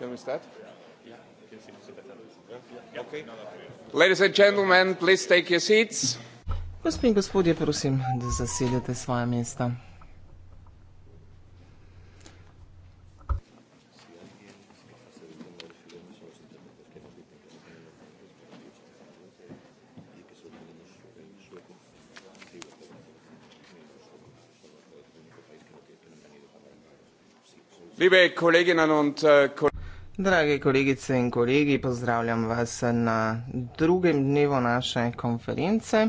Shall we start? Ladies and gentlemen, please take your seats. Gospe in gospodje, prosim, da zasedete svoje mesta. Liebe Kolleginnen und äh, Kollegen, Dragi kolegice in kolegi, pozdravljam vas na drugem dnevu naše konference.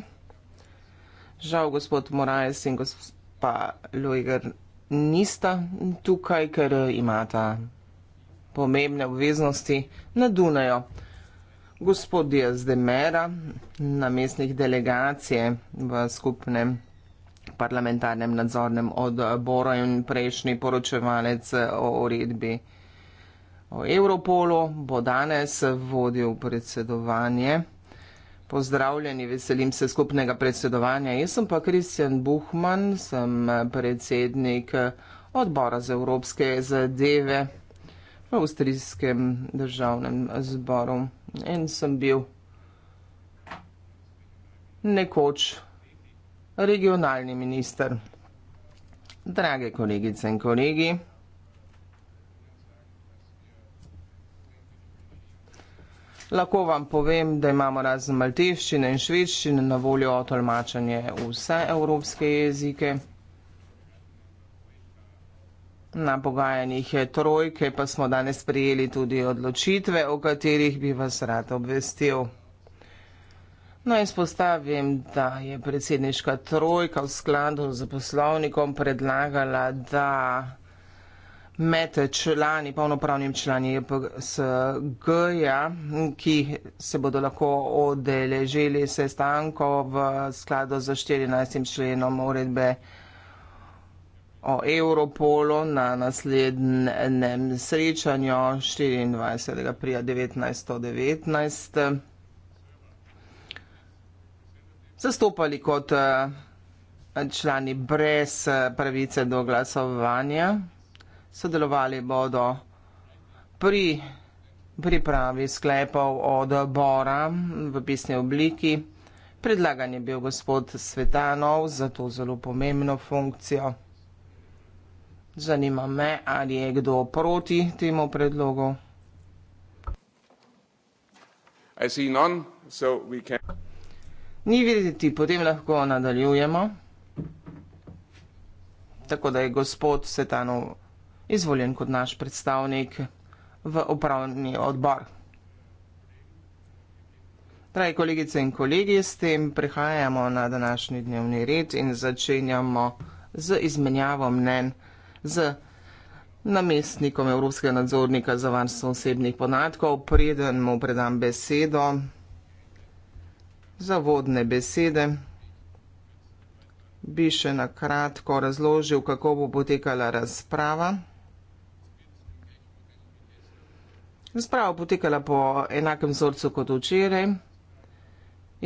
Žal, gospod Morales in gospa Lujger nista tukaj, ker imata pomembne obveznosti na Dunajo. Gospod Diaz de Mera, namestnik delegacije v skupnem parlamentarnem nadzornem odboru in prejšnji poročevalec o uredbi o Evropolu bo danes vodil predsedovanje. Pozdravljeni, veselim se skupnega predsedovanja. Jaz sem pa Kristjan Buhman, sem predsednik odbora za evropske zadeve v Avstrijskem državnem zboru in sem bil nekoč regionalni minister. Drage kolegice in kolegi, Lahko vam povem, da imamo razen malteščine in švedščine na voljo tolmačanje vse evropske jezike. Na pogajanjih je trojke, pa smo danes prijeli tudi odločitve, o katerih bi vas rad obvestil. No, izpostavim, da je predsedniška trojka v skladu z poslovnikom predlagala, da med člani, polnopravnim člani JPSG-ja, ki se bodo lahko odeležili sestanko v skladu z 14. členom uredbe o Europolu na naslednjem srečanju 24. aprila 1919. Zastopali kot eh, člani brez eh, pravice do glasovanja sodelovali bodo pri pripravi sklepov odbora v pisni obliki. Predlagan je bil gospod Svetanov za to zelo pomembno funkcijo. Zanima me, ali je kdo proti temu predlogu. None, can... Ni videti, potem lahko nadaljujemo. Tako da je gospod Svetanov izvoljen kot naš predstavnik v upravni odbor. Dragi kolegice in kolegi, s tem prihajamo na današnji dnevni red in začenjamo z izmenjavo mnen z namestnikom Evropskega nadzornika za varstvo osebnih podatkov. Preden mu predam besedo za vodne besede, bi še na kratko razložil, kako bo potekala razprava. Razprava potekala po enakem vzorcu kot včeraj.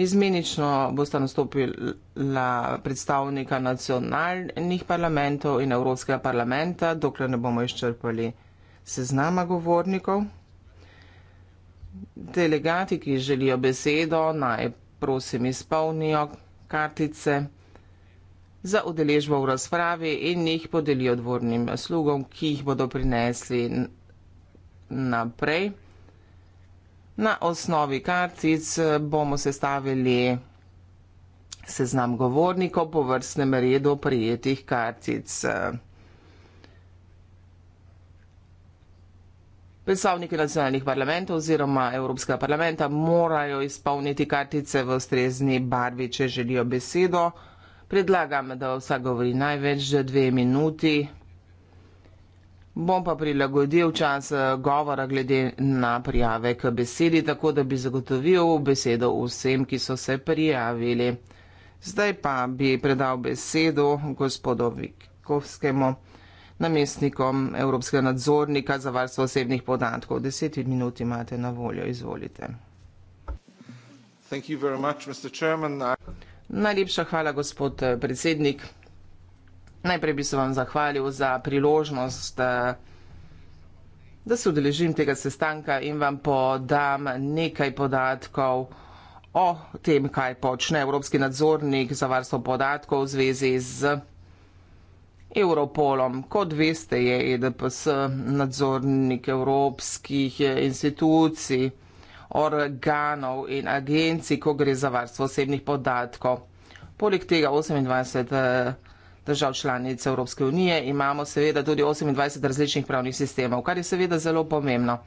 Izmenično bosta nastopila predstavnika nacionalnih parlamentov in Evropskega parlamenta, dokler ne bomo izčrpali seznama govornikov. Delegati, ki želijo besedo, naj prosim izpolnijo kartice za udeležbo v razpravi in jih podelijo dvornim slugom, ki jih bodo prinesli naprej. Na osnovi kartic eh, bomo sestavili seznam govornikov po vrstnem redu prijetih kartic. Predstavniki nacionalnih parlamentov oziroma Evropskega parlamenta morajo izpolniti kartice v ustrezni barvi, če želijo besedo. Predlagam, da vsa govori največ dve minuti. Bom pa prilagodil čas eh, govora glede na prijave k besedi, tako da bi zagotovil besedo vsem, ki so se prijavili. Zdaj pa bi predal besedo gospodu Vikovskemu, namestnikom Evropskega nadzornika za varstvo osebnih podatkov. Deset minut imate na voljo, izvolite. Much, I... Najlepša hvala, gospod eh, predsednik. Najprej bi se vam zahvalil za priložnost, eh, da se udeležim tega sestanka in vam podam nekaj podatkov o tem, kaj počne Evropski nadzornik za varstvo podatkov v zvezi z Europolom. Kot veste, je EDPS nadzornik evropskih institucij, organov in agencij, ko gre za varstvo osebnih podatkov. Poleg tega 28 držav članic Evropske unije imamo seveda tudi 28 različnih pravnih sistemov, kar je seveda zelo pomembno.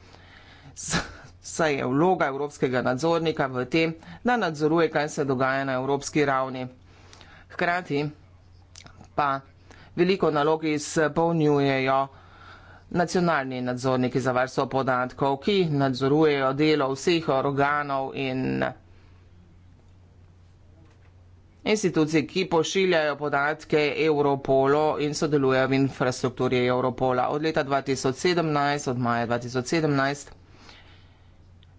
Saj je vloga evropskega nadzornika v tem, da nadzoruje, kaj se dogaja na evropski ravni. Hkrati pa veliko nalog izpolnjujejo nacionalni nadzorniki za varstvo podatkov, ki nadzorujejo delo vseh organov in Institucije, ki pošiljajo podatke Europolo in sodelujejo v infrastrukturi Europola od leta 2017, od maja 2017.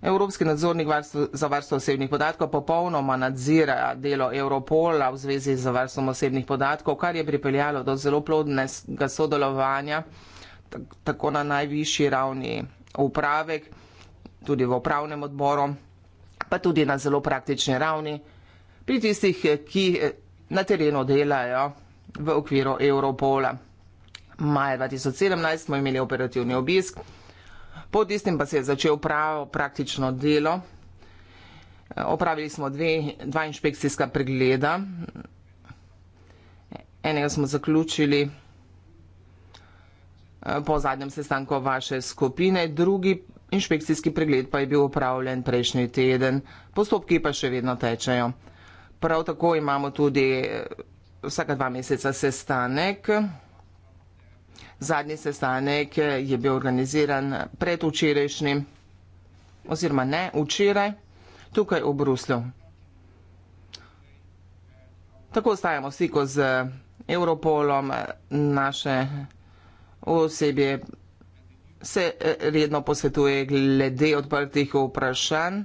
Evropski nadzornik varstvo, za varstvo osebnih podatkov popolnoma nadzira delo Europola v zvezi z varstvom osebnih podatkov, kar je pripeljalo do zelo plodnega sodelovanja tako na najvišji ravni uprave, tudi v upravnem odboru, pa tudi na zelo praktični ravni pri tistih, ki eh, na terenu delajo v okviru Europola. Maja 2017 smo imeli operativni obisk, pod tistim pa se je začel pravo praktično delo. Eh, opravili smo dve, dva inšpekcijska pregleda. Enega smo zaključili eh, po zadnjem sestanku vaše skupine, drugi inšpekcijski pregled pa je bil opravljen prejšnji teden. Postopki pa še vedno tečejo. Prav tako imamo tudi eh, vsaka dva meseca sestanek. Zadnji sestanek eh, je bil organiziran predvčerajšnjim, oziroma ne, včeraj, tukaj v Bruslju. Tako ostajamo v stiku z Europolom, naše osebje se eh, redno posvetuje glede odprtih vprašanj.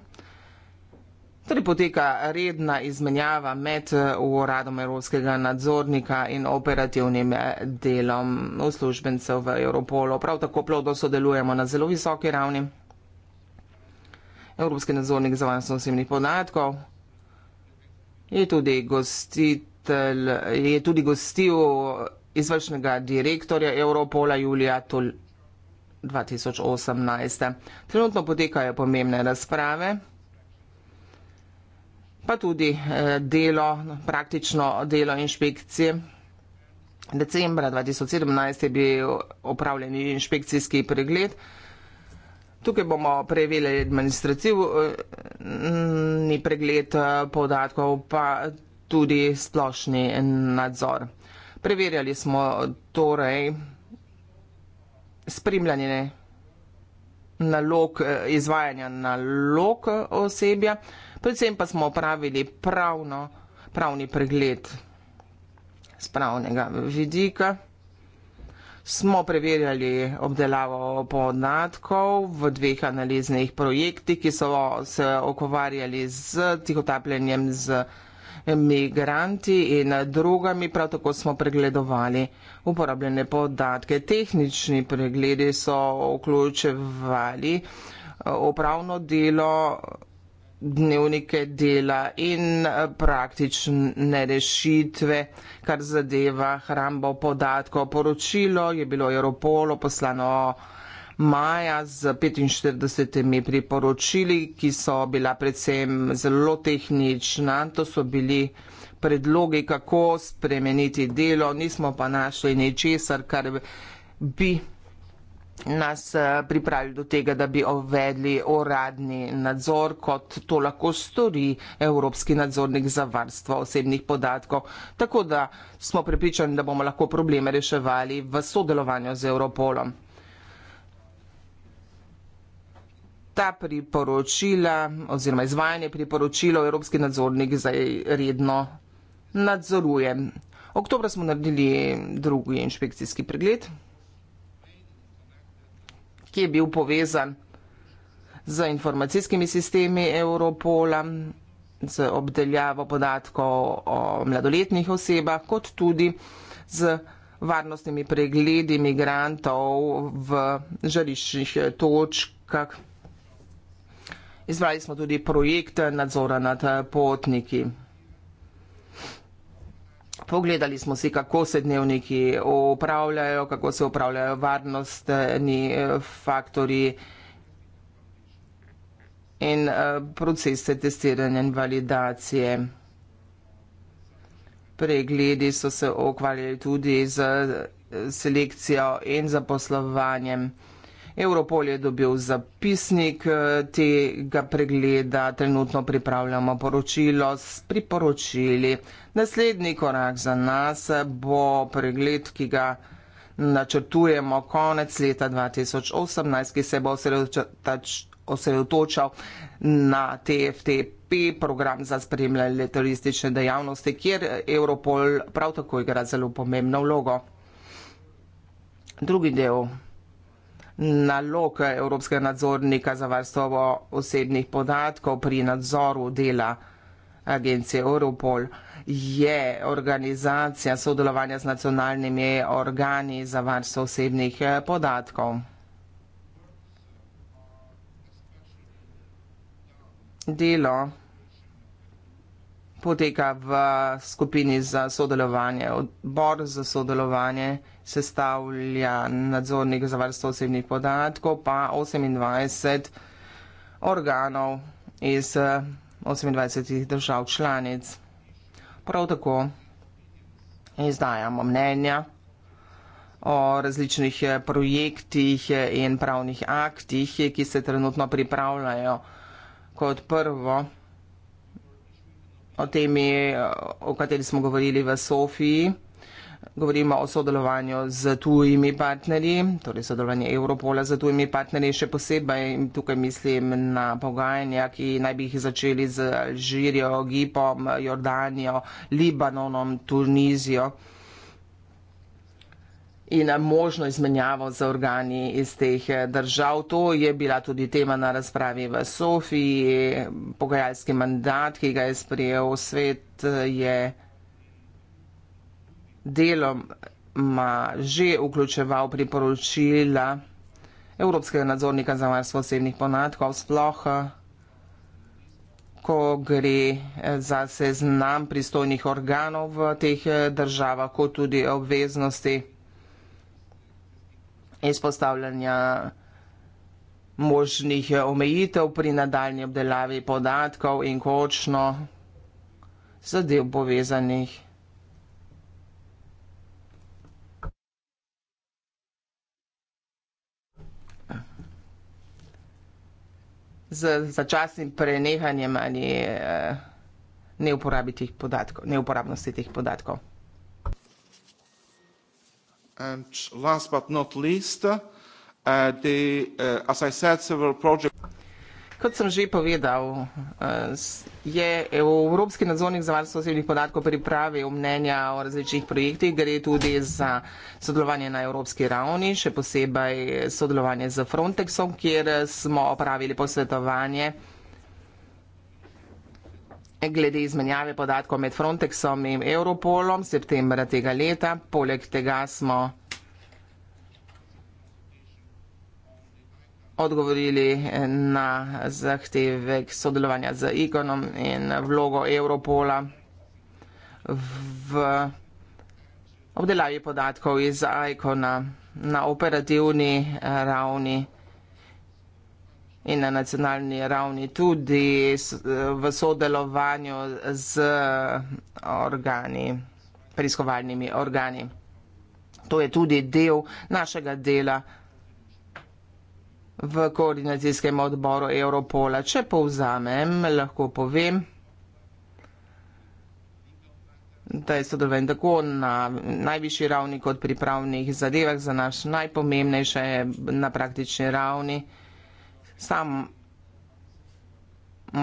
Torej poteka redna izmenjava med eh, uradom evropskega nadzornika in operativnim eh, delom uslužbencev v Europolu. Prav tako plodo sodelujemo na zelo visoki ravni. Evropski nadzornik za varnost osebnih podatkov je tudi, gostitel, je tudi gostil izvršnega direktorja Europola Julija Tol 2018. Trenutno potekajo pomembne razprave pa tudi eh, delo, praktično delo inšpekcije. Decembra 2017 je bil opravljen inšpekcijski pregled. Tukaj bomo preverili administracijski eh, pregled eh, podatkov, pa tudi splošni nadzor. Preverjali smo torej spremljanje nalog, izvajanja nalog osebja predvsem pa smo opravili pravno, pravni pregled z pravnega vidika. Smo preverjali obdelavo podatkov v dveh analiznih projektih, ki so se okovarjali z tihotapljenjem z migranti in drugami. Prav tako smo pregledovali uporabljene podatke. Tehnični pregledi so vključevali eh, upravno delo dnevnike dela in eh, praktične rešitve, kar zadeva hrambo podatkov. Poročilo je bilo Europolo poslano maja z 45 priporočili, ki so bila predvsem zelo tehnična. To so bili predlogi, kako spremeniti delo, nismo pa našli ničesar, kar bi nas eh, pripravili do tega, da bi ovedli uradni nadzor, kot to lahko stori Evropski nadzornik za varstvo osebnih podatkov. Tako da smo pripričani, da bomo lahko probleme reševali v sodelovanju z Europolom. Ta priporočila oziroma izvajanje priporočilo Evropski nadzornik zdaj redno nadzoruje. Oktober smo naredili drugi inšpekcijski pregled ki je bil povezan z informacijskimi sistemi Europola, z obdeljavo podatkov o mladoletnih osebah, kot tudi z varnostnimi pregledi migrantov v žariščnih točkah. Izvali smo tudi projekte nadzora nad potniki. Pogledali smo si, kako se dnevniki upravljajo, kako se upravljajo varnostni eh, faktori in eh, procese testiranja in validacije. Pregledi so se ukvarjali tudi z eh, selekcijo in zaposlovanjem. Europol je dobil zapisnik eh, tega pregleda, trenutno pripravljamo poročilo s priporočili. Naslednji korak za nas bo pregled, ki ga načrtujemo konec leta 2018, ki se bo osredotočal na TFTP, program za spremljanje turistične dejavnosti, kjer Europol prav tako igra zelo pomembno vlogo. Drugi del nalog Evropskega nadzornika za varstvo osebnih podatkov pri nadzoru dela agencije Europol je organizacija sodelovanja z nacionalnimi organi za varstvo osebnih eh, podatkov. Delo poteka v skupini za sodelovanje, odbor za sodelovanje sestavlja nadzornik za varstvo osebnih podatkov, pa 28 organov iz 28 držav članic. Prav tako izdajamo mnenja o različnih eh, projektih eh, in pravnih aktih, eh, ki se trenutno pripravljajo kot prvo o temi, o kateri smo govorili v Sofiji govorimo o sodelovanju z tujimi partnerji, torej sodelovanje Evropola z tujimi partnerji, še posebej tukaj mislim na pogajanja, ki naj bi jih začeli z Alžirijo, Gipom, Jordanijo, Libanonom, Tunizijo in možno izmenjavo z organi iz teh držav. To je bila tudi tema na razpravi v Sofiji. Pogajalski mandat, ki ga je sprejel svet, je deloma že vključeval priporočila Evropskega nadzornika za varstvo osebnih podatkov, sploh ko gre eh, za seznam pristojnih organov v teh eh, državah, kot tudi obveznosti izpostavljanja možnih eh, omejitev pri nadaljnji obdelavi podatkov in končno zadev povezanih. z začasnim prenehanjem ali eh, neuporabi tih podatkov, neuporabnosti teh podatkov. And last but not least, uh, the, uh, as I said, several projects kot sem že povedal, eh, je Evropski nadzornik za varstvo osebnih podatkov pripravil mnenja o različnih projektih. Gre tudi za sodelovanje na evropski ravni, še posebej sodelovanje z Frontexom, kjer smo opravili posvetovanje glede izmenjave podatkov med Frontexom in Europolom septembra tega leta. Poleg tega smo odgovorili eh, na zahtevek sodelovanja z Igonom in vlogo Evropola v obdelavi podatkov iz Icona na operativni eh, ravni in na nacionalni ravni tudi eh, v sodelovanju z organi, preiskovalnimi organi. To je tudi del našega dela v koordinacijskem odboru Europola. Če povzamem, lahko povem, da je sodelovan tako na najvišji ravni kot pripravnih zadevah za naš najpomembnejše na praktični ravni. Sam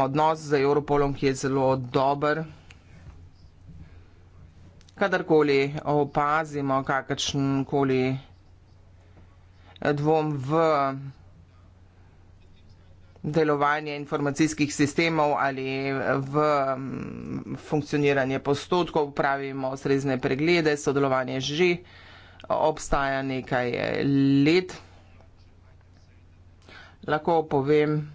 odnos z Europolom, ki je zelo dober. Kadarkoli opazimo kakršenkoli dvom v delovanje informacijskih sistemov ali v funkcioniranje postotkov, pravimo srezne preglede, sodelovanje že obstaja nekaj eh, let. Lahko povem,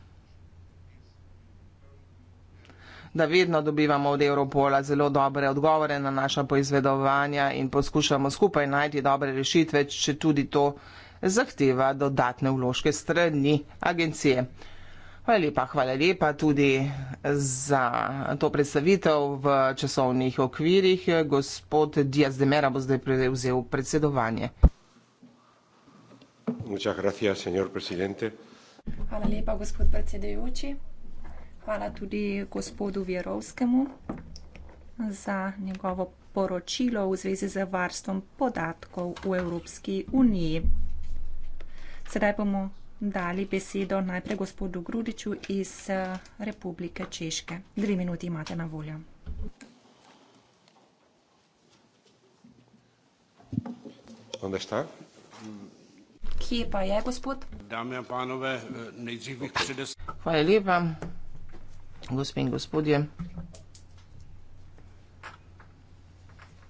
da vedno dobivamo od Europola zelo dobre odgovore na naša poizvedovanja in poskušamo skupaj najti dobre rešitve, če tudi to zahteva dodatne vložke strani agencije. Hvala lepa, hvala lepa tudi za to predstavitev v časovnih okvirih. Gospod Diaz de Mera bo zdaj prevzel predsedovanje. Hvala, hvala lepa, gospod predsedujoči. Hvala tudi gospodu Vjerovskemu za njegovo poročilo v zvezi z varstvom podatkov v Evropski uniji. Sedaj bomo dali besedo najprej gospodu Grudiču iz eh, Republike Češke. Dve minuti imate na voljo. Onda šta? Kje pa je gospod? Dame in panove, eh, ne izzivih predes. Hvala lepa, gospe in gospodje.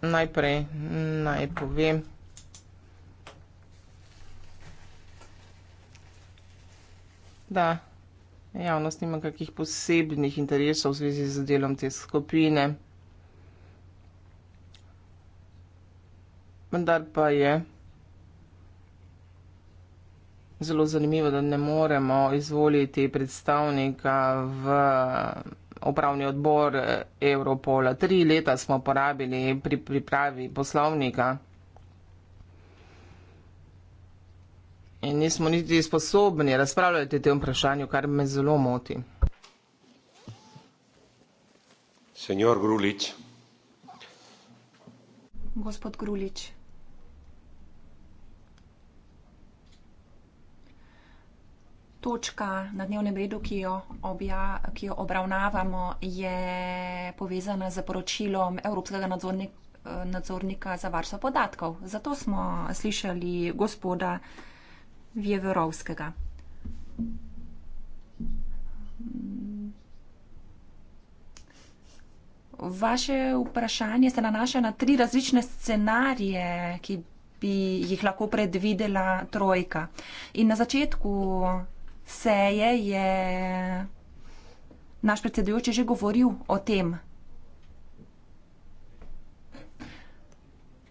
Najprej naj povem, da javnost nima kakih posebnih interesov v zvezi z delom te skupine. Vendar pa je zelo zanimivo, da ne moremo izvoliti predstavnika v upravni odbor Evropola. Tri leta smo porabili pri pripravi poslovnika. In nismo niti sposobni razpravljati o tem vprašanju, kar me zelo moti. Senjor Grulič. Gospod Grulič. Točka na dnevnem redu, ki jo, obja, ki jo obravnavamo, je povezana z poročilom Evropskega nadzornika, nadzornika za varstvo podatkov. Zato smo slišali gospoda. Wiewerowskiego. Vaše vprašanje se nanaša na tri različne scenarije, ki bi jih lahko predvidela trojka. In na začetku seje je naš predsedujoči že govoril o tem.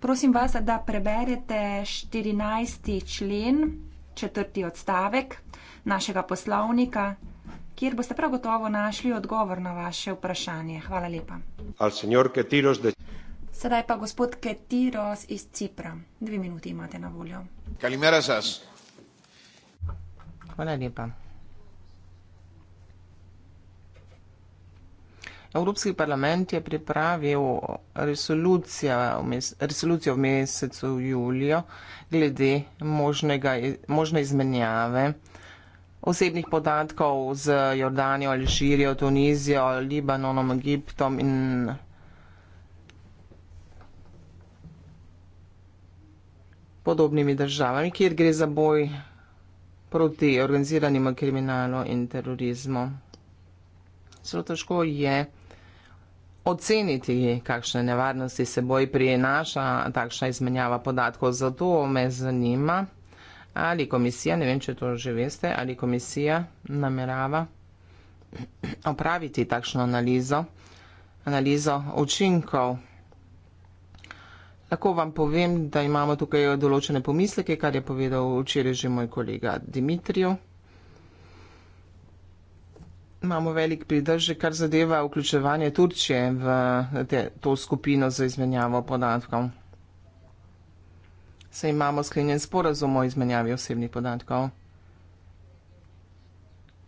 Prosim vas, da preberete 14. člen četrti odstavek našega poslovnika, kjer boste prav gotovo našli odgovor na vaše vprašanje. Hvala lepa. Sedaj pa gospod Ketiros iz Cipra. Dve minuti imate na voljo. Hvala lepa. Evropski parlament je pripravil resolucijo v mesecu julijo glede možnega, možne izmenjave osebnih podatkov z Jordanijo, Alžirijo, Tunizijo, Libanonom, Egiptom in podobnimi državami, kjer gre za boj proti organiziranim kriminalom in terorizmu. Zelo težko je oceniti, kakšne nevarnosti seboj prinaša takšna izmenjava podatkov. Zato me zanima, ali komisija, ne vem, če to že veste, ali komisija namerava opraviti takšno analizo, analizo učinkov. Lahko vam povem, da imamo tukaj določene pomisleke, kar je povedal včeraj že moj kolega Dimitrijev imamo velik pridržek, kar zadeva vključevanje Turčije v te, to skupino za izmenjavo podatkov. Se imamo sklenjen sporazum o izmenjavi osebnih podatkov.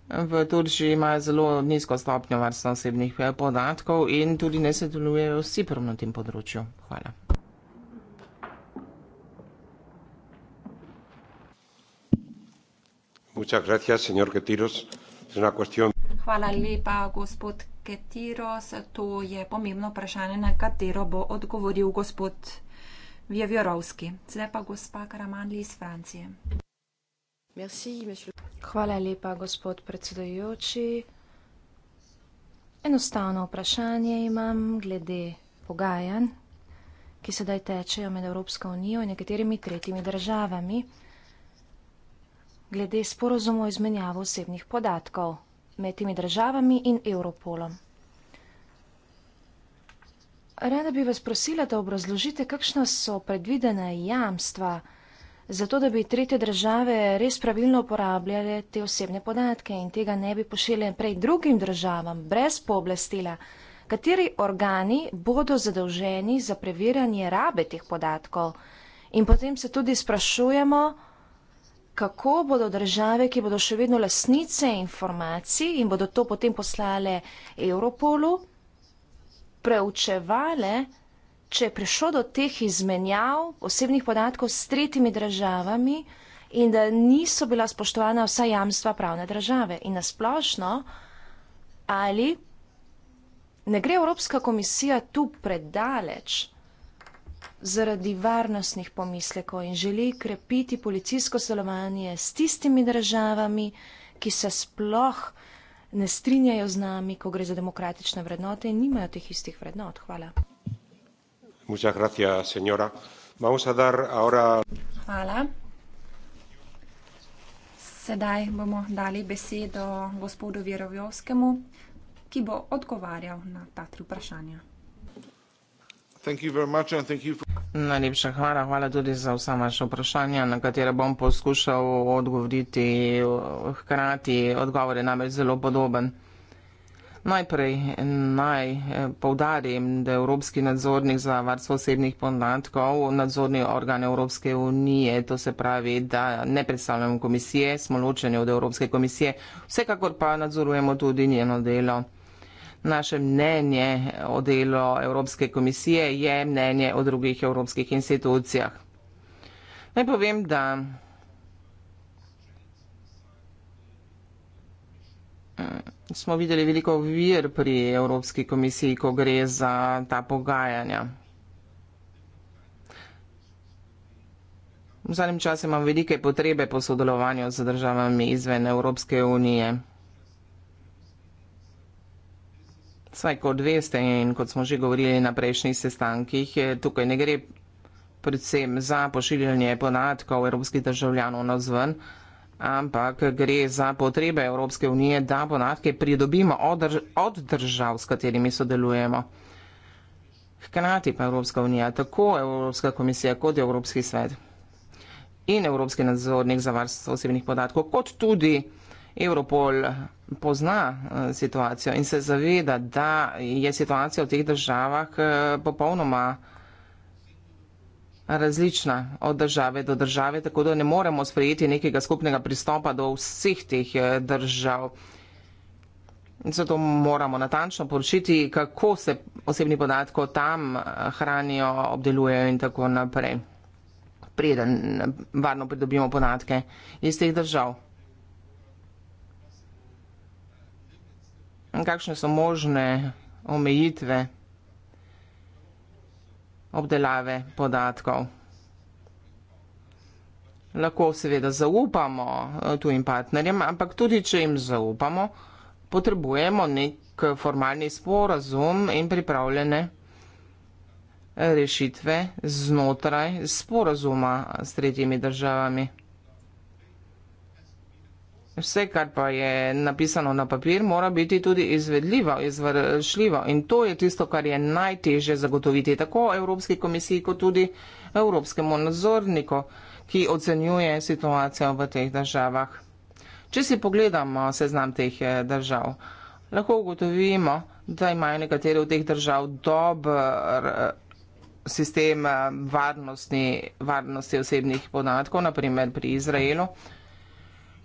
V Turčiji imajo zelo nizko stopnjo varstva osebnih eh, podatkov in tudi ne sodelujejo vsi prav na tem področju. Hvala. Muchas gracias, señor Quetiros. Es una cuestión. Hvala lepa, gospod Ketiros. To je pomembno vprašanje, na katero bo odgovoril gospod Vjevjerovski. Zdaj pa gospa Karamanli iz Francije. Hvala lepa, gospod predsedojoči. Enostavno vprašanje imam glede pogajanj, ki sedaj tečejo med Evropsko unijo in nekaterimi tretjimi državami, glede sporozumov o izmenjavi osebnih podatkov med temi državami in Europolom. Rada bi vas prosila, da obrazložite, kakšna so predvidene jamstva za to, da bi tretje države res pravilno uporabljale te osebne podatke in tega ne bi pošiljali prej drugim državam brez pooblastila, kateri organi bodo zadolženi za preverjanje rabe teh podatkov. In potem se tudi sprašujemo, kako bodo države, ki bodo še vedno lasnice informacij in bodo to potem poslale Europolu, preučevale, če je prišlo do teh izmenjav osebnih podatkov s tretjimi državami in da niso bila spoštovana vsa jamstva pravne države. In nasplošno, ali ne gre Evropska komisija tu predaleč? zaradi varnostnih pomislekov in želi krepiti policijsko sodelovanje s tistimi državami, ki se sploh ne strinjajo z nami, ko gre za demokratične vrednote in nimajo teh istih vrednot. Hvala. Hvala. Sedaj bomo dali besedo gospodu Vjerovjovskemu, ki bo odgovarjal na ta tri vprašanja. Najlepša hvala. Hvala tudi za vsa vaša vprašanja, na katera bom poskušal odgovoriti hkrati. Odgovor je namreč zelo podoben. Najprej naj eh, povdarim, da je Evropski nadzornik za varstvo osebnih podatkov nadzorni organ Evropske unije, to se pravi, da ne predstavljamo komisije, smo ločeni od Evropske komisije, vsekakor pa nadzorujemo tudi njeno delo naše mnenje o delu Evropske komisije je mnenje o drugih evropskih institucijah. Naj povem, da smo videli veliko vir pri Evropski komisiji, ko gre za ta pogajanja. V zadnjem času imam velike potrebe po sodelovanju z državami izven Evropske unije. Saj kot veste in kot smo že govorili na prejšnjih sestankih, eh, tukaj ne gre predvsem za pošiljanje podatkov evropskih državljanov na zven, ampak gre za potrebe Evropske unije, da podatke pridobimo od držav, s katerimi sodelujemo. Hkrati pa Evropska unija, tako Evropska komisija kot Evropski svet in Evropski nadzornik za varstvo osebnih podatkov, kot tudi Evropol pozna eh, situacijo in se zaveda, da je situacija v teh državah eh, popolnoma različna od države do države, tako da ne moremo sprejeti nekega skupnega pristopa do vseh teh eh, držav. Zato moramo natančno poročiti, kako se osebni podatki tam hranijo, obdelujejo in tako naprej, preden varno pridobimo podatke iz teh držav. kakšne so možne omejitve obdelave podatkov. Lahko seveda zaupamo eh, tujim partnerjem, ampak tudi, če jim zaupamo, potrebujemo nek formalni sporazum in pripravljene rešitve znotraj sporazuma s tretjimi državami. Vse, kar pa je napisano na papir, mora biti tudi izvedljivo, izvršljivo in to je tisto, kar je najtežje zagotoviti tako Evropski komisiji, kot tudi Evropskemu nadzorniku, ki ocenjuje situacijo v teh državah. Če si pogledamo seznam teh eh, držav, lahko ugotovimo, da imajo nekatere od teh držav dober eh, sistem eh, varnosti, varnosti osebnih podatkov, naprimer pri Izraelu.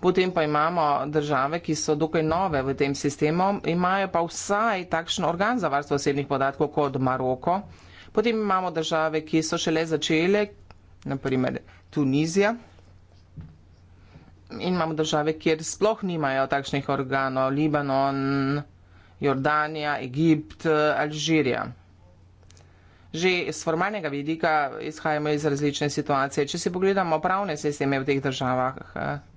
Potem pa imamo države, ki so dokaj nove v tem sistemu, imajo pa vsaj takšen organ za varstvo osebnih podatkov kot Maroko. Potem imamo države, ki so šele začele, naprimer Tunizija. In imamo države, kjer sploh nimajo takšnih organov, Libanon, Jordanija, Egipt, Alžirija. Že z formalnega vidika izhajamo iz različne situacije. Če si pogledamo pravne sisteme v teh državah, eh,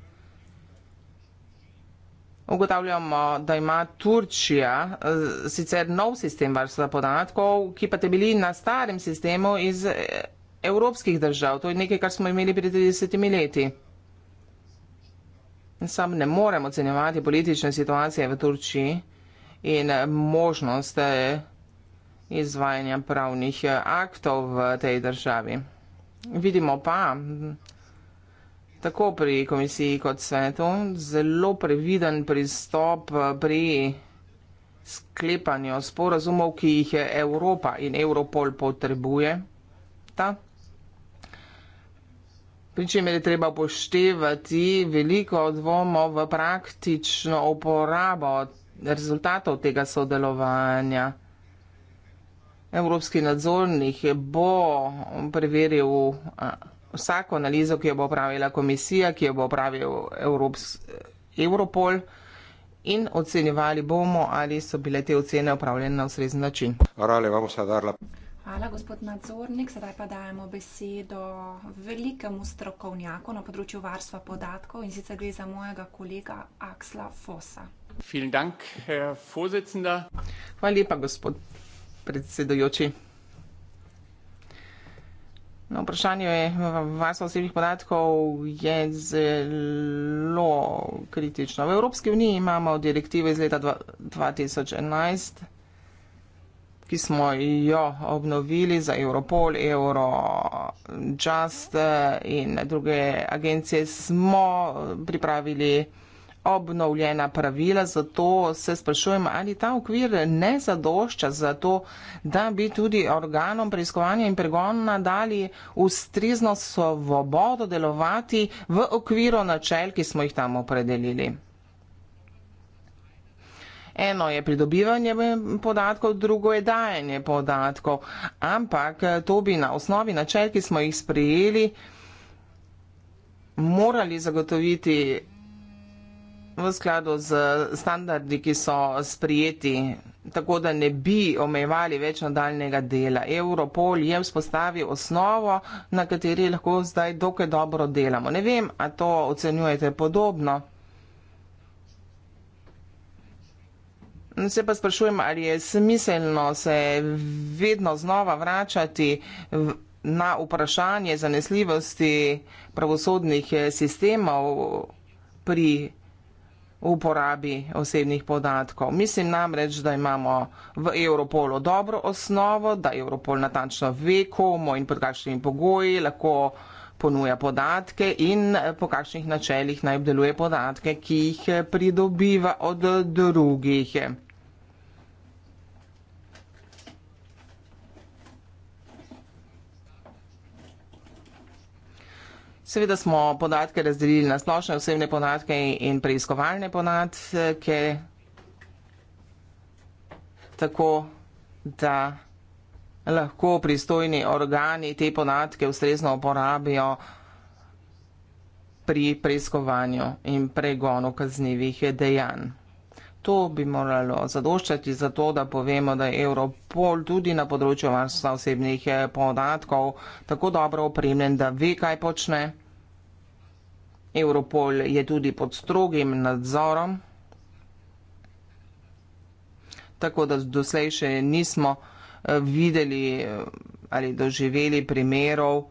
Ugotavljamo, da ima Turčija eh, sicer nov sistem varstva podatkov, ki pa temelji na starem sistemu iz eh, evropskih držav. To je nekaj, kar smo imeli pred 30 leti. Sam ne morem ocenjevati politične situacije v Turčiji in eh, možnost izvajanja pravnih aktov v tej državi. Vidimo pa, tako pri komisiji kot svetu, zelo previden pristop pri sklepanju sporazumov, ki jih je Evropa in Europol potrebuje. Ta. Pričem je treba upoštevati veliko dvomo v praktično uporabo rezultatov tega sodelovanja. Evropski nadzornik bo preveril, a, vsako analizo, ki jo bo opravila komisija, ki jo bo opravil Evrops, Europol in ocenjevali bomo, ali so bile te ocene opravljene na ustrezen način. Arale, Hvala, gospod nadzornik. Sedaj pa dajemo besedo velikemu strokovnjaku na področju varstva podatkov in sicer gre za mojega kolega Aksla Fosa. Dank, Hvala lepa, gospod predsedujoči. No, vprašanje vas osebnih podatkov je zelo kritično. V Evropski uniji imamo direktive iz leta 2011, ki smo jo obnovili za Europol, Eurojust in druge agencije. Smo pripravili obnovljena pravila, zato se sprašujem, ali ta okvir ne zadošča za to, da bi tudi organom preiskovanja in pregona dali ustrezno svobodo delovati v okviru načel, ki smo jih tam opredelili. Eno je pridobivanje podatkov, drugo je dajanje podatkov, ampak to bi na osnovi načel, ki smo jih sprejeli, morali zagotoviti v skladu z standardi, ki so sprijeti, tako da ne bi omejevali več nadaljnega dela. Europol je vzpostavil osnovo, na kateri lahko zdaj dokaj dobro delamo. Ne vem, a to ocenjujete podobno. Se pa sprašujem, ali je smiselno se vedno znova vračati na vprašanje zanesljivosti pravosodnih sistemov pri uporabi osebnih podatkov. Mislim namreč, da imamo v Europolu dobro osnovo, da Europol natančno ve, komu in pod kakšnimi pogoji lahko ponuja podatke in po kakšnih načelih naj obdeluje podatke, ki jih pridobiva od drugih. Seveda smo podatke razdelili na splošne osebne podatke in preiskovalne podatke, tako da lahko pristojni organi te podatke ustrezno uporabijo pri preiskovanju in pregonu kaznevih dejanj to bi moralo zadoščati za to, da povemo, da je Europol tudi na področju varstva osebnih eh, podatkov tako dobro opremljen, da ve, kaj počne. Europol je tudi pod strogim nadzorom, tako da doslej še nismo eh, videli eh, ali doživeli primerov,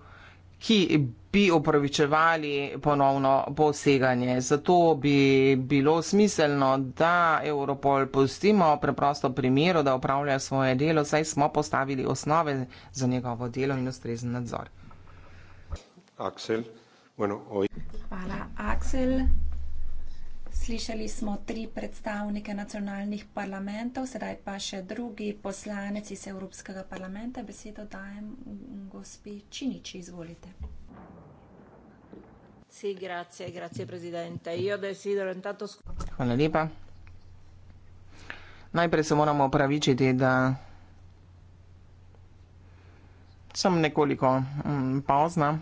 ki bi opravičevali ponovno poseganje. Zato bi bilo smiselno, da Europol pustimo preprosto primeru, da upravlja svoje delo, saj smo postavili osnove za njegovo delo in ustrezen nadzor. Aksel, bueno, hoy. Hvala, Aksel. Slišali smo tri predstavnike nacionalnih parlamentov, sedaj pa še drugi poslanec iz Evropskega parlamenta. Besedo dajem gospi Činiči, izvolite. Hvala lepa. Najprej se moramo opravičiti, da sem nekoliko mm, pozna.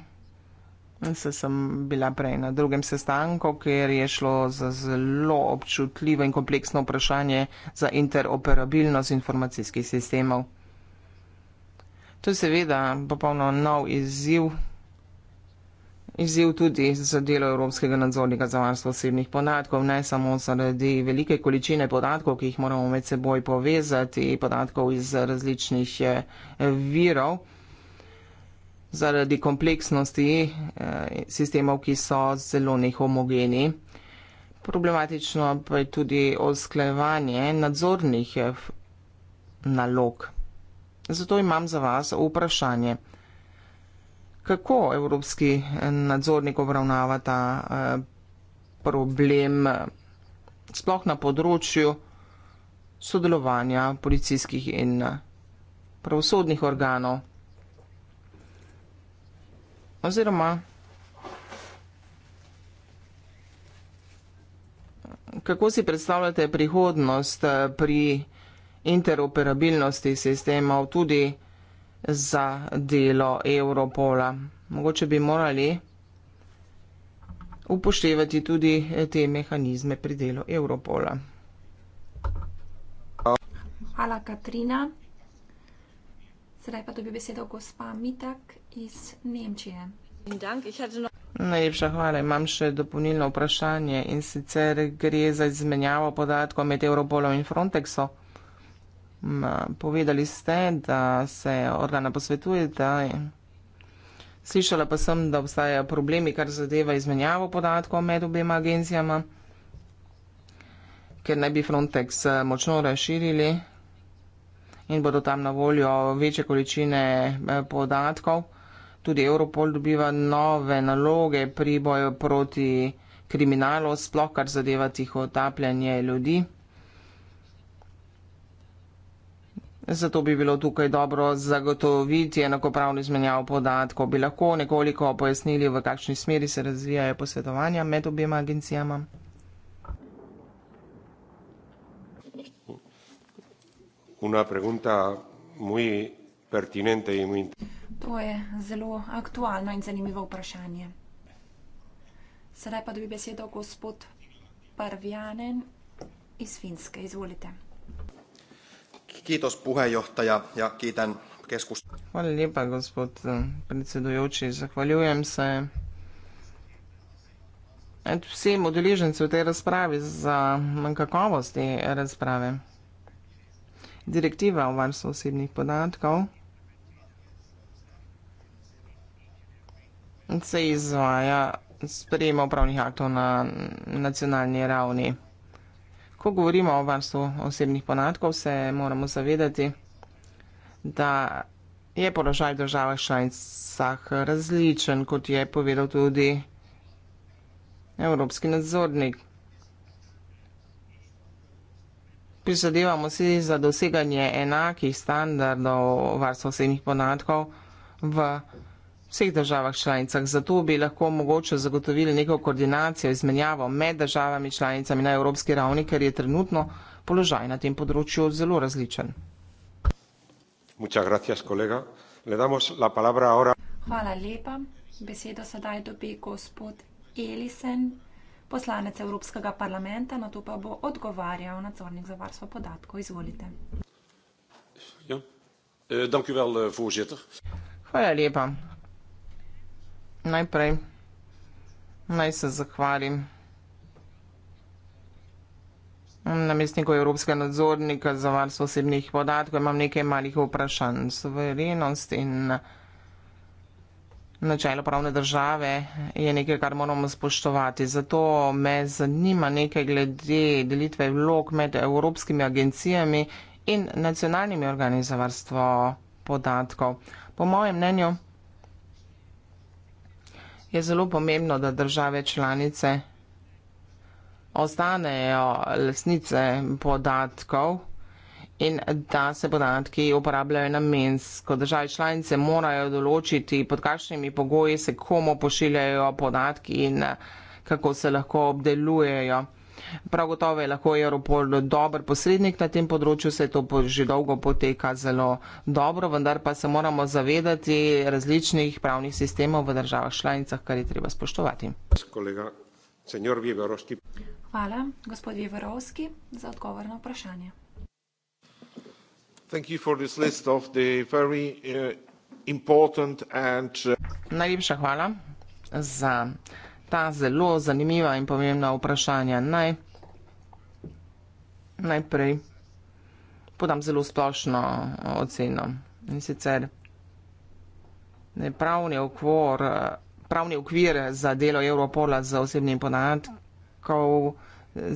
Se sem bila prej na drugem sestanku, ker je šlo za zelo občutljivo in kompleksno vprašanje za interoperabilnost informacijskih sistemov. To je seveda popolno nov izziv, izziv tudi za delo Evropskega nadzornika za varstvo osebnih podatkov, ne samo zaradi velike količine podatkov, ki jih moramo med seboj povezati, podatkov iz različnih eh, virov zaradi kompleksnosti eh, sistemov, ki so zelo nehomogeni. Problematično pa je tudi osklevanje nadzornih eh, nalog. Zato imam za vas vprašanje, kako evropski eh, nadzornik obravnava ta problem sploh na področju sodelovanja policijskih in pravosodnih organov oziroma kako si predstavljate prihodnost eh, pri interoperabilnosti sistemov tudi za delo Europola. Mogoče bi morali upoštevati tudi eh, te mehanizme pri delu Europola. Hvala, Katrina. Sedaj pa dobi besedo gospa Mitak iz Nemčije. Najlepša hvala. Imam še dopolnilno vprašanje in sicer gre za izmenjavo podatkov med Europolom in Frontexom. Povedali ste, da se organa posvetuje, da je. Slišala pa sem, da obstajajo problemi, kar zadeva izmenjavo podatkov med obema agencijama, ker naj bi Frontex eh, močno razširili in bodo tam na voljo večje količine eh, podatkov. Tudi Europol dobiva nove naloge pri boju proti kriminalu, sploh kar zadeva tiho otapljanje ljudi. Zato bi bilo tukaj dobro zagotoviti enakopravno izmenjav podatkov. Bi lahko nekoliko pojasnili, v kakšni smeri se razvijajo posvetovanja med obima agencijama? una pregunta muy pertinente y muy To je zelo aktualno in zanimivo vprašanje. Sedaj pa dobi besedo gospod Parvianen iz Finske. Izvolite. Kitos puhejohtaja ja kiitän keskus. Hvala lepa, gospod eh, predsedujoči. Zahvaljujem se vsem odeležencem v tej razpravi za kakovosti razprave direktive o varstvu osebnih podatkov se izvaja sprejema upravnih aktov na nacionalni ravni. Ko govorimo o varstvu osebnih podatkov, se moramo zavedati, da je položaj državah članicah različen, kot je povedal tudi evropski nadzornik. prizadevamo si za doseganje enakih standardov varstva osebnih podatkov v vseh državah članicah. Zato bi lahko mogoče zagotovili neko koordinacijo, izmenjavo med državami članicami na evropski ravni, ker je trenutno položaj na tem področju zelo različen. Gracias, Le damos la ahora. Hvala lepa. Besedo sedaj dobi gospod Elisen poslanec Evropskega parlamenta, na to pa bo odgovarjal nadzornik za varstvo podatkov. Izvolite. Ja. Eh, eh, Hvala lepa. Najprej naj se zahvalim namestniku Evropskega nadzornika za varstvo osebnih podatkov. Imam nekaj malih vprašanj. Soverenost in načelo pravne države je nekaj, kar moramo spoštovati. Zato me zanima nekaj glede delitve vlog med evropskimi agencijami in nacionalnimi organi za varstvo podatkov. Po mojem mnenju je zelo pomembno, da države članice ostanejo lesnice podatkov, in da se podatki uporabljajo namensko. Države članice morajo določiti, pod kakšnimi pogoji se komu pošiljajo podatki in eh, kako se lahko obdelujejo. Prav gotovo je lahko Europol dober posrednik na tem področju, se to že dolgo poteka zelo dobro, vendar pa se moramo zavedati različnih pravnih sistemov v državah članicah, kar je treba spoštovati. Kolega, Hvala, gospod Viverovski, za odgovor na vprašanje. Uh, uh, Najlepša hvala za ta zelo zanimiva in pomembna vprašanja. Naj najprej podam zelo splošno uh, oceno, in sicer ne pravni okvor, pravni okvir za delo Europola z osebnimi podatki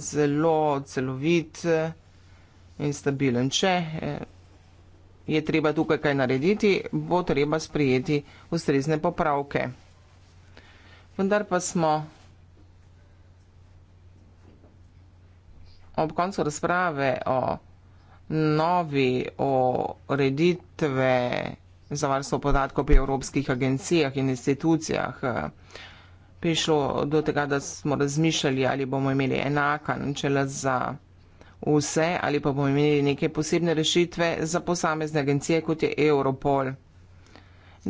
zelo celovit in stabilen. Če je treba tukaj kaj narediti, bo treba sprijeti ustrezne popravke. Vendar pa smo ob koncu razprave o novi ureditve za varstvo podatkov pri evropskih agencijah in institucijah prišlo do tega, da smo razmišljali, ali bomo imeli enaka načela za vsega, vse ali pa bomo imeli neke posebne rešitve za posamezne agencije, kot je Europol.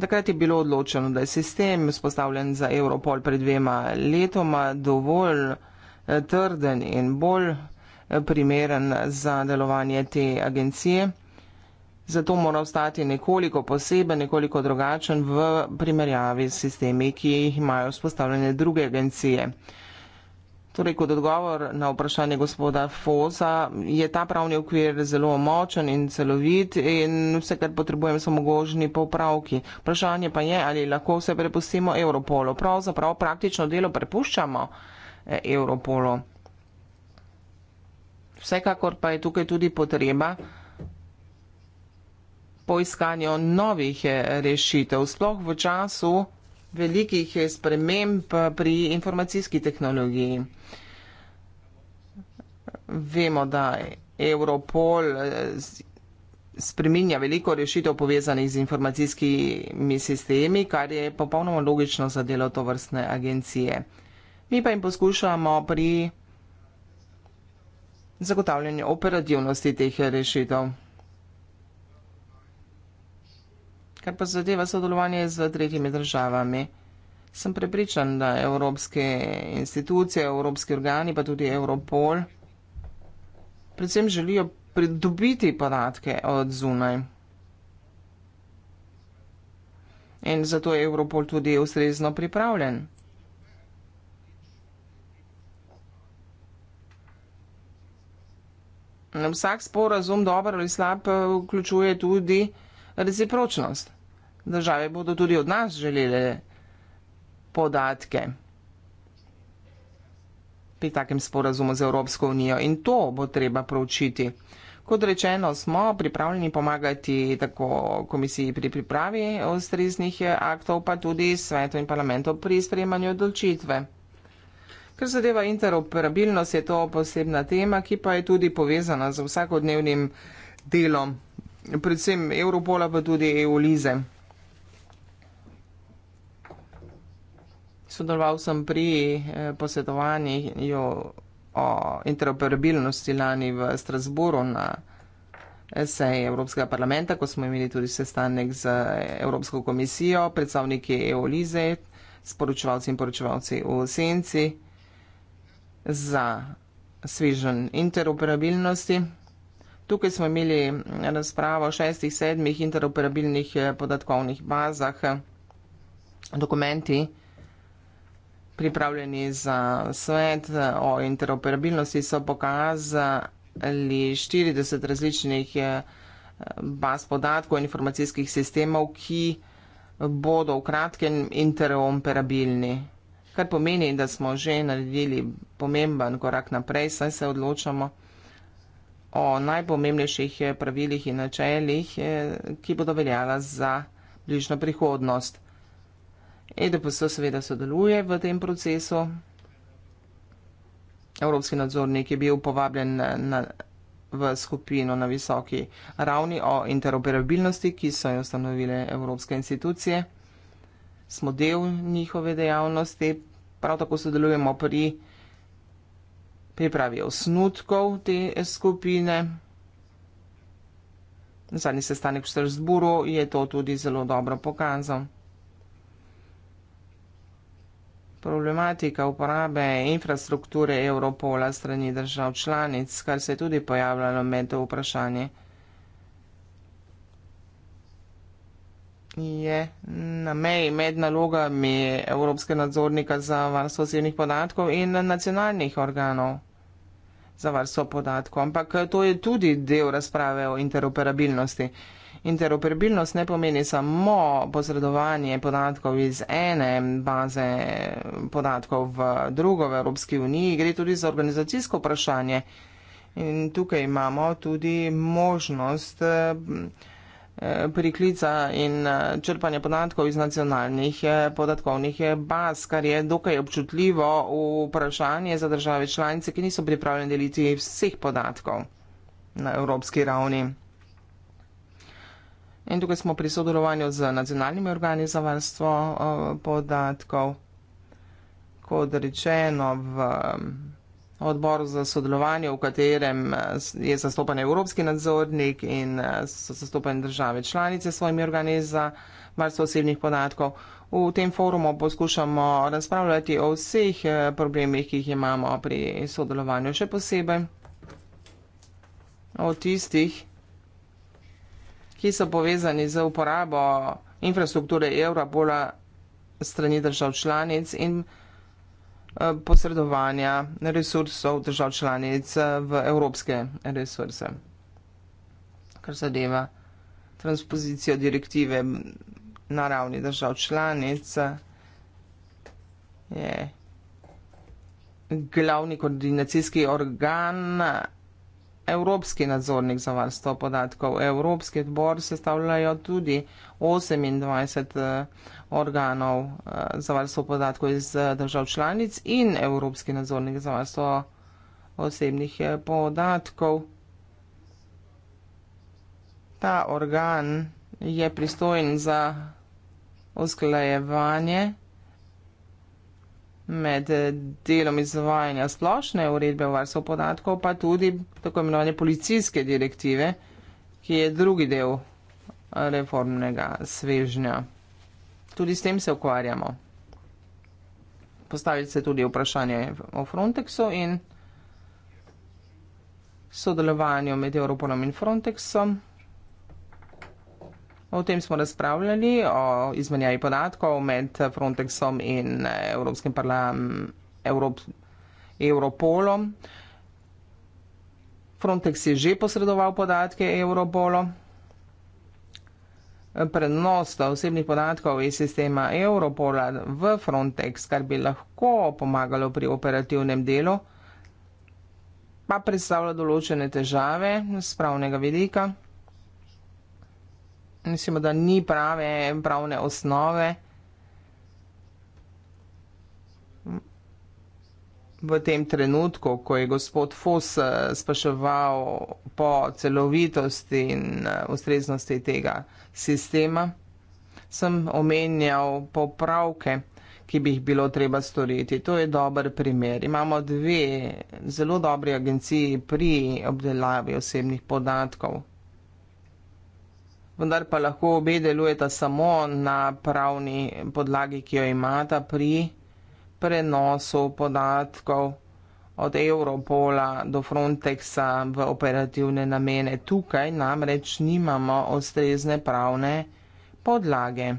Takrat je bilo odločeno, da je sistem spostavljen za Europol pred dvema letoma dovolj eh, trden in bolj eh, primeren za delovanje te agencije. Zato mora ostati nekoliko poseben, nekoliko drugačen v primerjavi s sistemi, ki jih imajo spostavljene druge agencije. Torej, kot odgovor na vprašanje gospoda Foza, je ta pravni okvir zelo močen in celovit in vse, kar potrebujemo, so mogožni popravki. Vprašanje pa je, ali lahko vse prepustimo Europolu. Pravzaprav praktično delo prepuščamo e, Europolu. Vsekakor pa je tukaj tudi potreba poiskanja novih e, rešitev, sploh v času velikih sprememb pri informacijski tehnologiji. Vemo, da Europol eh, spreminja veliko rešitev povezanih z informacijskimi sistemi, kar je popolnoma logično za delo to vrstne agencije. Mi pa jim poskušamo pri zagotavljanju operativnosti teh rešitev. kar pa zadeva sodelovanje z tretjimi državami. Sem prepričan, da evropske institucije, evropski organi, pa tudi Europol, predvsem želijo pridobiti podatke od zunaj. In zato je Europol tudi ustrezno pripravljen. Vsak sporazum, dober ali slab, vključuje tudi recipročnost države bodo tudi od nas želele podatke pri takem sporazumu z Evropsko unijo in to bo treba proučiti. Kot rečeno, smo pripravljeni pomagati tako komisiji pri pripravi ustreznih aktov, pa tudi svetu in parlamentu pri sprejemanju odločitve. Ker zadeva interoperabilnost je to posebna tema, ki pa je tudi povezana z vsakodnevnim delom, predvsem Europola pa tudi EU-lize. sodeloval sem pri eh, posvetovanju o interoperabilnosti lani v Strasboru na seji Evropskega parlamenta, ko smo imeli tudi sestanek z Evropsko komisijo, predstavniki EOLIZE, e, sporočevalci in poročevalci v Senci za svežen interoperabilnosti. Tukaj smo imeli razpravo o šestih, sedmih interoperabilnih eh, podatkovnih bazah, dokumenti, pripravljeni za svet eh, o interoperabilnosti, so pokazali 40 različnih eh, baz podatkov in informacijskih sistemov, ki bodo v kratkem interoperabilni. Kar pomeni, da smo že naredili pomemben korak naprej, saj se odločamo o najpomembnejših eh, pravilih in načeljih, ki bodo veljala za bližno prihodnost. EDPS seveda sodeluje v tem procesu. Evropski nadzornik je bil povabljen na, v skupino na visoki ravni o interoperabilnosti, ki so jo ustanovile evropske institucije. Smo del njihove dejavnosti, prav tako sodelujemo pri pripravi osnutkov te skupine. Zadnji sestanek v Strasburu je to tudi zelo dobro pokazal. problematika uporabe infrastrukture Evropola strani držav članic, kar se je tudi pojavljalo med to vprašanje. Je na meji med nalogami Evropske nadzornika za varstvo osebnih podatkov in nacionalnih organov za varstvo podatkov, ampak to je tudi del razprave o interoperabilnosti. Interoperabilnost ne pomeni samo posredovanje podatkov iz ene baze podatkov v drugo v Evropski uniji, gre tudi za organizacijsko vprašanje. In tukaj imamo tudi možnost eh, eh, priklica in eh, črpanja podatkov iz nacionalnih podatkovnih baz, kar je dokaj občutljivo vprašanje za države članice, ki niso pripravljene deliti vseh podatkov na evropski ravni. In tukaj smo pri sodelovanju z nacionalnimi organi za varstvo eh, podatkov. Kot rečeno, v eh, odboru za sodelovanje, v katerem eh, je zastopan evropski nadzornik in so zastopane države članice s svojimi organi za varstvo osebnih podatkov, v tem forumu poskušamo razpravljati o vseh problemih, ki jih imamo pri sodelovanju, še posebej o tistih, ki so povezani z uporabo infrastrukture Europola strani držav članic in eh, posredovanja resursov držav članic eh, v evropske resurse. Kar zadeva transpozicijo direktive na ravni držav članic, eh, je glavni koordinacijski organ Evropski nadzornik za varstvo podatkov. Evropski odbor sestavljajo tudi 28 eh, organov eh, za varstvo podatkov iz eh, držav članic in Evropski nadzornik za varstvo osebnih podatkov. Ta organ je pristojen za usklajevanje med delom izvajanja splošne uredbe o varstvu podatkov, pa tudi tako imenovane policijske direktive, ki je drugi del reformnega svežnja. Tudi s tem se ukvarjamo. Postaviti se tudi vprašanje o Frontexu in sodelovanju med Evropolom in Frontexom. O tem smo razpravljali, o izmenjavi podatkov med Frontexom in eh, Evropskim parlamentom. Frontex je že posredoval podatke Europolo. Prenos osebnih podatkov iz sistema Europola v Frontex, kar bi lahko pomagalo pri operativnem delu, pa predstavlja določene težave z pravnega vidika mislimo, da ni prave pravne osnove v tem trenutku, ko je gospod Fos eh, spraševal po celovitosti in eh, ustreznosti tega sistema, sem omenjal popravke ki bi jih bilo treba storiti. To je dober primer. Imamo dve zelo dobri agenciji pri obdelavi osebnih podatkov vendar pa lahko obe delujeta samo na pravni podlagi, ki jo imata pri prenosu podatkov od Europola do Frontexa v operativne namene. Tukaj namreč nimamo ustrezne pravne podlage.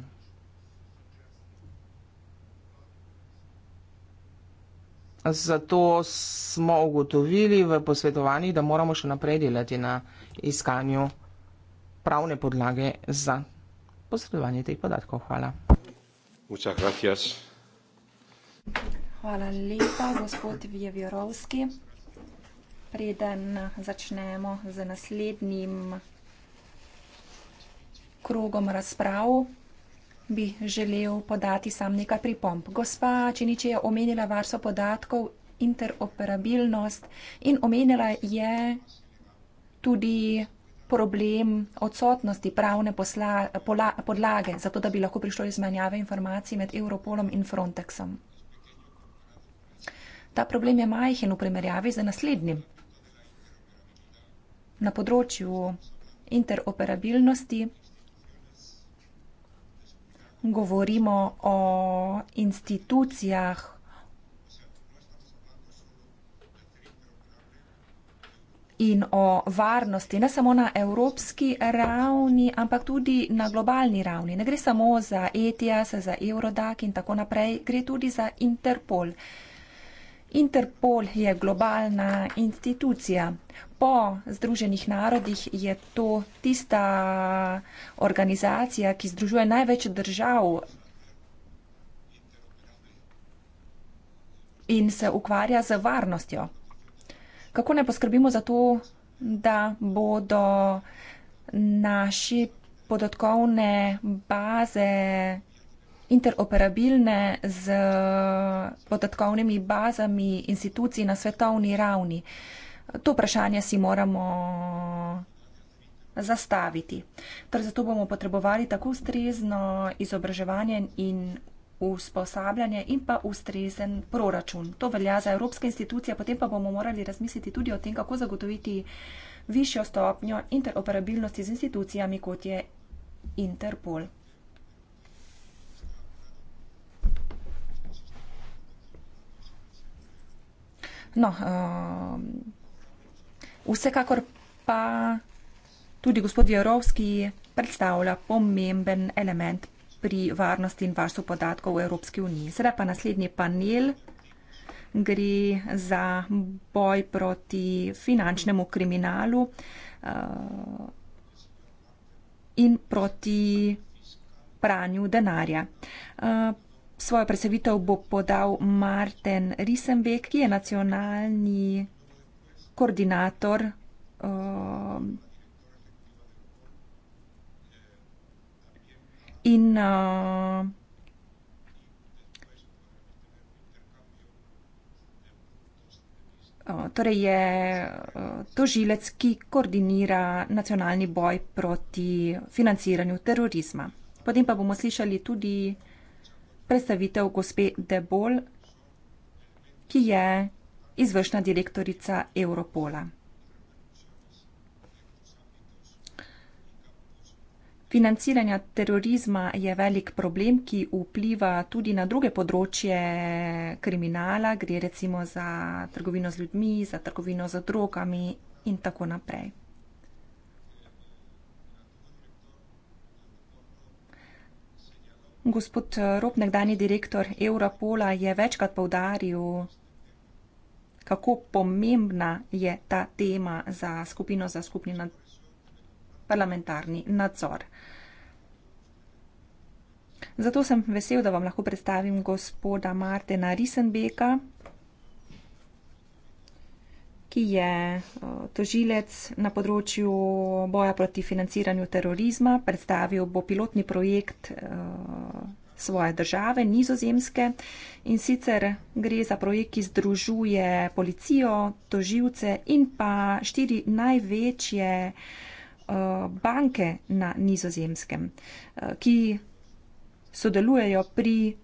Zato smo ugotovili v posvetovanjih, da moramo še naprej delati na iskanju podatkov pravne podlage za posredovanje teh podatkov. Hvala. Hvala lepa, gospod Vjevjerovski. Preden začnemo z naslednjim krogom razprav, bi želel podati sam nekaj pripomp. Gospa Čenič je omenila varstvo podatkov, interoperabilnost in omenila je tudi problem odsotnosti pravne posla, pola, podlage, zato da bi lahko prišlo izmenjave informacij med Europolom in Frontexom. Ta problem je majhen v primerjavi z naslednjim. Na področju interoperabilnosti govorimo o institucijah in o varnosti, ne samo na evropski ravni, ampak tudi na globalni ravni. Ne gre samo za ETS, za Eurodac in tako naprej, gre tudi za Interpol. Interpol je globalna institucija. Po Združenih narodih je to tista organizacija, ki združuje največ držav in se ukvarja z varnostjo kako ne poskrbimo za to, da bodo naši podatkovne baze interoperabilne z podatkovnimi bazami institucij na svetovni ravni. To vprašanje si moramo zastaviti. Torej, zato bomo potrebovali tako ustrezno izobraževanje in usposabljanje in pa ustrezen proračun. To velja za evropske institucije, potem pa bomo morali razmisliti tudi o tem, kako zagotoviti višjo stopnjo interoperabilnosti z institucijami, kot je Interpol. No, uh, vsekakor pa tudi gospod Jarovski predstavlja pomemben element pri varnosti in varstvu podatkov v Evropski uniji. Sedaj pa naslednji panel gre za boj proti finančnemu kriminalu uh, in proti pranju denarja. Uh, svojo predstavitev bo podal Marten Risenbek, ki je nacionalni koordinator uh, In uh, torej je tožilec, ki koordinira nacionalni boj proti financiranju terorizma. Potem pa bomo slišali tudi predstavitev gospe Debol, ki je izvršna direktorica Europola. Financiranja terorizma je velik problem, ki vpliva tudi na druge področje kriminala, gre recimo za trgovino z ljudmi, za trgovino z drogami in tako naprej. Gospod Rop, nekdani direktor Europola, je večkrat povdaril, kako pomembna je ta tema za skupino, za skupni nadzor parlamentarni nadzor. Zato sem vesel, da vam lahko predstavim gospoda Martina Risenbeka, ki je eh, tožilec na področju boja proti financiranju terorizma. Predstavil bo pilotni projekt eh, svoje države, nizozemske, in sicer gre za projekt, ki združuje policijo, toživce in pa štiri največje uh, Eh, banke na nizozemskem, eh, ki sodelujejo pri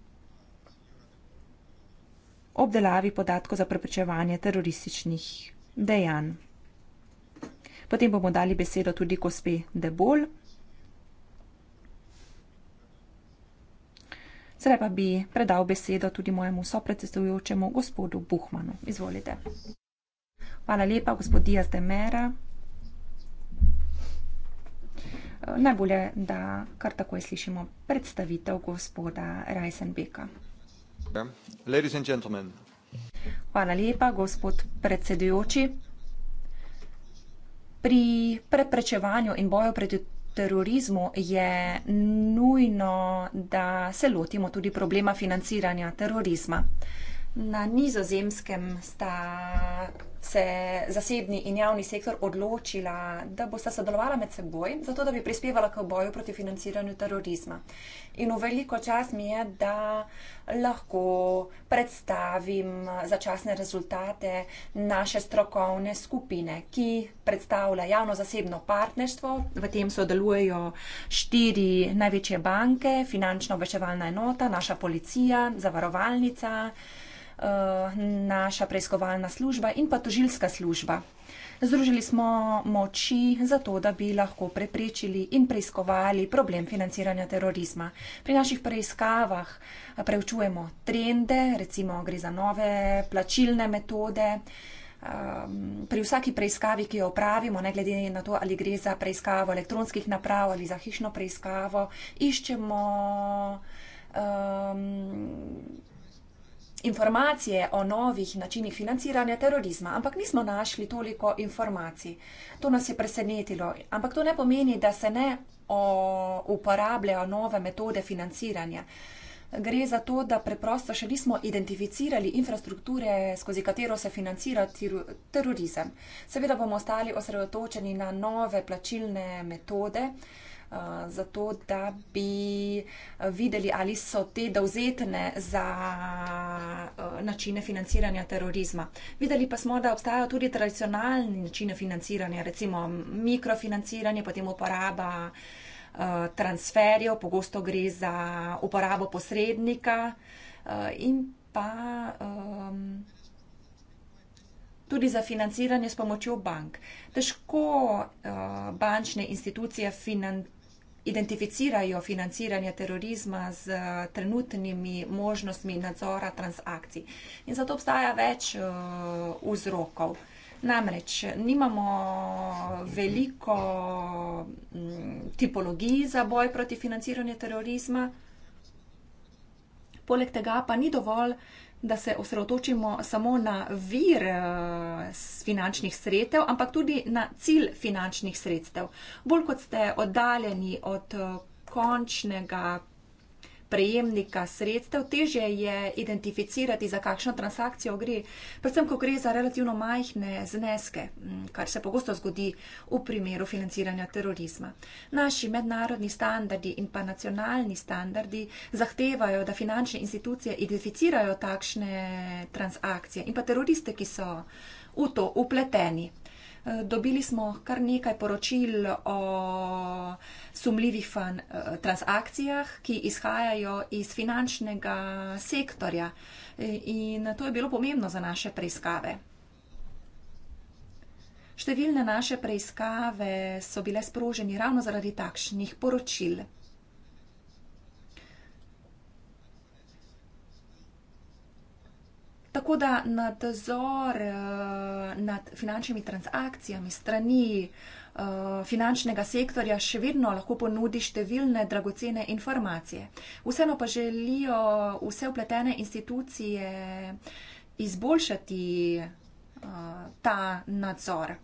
obdelavi podatkov za preprečevanje terorističnih dejanj. Potem bomo dali besedo tudi gospe Debol. Sedaj pa bi predal besedo tudi mojemu sopredsedujočemu gospodu Buhmanu. Izvolite. Hvala lepa, gospod Diaz Demera najbolje, da kar takoj slišimo predstavitev gospoda Reisenbeka. Hvala lepa, gospod predsedujoči. Pri preprečevanju in boju proti terorizmu je nujno, da se lotimo tudi problema financiranja terorizma. Na nizozemskem sta se zasebni in javni sektor odločila, da bosta sodelovala med seboj, zato da bi prispevala k boju proti financiranju terorizma. In v veliko čas mi je, da lahko predstavim začasne rezultate naše strokovne skupine, ki predstavlja javno-zasebno partnerstvo. V tem sodelujejo štiri največje banke, finančno obveščevalna enota, naša policija, zavarovalnica. Eh, naša preiskovalna služba in pa tožilska služba. Združili smo moči za to, da bi lahko preprečili in preiskovali problem financiranja terorizma. Pri naših preiskavah eh, preučujemo trende, recimo gre za nove plačilne metode. Eh, pri vsaki preiskavi, ki jo opravimo, ne glede na to, ali gre za preiskavo elektronskih naprav ali za hišno preiskavo, iščemo. Um, informacije o novih načinih financiranja terorizma, ampak nismo našli toliko informacij. To nas je presenetilo, ampak to ne pomeni, da se ne uporabljajo nove metode financiranja. Gre za to, da preprosto še nismo identificirali infrastrukture, skozi katero se financira terorizem. Seveda bomo ostali osredotočeni na nove plačilne metode. Eh, zato da bi eh, videli, ali so te dovzetne za eh, načine financiranja terorizma. Videli pa smo, da obstajajo tudi tradicionalni načine financiranja, recimo mikrofinanciranje, potem uporaba transferjev, pogosto gre za uporabo posrednika in pa um, tudi za financiranje s pomočjo bank. Težko uh, bančne institucije financirajo identificirajo financiranje terorizma z eh, trenutnimi možnostmi nadzora transakcij. In zato obstaja več eh, vzrokov. Namreč nimamo veliko mm, tipologij za boj proti financiranju terorizma, poleg tega pa ni dovolj, da se osredotočimo samo na vir eh, finančnih sredstev, ampak tudi na cilj finančnih sredstev. Bolj kot ste oddaljeni od eh, končnega prejemnika sredstev, težje je identificirati, za kakšno transakcijo gre, predvsem, ko gre za relativno majhne zneske, kar se pogosto zgodi v primeru financiranja terorizma. Naši mednarodni standardi in pa nacionalni standardi zahtevajo, da finančne institucije identificirajo takšne transakcije in pa teroriste, ki so v to upleteni. Dobili smo kar nekaj poročil o sumljivih eh, transakcijah, ki izhajajo iz finančnega sektorja eh, in to je bilo pomembno za naše preiskave. Številne naše preiskave so bile sproženi ravno zaradi takšnih poročil. Tako da nadzor eh, nad finančnimi transakcijami strani eh, finančnega sektorja še vedno lahko ponudi številne dragocene informacije. Vseeno pa želijo vse upletene institucije izboljšati eh, ta nadzor.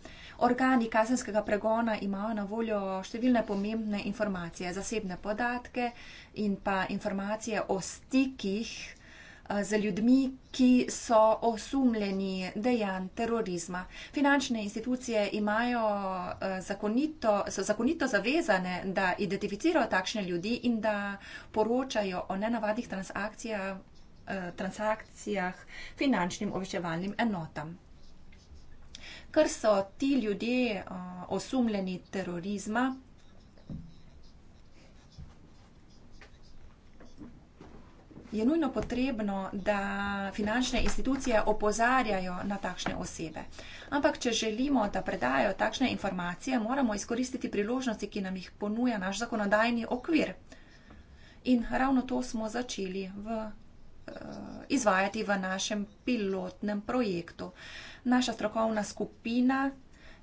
Organi kazenskega pregona imajo na voljo številne pomembne informacije, zasebne podatke in pa informacije o stikih, Eh, z ljudmi, ki so osumljeni dejanj terorizma. Finančne institucije imajo eh, zakonito, so zakonito zavezane, da identificirajo takšne ljudi in da poročajo o nenavadnih transakcijah, eh, transakcijah finančnim obveščevalnim enotam. Ker so ti ljudje osumljeni terorizma, je nujno potrebno, da finančne institucije opozarjajo na takšne osebe. Ampak, če želimo, da predajo takšne informacije, moramo izkoristiti priložnosti, ki nam jih ponuja naš zakonodajni okvir. In ravno to smo začeli v, eh, izvajati v našem pilotnem projektu. Naša strokovna skupina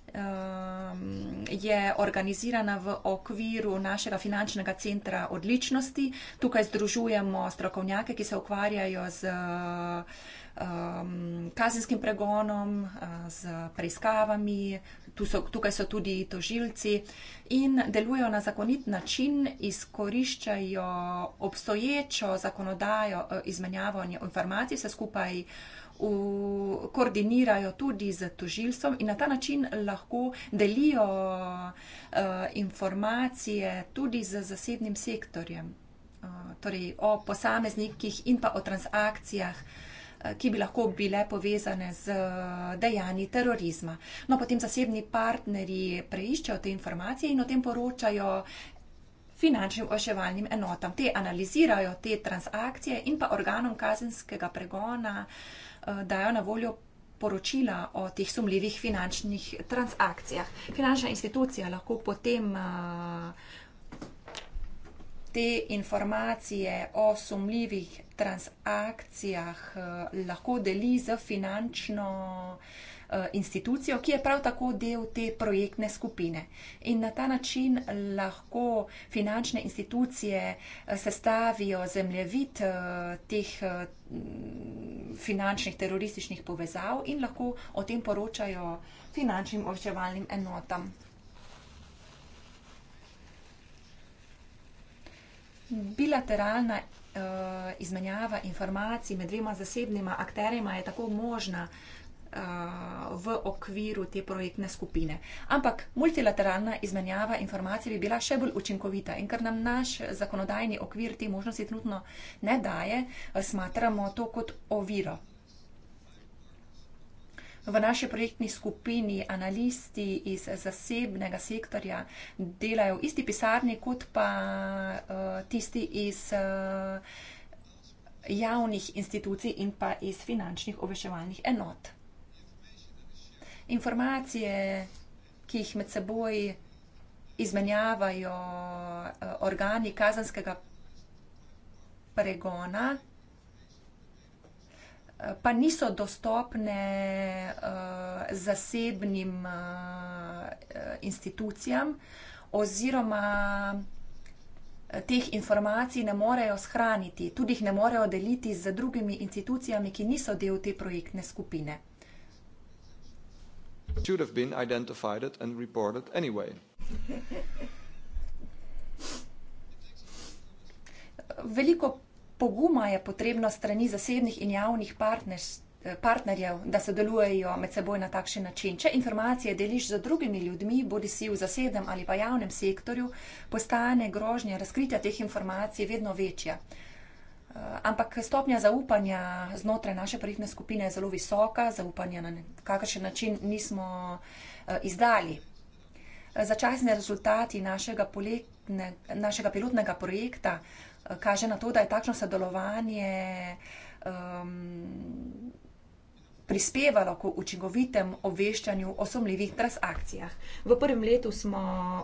Um, je organizirana v okviru našega finančnega centra odličnosti. Tukaj združujemo strokovnjake, ki se ukvarjajo z um, kazenskim pregonom, uh, z preiskavami, tu so, tukaj so tudi tožilci in delujejo na zakonit način, izkoriščajo obstoječo zakonodajo uh, izmenjavo informacij, vse skupaj uh, v, koordinirajo tudi z tožilstvom in na ta način lahko delijo uh, informacije tudi z zasebnim sektorjem, uh, torej o posameznikih in pa o transakcijah eh, ki bi lahko bile povezane z dejanji terorizma. No, potem zasebni partnerji preiščajo te informacije in o tem poročajo finančnim oševalnim enotam. Te analizirajo te transakcije in pa organom kazenskega pregona uh, Eh, dajo na voljo poročila o teh sumljivih finančnih transakcijah. Finančna institucija lahko potem eh, te informacije o sumljivih transakcijah eh, lahko deli z finančno Eh, institucijo, ki je prav tako del te projektne skupine. In na ta način lahko finančne institucije eh, sestavijo zemljevid eh, teh finančnih terorističnih povezav in lahko o tem poročajo finančnim obveščevalnim enotam. Bilateralna uh, izmenjava informacij med dvema zasebnima akterjema je tako možna uh, v okviru te projektne skupine. Ampak multilateralna izmenjava informacij bi bila še bolj učinkovita in ker nam naš zakonodajni okvir te možnosti trenutno ne daje, smatramo to kot oviro. V naši projektni skupini analisti iz zasebnega sektorja delajo v isti pisarni kot pa tisti iz javnih institucij in pa iz finančnih obveševalnih enot informacije, ki jih med seboj izmenjavajo eh, organi kazanskega pregona, eh, pa niso dostopne eh, zasebnim institucijam oziroma teh informacij ne morejo shraniti, tudi jih ne morejo deliti z drugimi institucijami, ki niso del te projektne skupine should have been identified and reported anyway. Veliko poguma je potrebno strani zasebnih in javnih eh, partnerjev, da sodelujejo med seboj na takšen način. Če informacije deliš z drugimi ljudmi, bodi si v zasebnem ali pa javnem sektorju, postane grožnja razkritja teh informacij vedno večja ampak stopnja zaupanja znotraj naše projektne skupine je zelo visoka, zaupanja na kakršen način nismo eh, izdali. Začasni rezultati našega, poletne, našega pilotnega projekta eh, kaže na to, da je takšno sodelovanje um, prispevalo k učinkovitem obveščanju o sumljivih transakcijah. V prvem letu smo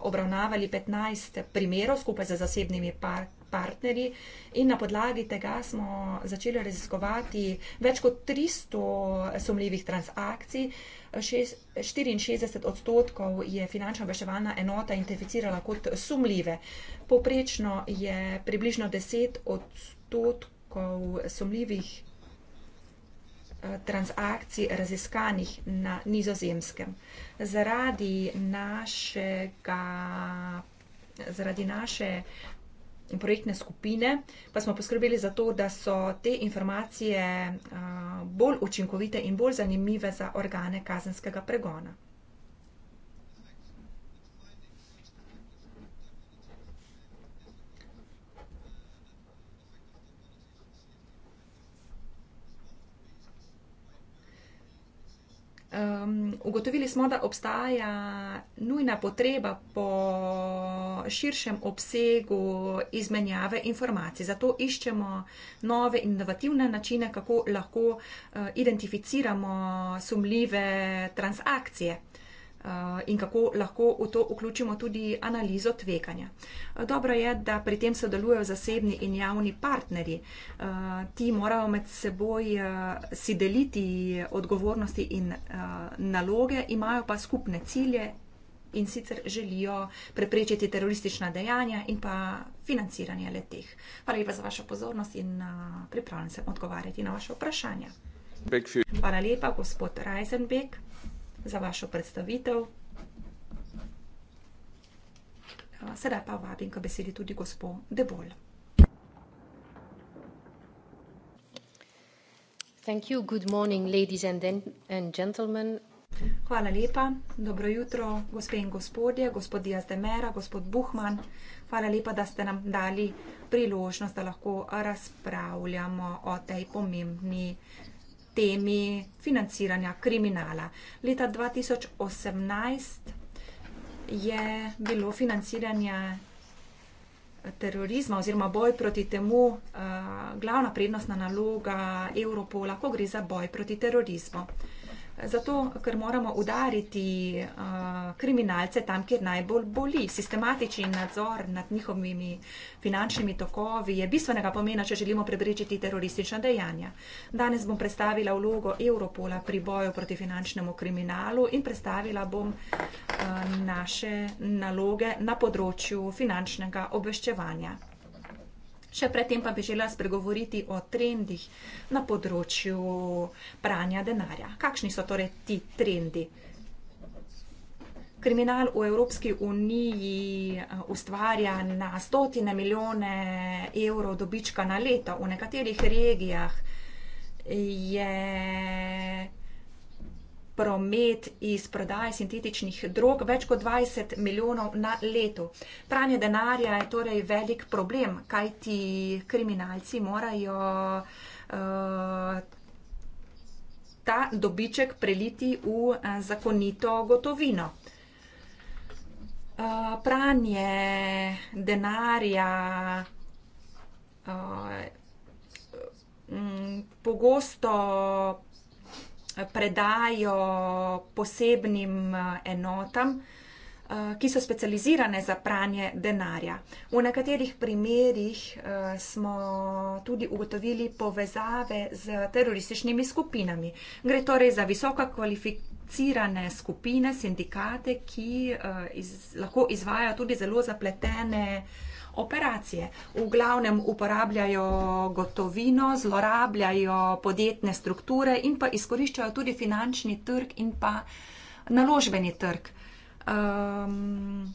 obravnavali 15 primerov skupaj z zasebnimi partnerji partnerji. In na podlagi tega smo začeli raziskovati več kot 300 sumljivih transakcij. 64 odstotkov je finančna obveščevalna enota identificirala kot sumljive. Poprečno je približno 10 odstotkov sumljivih eh, transakcij raziskanih na nizozemskem. Zaradi našega, zaradi naše in projektne skupine, pa smo poskrbeli za to, da so te informacije bolj učinkovite in bolj zanimive za organe kazenskega pregona. um, ugotovili smo, da obstaja nujna potreba po širšem obsegu izmenjave informacij. Zato iščemo nove inovativne načine, kako lahko uh, identificiramo sumljive transakcije. Uh, Eh, in kako lahko v to vključimo tudi analizo tveganja. Eh, dobro je, da pri tem sodelujejo zasebni in javni partnerji. Eh, ti morajo med seboj si deliti odgovornosti in naloge, imajo pa skupne cilje in sicer želijo preprečiti teroristična dejanja in pa financiranje letih. Hvala lepa za vašo pozornost in pripravljam se odgovarjati na vaše vprašanja. Hvala lepa, gospod Reisenbeck za vašo predstavitev. Sedaj pa vabim k besedi tudi gospo Debol. Thank you. Good morning, ladies and, and gentlemen. Hvala lepa. Dobro jutro, gospe in gospodje, gospod Diaz de Mera, gospod Buhman. Hvala lepa, da ste nam dali priložnost, da lahko razpravljamo o tej pomembni temi financiranja kriminala. Leta 2018 je bilo financiranje eh, terorizma oziroma boj proti temu eh, glavna prednostna naloga Evropola, ko gre za boj proti terorizmu. Zato, ker moramo udariti uh, kriminalce tam, kjer najbolj boli. Sistematični nadzor nad njihovimi finančnimi tokovi je bistvenega pomena, če želimo preprečiti teroristična dejanja. Danes bom predstavila vlogo Europola pri boju proti finančnemu kriminalu in predstavila bom uh, naše naloge na področju finančnega obveščevanja. Še predtem pa bi želela spregovoriti o trendih na področju pranja denarja. Kakšni so torej ti trendi? Kriminal v Evropski uniji eh, ustvarja na stotine milijone evrov dobička na leto. V nekaterih regijah je promet iz prodaje sintetičnih drog več kot 20 milijonov na leto. Pranje denarja je torej velik problem, kaj ti kriminalci morajo eh, ta dobiček preliti v eh, zakonito gotovino. Eh, pranje denarja mm, pogosto predajo posebnim eh, enotam, eh, ki so specializirane za pranje denarja. V nekaterih primerjih eh, smo tudi ugotovili povezave z terorističnimi skupinami. Gre torej za visoka kvalifikacija. Skupine, sindikate, ki uh, iz, lahko izvajo tudi zelo zapletene uh, operacije. V glavnem uporabljajo gotovino, zlorabljajo podjetne strukture in pa izkoriščajo tudi finančni trg in pa naložbeni trg. Um,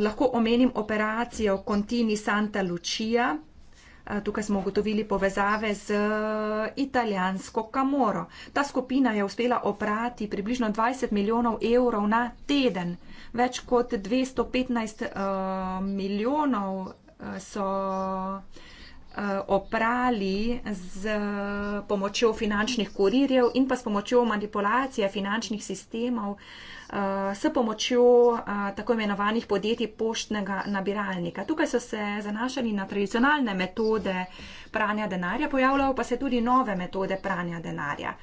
lahko omenim operacijo Contini Santa Lucia. Eh, tukaj smo ugotovili povezave z eh, italijansko kamoro. Ta skupina je uspela oprati približno 20 milijonov evrov na teden več kot 215 uh, eh, milijonov eh, so Eh, oprali z pomočjo finančnih kurirjev in pa s pomočjo manipulacije finančnih sistemov eh, s pomočjo eh, tako imenovanih podjetij poštnega nabiralnika. Tukaj so se zanašali na tradicionalne metode pranja denarja, pojavljajo pa se tudi nove metode pranja denarja.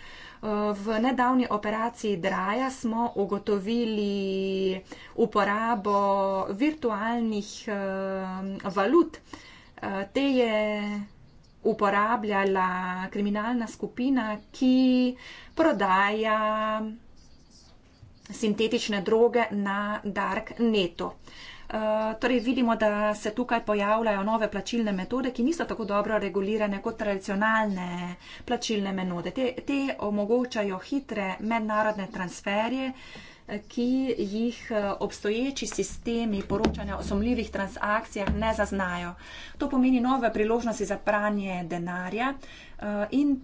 V nedavni operaciji Draja smo ugotovili uporabo virtualnih valut, Eh, te je uporabljala kriminalna skupina, ki prodaja sintetične droge na dark netu. Eh, torej vidimo, da se tukaj pojavljajo nove plačilne metode, ki niso tako dobro regulirane kot tradicionalne plačilne metode. Te, te omogočajo hitre mednarodne transferje, ki jih eh, obstoječi sistemi poročanja o somljivih transakcijah ne zaznajo. To pomeni nove priložnosti za pranje denarja eh, in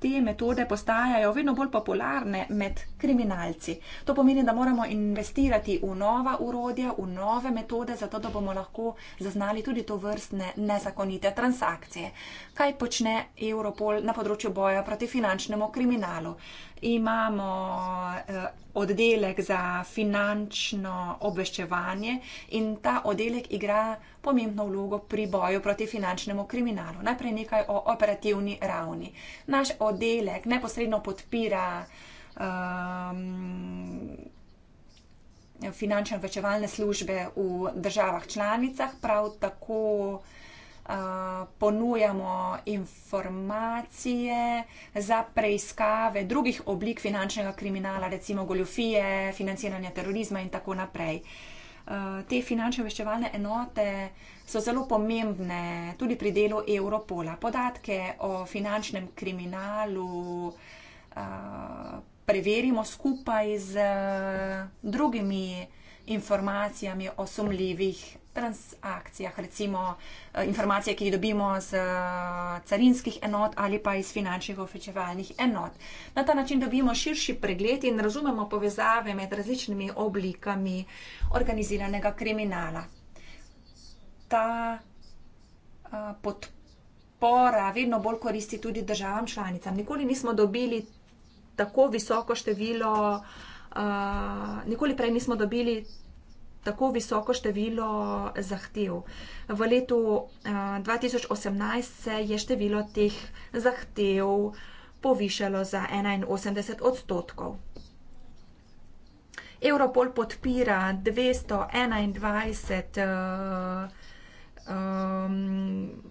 te metode postajajo vedno bolj popularne med kriminalci. To pomeni, da moramo investirati v nova urodja, v nove metode, zato da bomo lahko zaznali tudi to vrstne nezakonite transakcije kaj počne Europol na področju boja proti finančnemu kriminalu. Imamo eh, oddelek za finančno obveščevanje in ta oddelek igra pomembno vlogo pri boju proti finančnemu kriminalu. Najprej nekaj o operativni ravni. Naš oddelek neposredno podpira um, ehm, finančno obveščevalne službe v državah članicah, prav tako ponujamo informacije za preiskave drugih oblik finančnega kriminala, recimo goljofije, financiranja terorizma in tako naprej. Eh, te finančne obveščevalne enote so zelo pomembne tudi pri delu Europola. Podatke o finančnem kriminalu eh, preverimo skupaj z eh, drugimi informacijami o sumljivih transakcijah, recimo eh, informacije, ki jih dobimo z eh, carinskih enot ali pa iz finančnih ofečevalnih enot. Na ta način dobimo širši pregled in razumemo povezave med različnimi oblikami organiziranega kriminala. Ta eh, podpora vedno bolj koristi tudi državam članicam. Nikoli nismo dobili tako visoko število, nikoli prej nismo dobili tako visoko število zahtev. V letu 2018 eh, se je število teh zahtev povišalo za 81 odstotkov. Europol podpira 221 um, eh,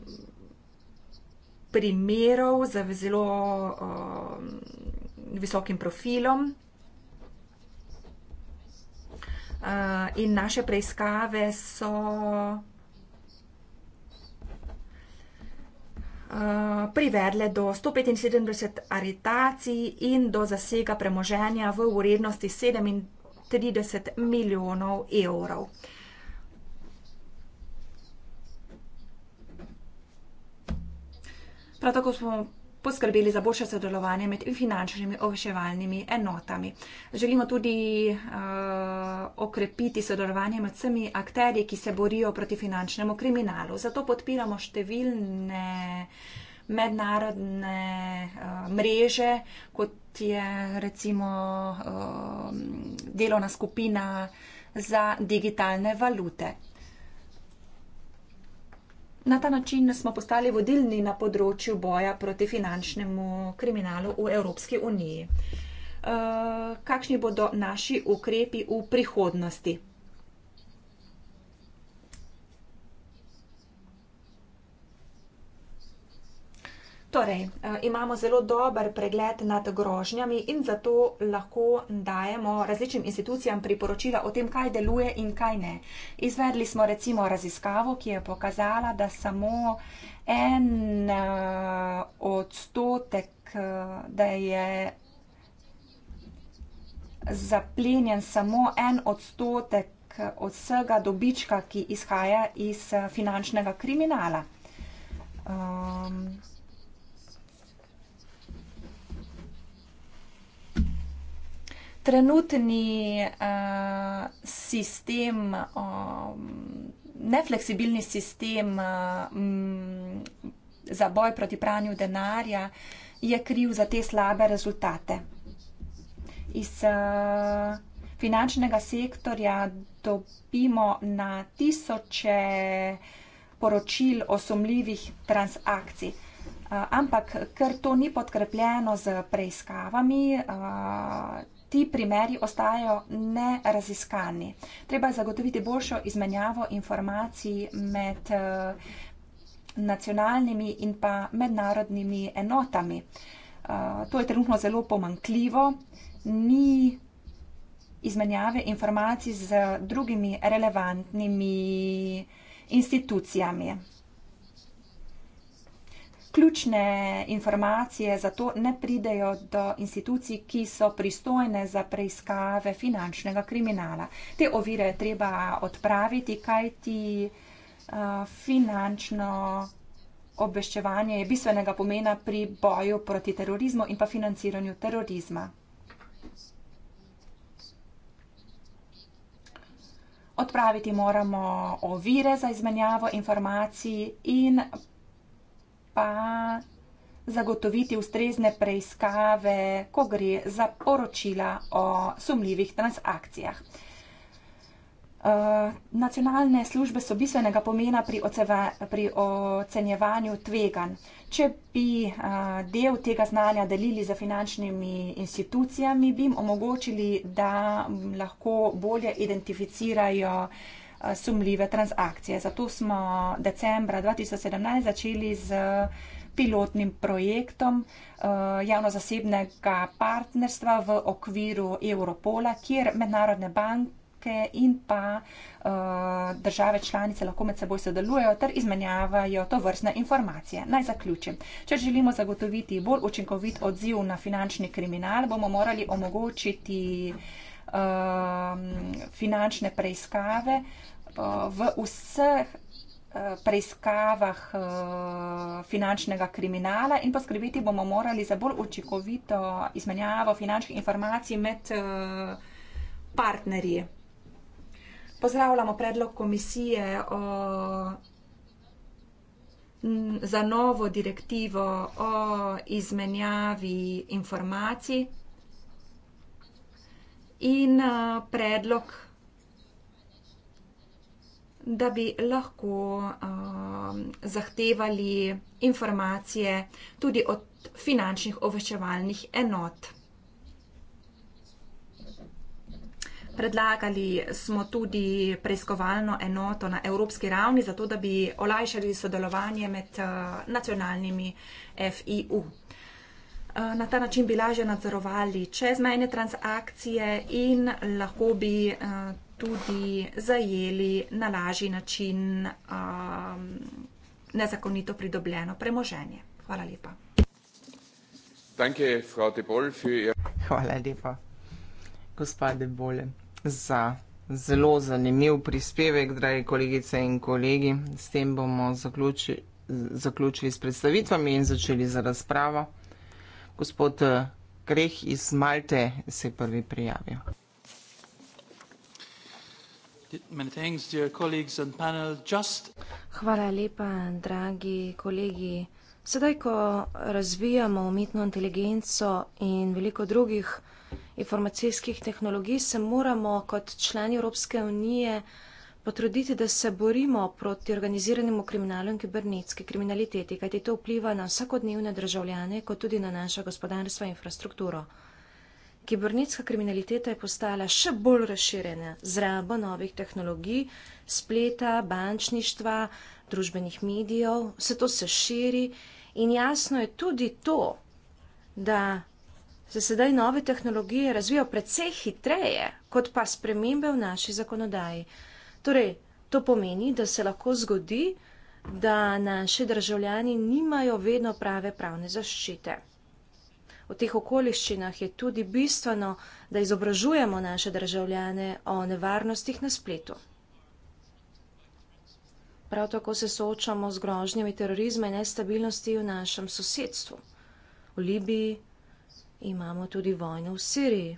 primerov z zelo um, visokim profilom. Eh, in naše preiskave so eh, privedle do 175 aretacij in do zasega premoženja v vrednosti 37 milijonov evrov. Prav tako smo poskrbeli za boljše sodelovanje med finančnimi oveševalnimi enotami. Želimo tudi uh, okrepiti sodelovanje med vsemi akterji, ki se borijo proti finančnemu kriminalu. Zato podpiramo številne mednarodne uh, mreže, kot je recimo uh, delovna skupina za digitalne valute. Na ta način smo postali vodilni na področju boja proti finančnemu kriminalu v Evropski uniji. Eh, kakšni bodo naši ukrepi v prihodnosti? Torej, eh, imamo zelo dober pregled nad grožnjami in zato lahko dajemo različnim institucijam priporočila o tem, kaj deluje in kaj ne. Izvedli smo recimo raziskavo, ki je pokazala, da samo en eh, odstotek, eh, da je zaplenjen samo en odstotek od vsega dobička, ki izhaja iz finančnega kriminala. Um, trenutni uh, sistem, um, nefleksibilni sistem um, za boj proti pranju denarja je kriv za te slabe rezultate. Iz uh, finančnega sektorja dobimo na tisoče poročil o sumljivih transakcij. Uh, ampak, ker to ni podkrepljeno z preiskavami, uh, ti primeri ostajajo neraziskani. Treba je zagotoviti boljšo izmenjavo informacij med eh, nacionalnimi in pa mednarodnimi enotami. Eh, to je trenutno zelo pomankljivo, ni izmenjave informacij z drugimi relevantnimi institucijami ključne informacije zato ne pridejo do institucij, ki so pristojne za preiskave finančnega kriminala. Te ovire treba odpraviti, kaj ti finančno obveščevanje je bistvenega pomena pri boju proti terorizmu in pa financiranju terorizma. Odpraviti moramo ovire za izmenjavo informacij in pa zagotoviti ustrezne preiskave, ko gre za poročila o sumljivih transakcijah. Eh, nacionalne službe so bistvenega pomena pri, oceva, pri ocenjevanju tvegan. Če bi eh, del tega znanja delili za finančnimi institucijami, bi jim omogočili, da lahko bolje identificirajo uh, Eh, sumljive transakcije. Zato smo decembra 2017 začeli z pilotnim projektom eh, javno-zasebnega partnerstva v okviru Europola, kjer mednarodne banke in pa eh, države članice lahko med seboj sodelujejo ter izmenjavajo to vrstne informacije. Naj zaključim. Če želimo zagotoviti bolj učinkovit odziv na finančni kriminal, bomo morali omogočiti finančne preiskave, v vseh eh, preiskavah eh, finančnega kriminala in poskrbeti bomo morali za bolj očikovito izmenjavo finančnih informacij med eh, partnerji. Pozdravljamo predlog komisije o, za novo direktivo o izmenjavi informacij in predlog da bi lahko uh, zahtevali informacije tudi od finančnih obveščevalnih enot. Predlagali smo tudi preiskovalno enoto na evropski ravni, zato da bi olajšali sodelovanje med uh, nacionalnimi FIU. Uh, na ta način bi lažje nadzorovali čezmejne transakcije in lahko bi uh, tudi zajeli na lažji način um, nezakonito pridobljeno premoženje. Hvala lepa. Hvala lepa, gospa De Bole, za zelo zanimiv prispevek, dragi kolegice in kolegi. S tem bomo zaključi, zaključili s predstavitvami in začeli za razpravo. Gospod eh, Greh iz Malte se je prvi prijavil. Hvala lepa, dragi kolegi. Sedaj, ko razvijamo umetno inteligenco in veliko drugih informacijskih tehnologij, se moramo kot člani Evropske unije potruditi, da se borimo proti organiziranemu kriminalu in kibernetski kriminaliteti, kajti to vpliva na vsakodnevne državljane, kot tudi na naše gospodarstvo in infrastrukturo. Kibernetska kriminaliteta je postala še bolj razširjena z rabo novih tehnologij, spleta, bančništva, družbenih medijev, vse to se širi in jasno je tudi to, da se sedaj nove tehnologije razvijajo precej hitreje, kot pa spremembe v naši zakonodaji. Torej, to pomeni, da se lahko zgodi, da naši državljani nimajo vedno prave pravne zaščite v teh okoliščinah je tudi bistveno, da izobražujemo naše državljane o nevarnostih na spletu. Prav tako se soočamo z grožnjami terorizma in nestabilnosti v našem sosedstvu. V Libiji imamo tudi vojno v Siriji.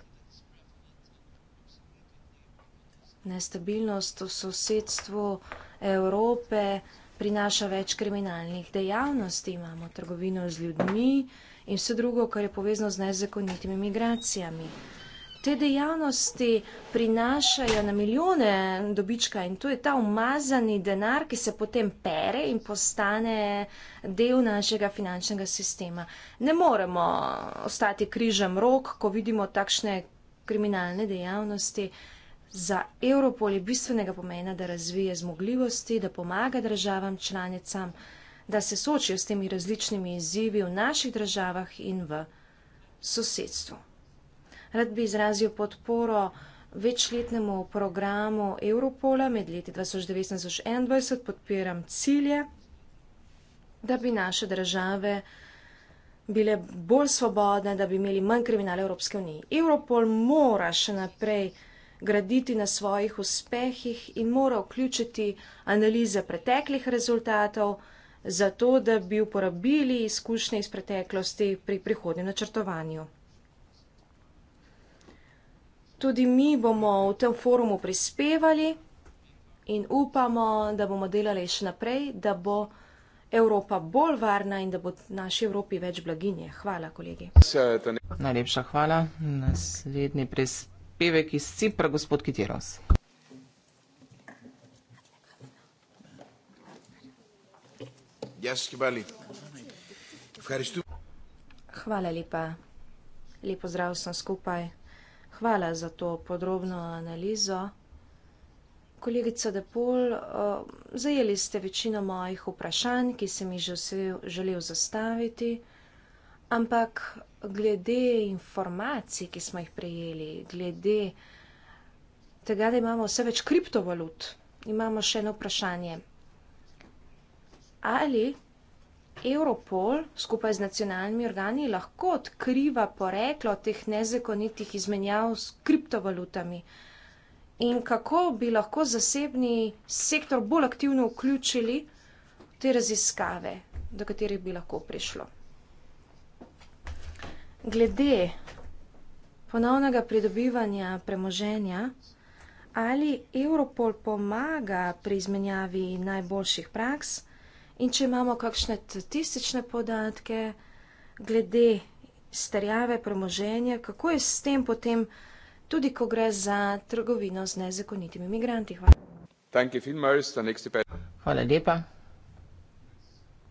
Nestabilnost v sosedstvu Evrope prinaša več kriminalnih dejavnosti. Imamo trgovino z ljudmi, in vse drugo, kar je povezano z nezakonitimi migracijami. Te dejavnosti prinašajo na milijone dobička in to je ta umazani denar, ki se potem pere in postane del našega finančnega sistema. Ne moremo ostati križem rok, ko vidimo takšne kriminalne dejavnosti. Za Evropol je bistvenega pomena, da razvije zmogljivosti, da pomaga državam članicam da se soočijo s temi različnimi izzivi v naših državah in v sosedstvu. Rad bi izrazil podporo večletnemu programu Europola med leti 2019-2021. Podpiram cilje, da bi naše države bile bolj svobodne, da bi imeli manj kriminala Evropske unije. Europol mora še naprej graditi na svojih uspehih in mora vključiti analize preteklih rezultatov, zato da bi uporabili izkušnje iz preteklosti pri prihodnjem načrtovanju. Tudi mi bomo v tem forumu prispevali in upamo, da bomo delali še naprej, da bo Evropa bolj varna in da bo naši Evropi več blaginje. Hvala, kolegi. Najlepša hvala. Naslednji prispevek iz Cipra, gospod Kitiros. Γεια σας και πάλι. Ευχαριστούμε. Χβάλα λοιπόν. Λίπο ζράω σαν σκούπαϊ. Χβάλα για το ποδρόβνο αναλύζω. Kolegica Depol, eh, zajeli ste večino mojih vprašanj, ki sem jih želel zastaviti, ampak glede informacij, ki smo jih prejeli, glede tega, da imamo vse več kriptovalut, imamo še eno vprašanje ali Europol skupaj z nacionalnimi organi lahko odkriva poreklo teh nezakonitih izmenjav s kriptovalutami in kako bi lahko zasebni sektor bolj aktivno vključili v te raziskave, do katerih bi lahko prišlo. Glede ponovnega pridobivanja premoženja, ali Europol pomaga pri izmenjavi najboljših praks, In če imamo kakšne statistične podatke glede starjave premoženja, kako je s tem potem, tudi ko gre za trgovino z nezakonitimi imigranti? Hvala. Hvala lepa.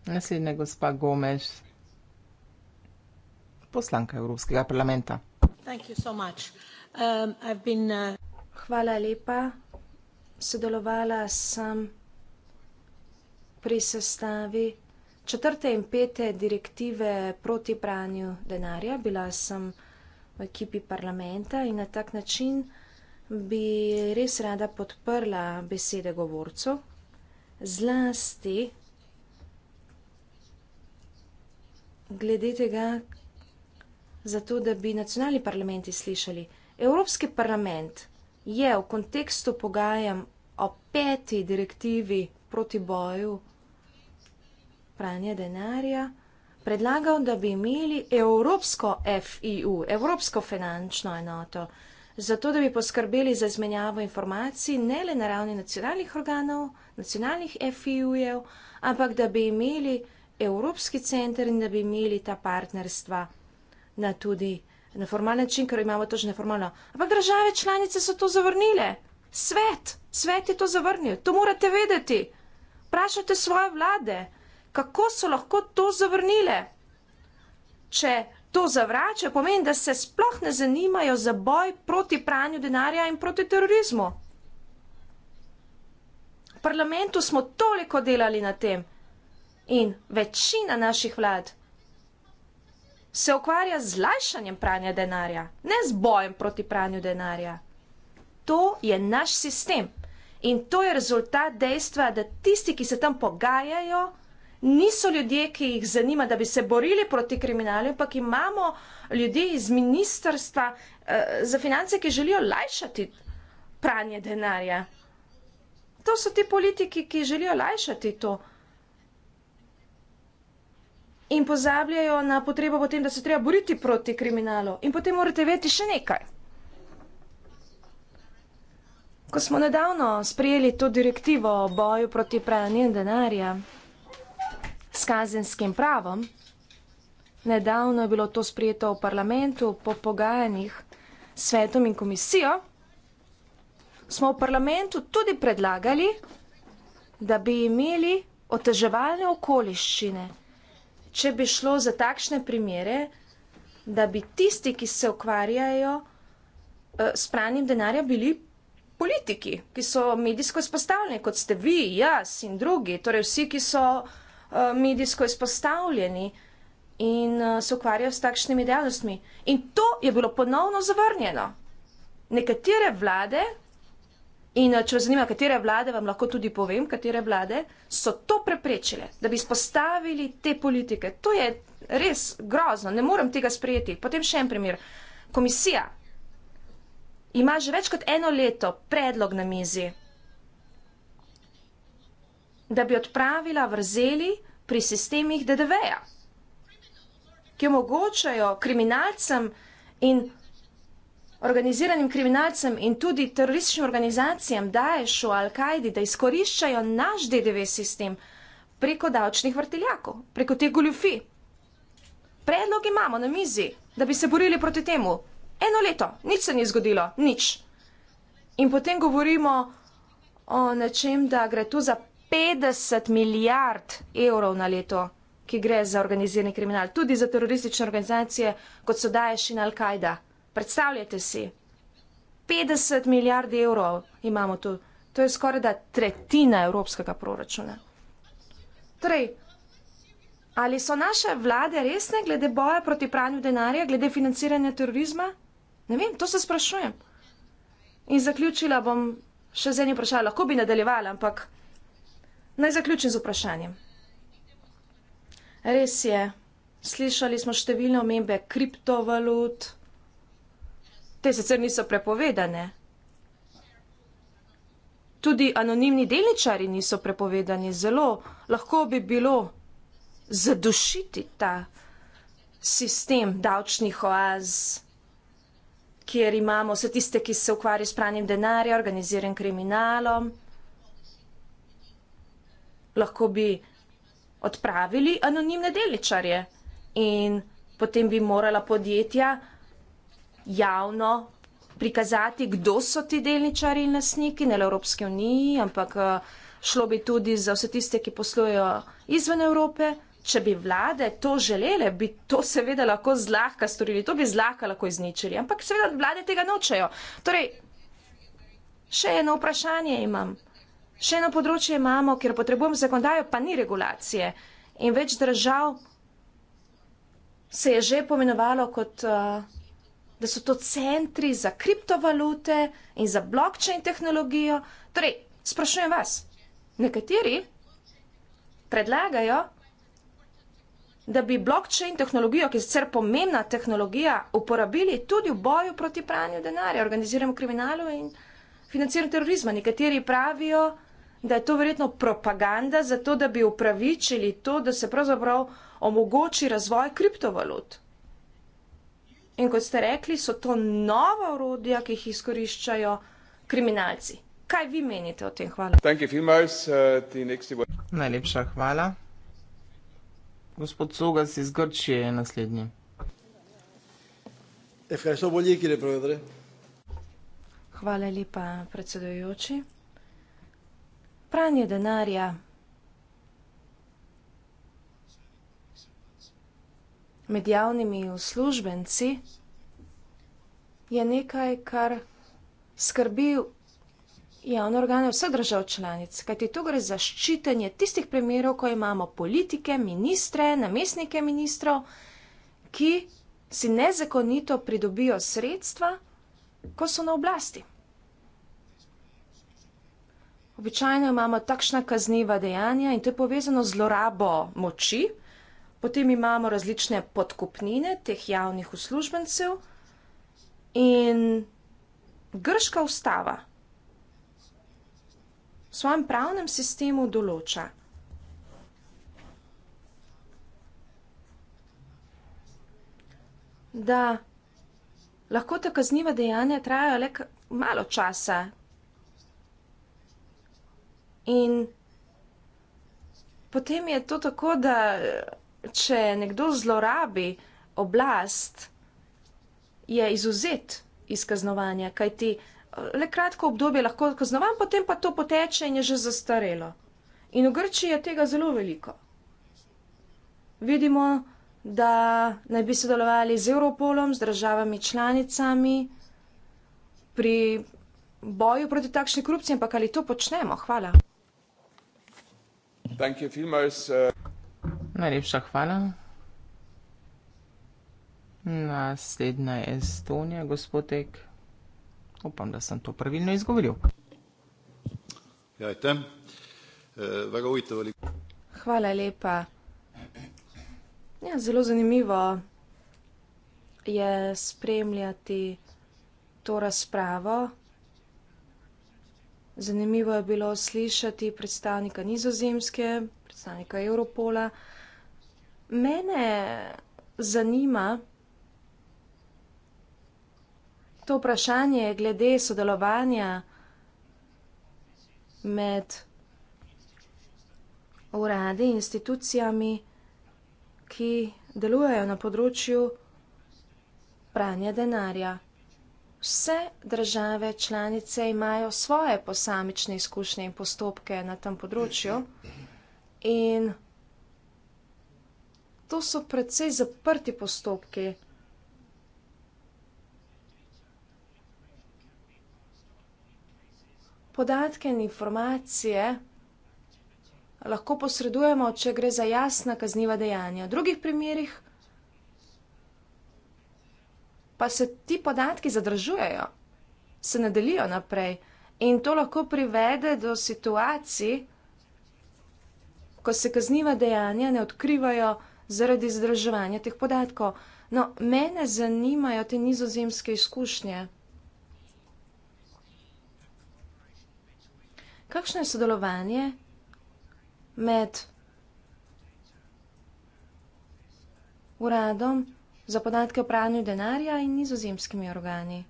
Naslednja gospa Gomez, poslanka Evropskega parlamenta. Um, uh, Hvala lepa. Sodelovala sem pri sestavi četrte in pete direktive proti pranju denarja. Bila sem v ekipi parlamenta in na tak način bi res rada podprla besede govorcev, zlasti glede tega, zato da bi nacionalni parlamenti slišali. Evropski parlament je v kontekstu pogajanj o peti direktivi proti boju pranje denarja, predlagal, da bi imeli Evropsko FIU, Evropsko finančno enoto, zato da bi poskrbeli za izmenjavo informacij ne le na ravni nacionalnih organov, nacionalnih FIU-jev, ampak da bi imeli Evropski center in da bi imeli ta partnerstva na tudi na formalen način, ker imamo to že neformalno. Ampak države članice so to zavrnile. Svet, svet je to zavrnil. To morate vedeti. Prašajte svoje vlade kako so lahko to zavrnile? Če to zavračajo, pomeni, da se sploh ne zanimajo za boj proti pranju denarja in proti terorizmu. V parlamentu smo toliko delali na tem in večina naših vlad se ukvarja z lajšanjem pranja denarja, ne z bojem proti pranju denarja. To je naš sistem in to je rezultat dejstva, da tisti, ki se tam pogajajo, niso ljudje, ki jih zanima, da bi se borili proti kriminalu, ampak imamo ljudi iz ministrstva eh, za finance, ki želijo lajšati pranje denarja. To so ti politiki, ki želijo lajšati to. In pozabljajo na potrebo potem, da se treba boriti proti kriminalu. In potem morate veti še nekaj. Ko smo nedavno sprejeli to direktivo o boju proti pranju denarja, s kazenskim pravom. Nedavno je bilo to sprejeto v parlamentu po pogajanjih s svetom in komisijo. Smo v parlamentu tudi predlagali, da bi imeli oteževalne okoliščine, če bi šlo za takšne primere, da bi tisti, ki se ukvarjajo eh, s pranjem denarja, bili politiki, ki so medijsko izpostavljeni, kot ste vi, jaz in drugi, torej vsi, ki so. Eh, medijsko izpostavljeni in eh, se ukvarjajo s takšnimi dejavnostmi. In to je bilo ponovno zavrnjeno. Nekatere vlade, in eh, če vas zanima, katere vlade, vam lahko tudi povem, katere vlade so to preprečile, da bi izpostavili te politike. To je res grozno, ne morem tega sprejeti. Potem še en primer. Komisija ima že več kot eno leto predlog na mizi da bi odpravila vrzeli pri sistemih DDV-ja, ki omogočajo kriminalcem in organiziranim kriminalcem in tudi terorističnim organizacijam Daešu, Al-Kaidi, da izkoriščajo naš DDV sistem preko davčnih vrteljakov, preko te goljufi. Predlog imamo na mizi, da bi se borili proti temu. Eno leto, nič se ni zgodilo, nič. In potem govorimo o nečem, da gre tu za 50 milijard evrov na leto, ki gre za organizirani kriminal, tudi za teroristične organizacije, kot so Daesh in Al-Kaida. Predstavljajte si, 50 milijard evrov imamo tu, to je skoraj da tretjina evropskega proračuna. Torej, ali so naše vlade resne glede boja proti pranju denarja, glede financiranja terorizma? Ne vem, to se sprašujem. In zaključila bom še z enim vprašanjem, lahko bi nadaljevala, ampak. Naj zaključim z vprašanjem. Res je, slišali smo številne omembe kriptovalut. Te sicer niso prepovedane. Tudi anonimni delničari niso prepovedani. Zelo lahko bi bilo zadušiti ta sistem davčnih oaz, kjer imamo vse tiste, ki se ukvarjajo s pranjem denarja, organiziranim kriminalom lahko bi odpravili anonimne delničarje in potem bi morala podjetja javno prikazati, kdo so ti delničarji in lasniki, ne le Evropske unije, ampak eh, šlo bi tudi za vse tiste, ki poslujejo izven Evrope. Če bi vlade to želele, bi to seveda lahko zlahka storili, to bi zlahka lahko izničili, ampak seveda vlade tega nočejo. Torej, še eno vprašanje imam. Še eno področje imamo, kjer potrebujemo zakonodajo, pa ni regulacije. In več držav se je že pomenovalo, kot, eh, da so to centri za kriptovalute in za blockchain tehnologijo. Torej, sprašujem vas, nekateri predlagajo, da bi blockchain tehnologijo, ki je sicer pomembna tehnologija, uporabili tudi v boju proti pranju denarja, organiziranemu kriminalu in financiranju terorizma. Nekateri pravijo, da da je to verjetno propaganda za to, da bi upravičili to, da se pravzaprav omogoči razvoj kriptovalut. In kot ste rekli, so to nova urodja, ki jih izkoriščajo kriminalci. Kaj vi menite o tem? Hvala. Uh, Najlepša hvala. Gospod Sogas iz Grčije je naslednji. Hvala lepa, predsedujoči pranje denarja. Med javnimi uslužbenci je nekaj, kar skrbi javne organe vseh držav članic, kajti tu gre za ščitenje tistih primerov, ko imamo politike, ministre, namestnike ministrov, ki si nezakonito pridobijo sredstva, ko so na oblasti. Običajno imamo takšna kazniva dejanja in to je povezano z zlorabo moči. Potem imamo različne podkupnine teh javnih uslužbencev in grška ustava v svojem pravnem sistemu določa, da lahko ta kazniva dejanja trajajo le malo časa, In potem je to tako, da če nekdo zlorabi oblast, je izuzet iz kaznovanja, kajti le kratko obdobje lahko kaznovan, potem pa to poteče in je že zastarelo. In v Grčiji je tega zelo veliko. Vidimo, da naj bi sodelovali z Europolom, z državami članicami pri boju proti takšni korupciji, ampak ali to počnemo? Hvala. Uh, Najlepša hvala. Naslednja je Estonija, gospod Ek. Upam, da sem to pravilno izgovoril. Eh, hvala lepa. Ja, zelo zanimivo je spremljati to razpravo. Zanimivo je bilo slišati predstavnika nizozemske, predstavnika Europola. Mene zanima to vprašanje glede sodelovanja med uradi in institucijami, ki delujejo na področju pranja denarja vse države članice imajo svoje posamične izkušnje in postopke na tem področju. In to so precej zaprti postopki. Podatke in informacije lahko posredujemo, če gre za jasna kazniva dejanja. V drugih primerjih pa se ti podatki zadržujejo, se ne delijo naprej. In to lahko privede do situacij, ko se kazniva dejanja ne odkrivajo zaradi zadrževanja teh podatkov. No, mene zanimajo te nizozemske izkušnje. Kakšno je sodelovanje med uradom? za podatke o pranju denarja in nizozemskimi organi.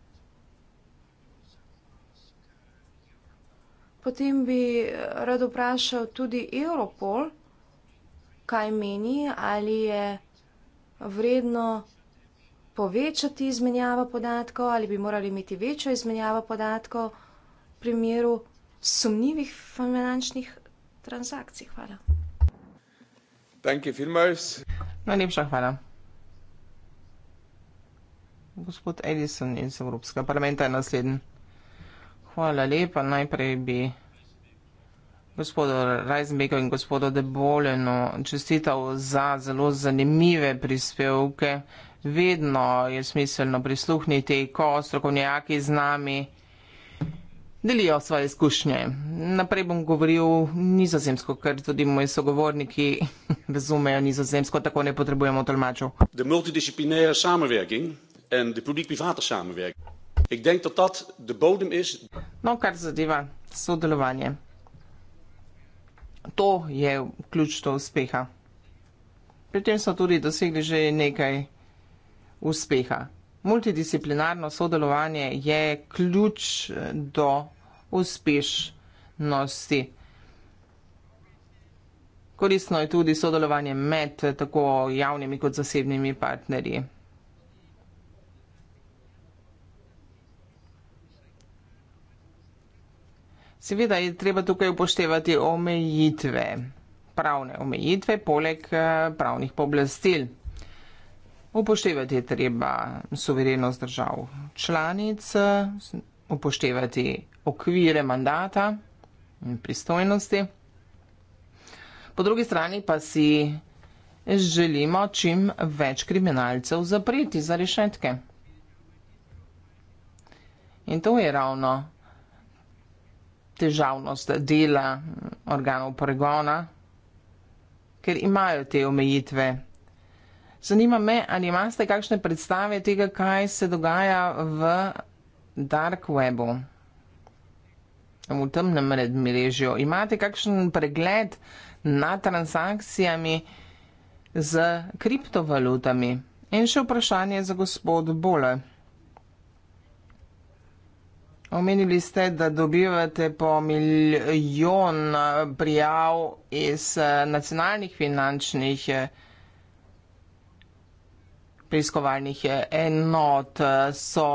Potem bi eh, rad vprašal tudi Europol, kaj meni, ali je vredno povečati izmenjavo podatkov ali bi morali imeti večjo izmenjavo podatkov v primeru sumljivih finančnih transakcij. Hvala. Najlepša hvala gospod Edison iz Evropskega parlamenta je naslednji. Hvala lepa, najprej bi gospodo Reisenbeko in gospodo Deboleno čestital za zelo zanimive prispevke. Vedno je smiselno prisluhniti, ko strokovnjaki z nami delijo svoje izkušnje. Naprej bom govoril nizozemsko, ker tudi moji sogovorniki razumejo nizozemsko, tako ne potrebujemo tolmačev en de publiek-private samenwerking. Ik denk dat dat de bodem is. No, kar zadeva sodelovanje. To je ključ do uspeha. Pri tem so tudi dosegli že nekaj uspeha. Multidisciplinarno sodelovanje je ključ eh, do uspešnosti. Koristno je tudi sodelovanje med eh, tako javnimi kot zasebnimi partnerji. Seveda je treba tukaj upoštevati omejitve, pravne omejitve, poleg eh, pravnih poblastil. Upoštevati je treba suverenost držav članic, upoštevati okvire mandata in pristojnosti. Po drugi strani pa si želimo čim več kriminalcev zapreti za rešetke. In to je ravno težavnost dela organov pregona, ker imajo te omejitve. Zanima me, ali imate kakšne predstave tega, kaj se dogaja v dark webu, v temnem mrežju. Imate kakšen pregled nad transakcijami z kriptovalutami? In še vprašanje za gospod Bole. Omenili ste, da dobivate po milijon eh, prijav iz eh, nacionalnih finančnih eh, preiskovalnih enot. So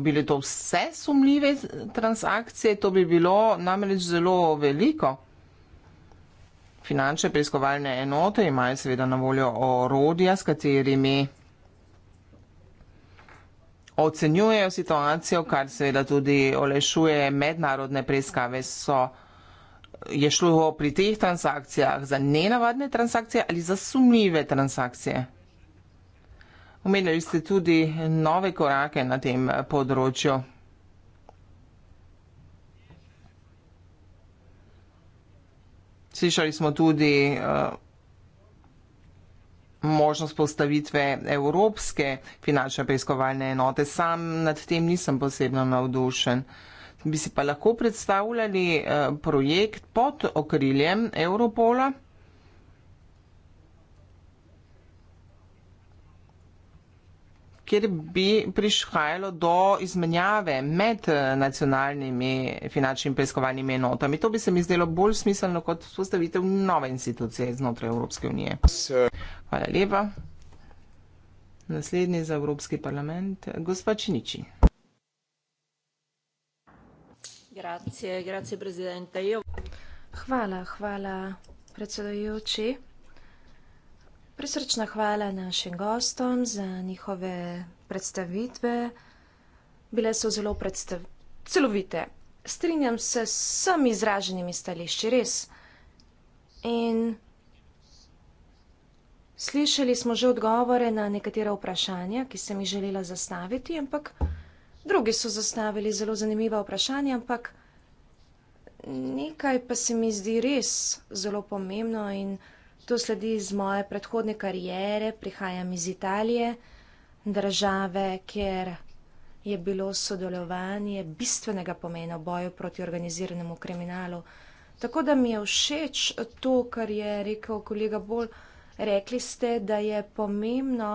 bile to vse sumljive transakcije? To bi bilo namreč zelo veliko. Finančne preiskovalne enote imajo seveda na voljo orodja, s katerimi ocenjujejo situacijo, kar seveda tudi olešuje mednarodne preiskave. So, je šlo pri teh transakcijah za nenavadne transakcije ali za sumljive transakcije? Omenili ste tudi nove korake na tem področju. Slišali smo tudi uh, možnost postavitve Evropske finančne preiskovalne enote. Sam nad tem nisem posebno navdušen. Bi si pa lahko predstavljali eh, projekt pod okriljem Europola? kjer bi prišhajalo do izmenjave med eh, nacionalnimi finančnimi preiskovalnimi enotami. To bi se mi zdelo bolj smiselno kot vzpostavitev nove institucije znotraj Evropske unije. Hvala lepa. Naslednji za Evropski parlament, gospa Činiči. Grazie, grazie, hvala, hvala predsedujoči. Prisrečna hvala našim gostom za njihove predstavitve. Bile so zelo predstav... celovite. Strinjam se s vsem izraženimi stališči, res. In slišali smo že odgovore na nekatera vprašanja, ki sem jih želela zastaviti, ampak drugi so zastavili zelo zanimiva vprašanja, ampak nekaj pa se mi zdi res zelo pomembno in pomembno. To sledi iz moje predhodne karijere, prihajam iz Italije, države, kjer je bilo sodelovanje bistvenega pomena v boju proti organiziranemu kriminalu. Tako da mi je všeč to, kar je rekel kolega Bolj. Rekli ste, da je pomembno,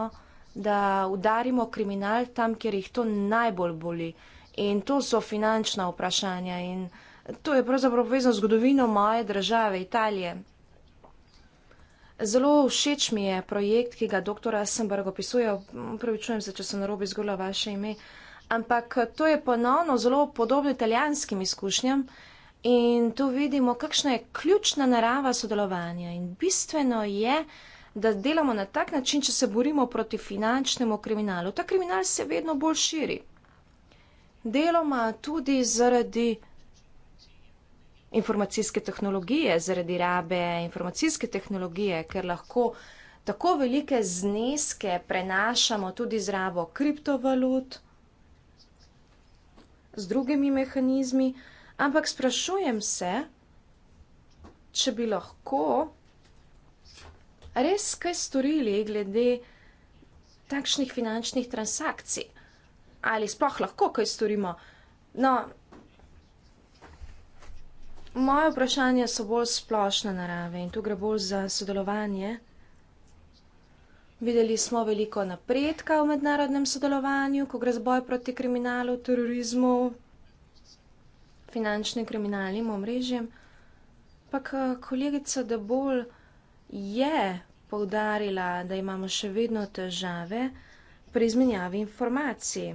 da udarimo kriminal tam, kjer jih to najbolj boli. In to so finančna vprašanja in to je pravzaprav povezano z zgodovino moje države, Italije. Zelo všeč mi je projekt, ki ga dr. Asenberg opisuje. Upravičujem se, če sem narobe izgovorila vaše ime. Ampak eh, to je ponovno zelo podobno italijanskim izkušnjam. In tu vidimo, kakšna je ključna narava sodelovanja. In bistveno je, da delamo na tak način, če se borimo proti finančnemu kriminalu. Ta kriminal se vedno bolj širi. Deloma tudi zaradi informacijske tehnologije, zaradi rabe informacijske tehnologije, ker lahko tako velike zneske prenašamo tudi z rabo kriptovalut, z drugimi mehanizmi, ampak sprašujem se, če bi lahko res kaj storili glede takšnih finančnih transakcij. Ali sploh lahko kaj storimo? No, Moje vprašanje so bolj splošne narave in tu gre bolj za sodelovanje. Videli smo veliko napredka v mednarodnem sodelovanju, ko gre za boj proti kriminalu, terorizmu, finančnim kriminalnim omrežjem. Ampak eh, kolegica De Bol je poudarila, da imamo še vedno težave pri izmenjavi informacij.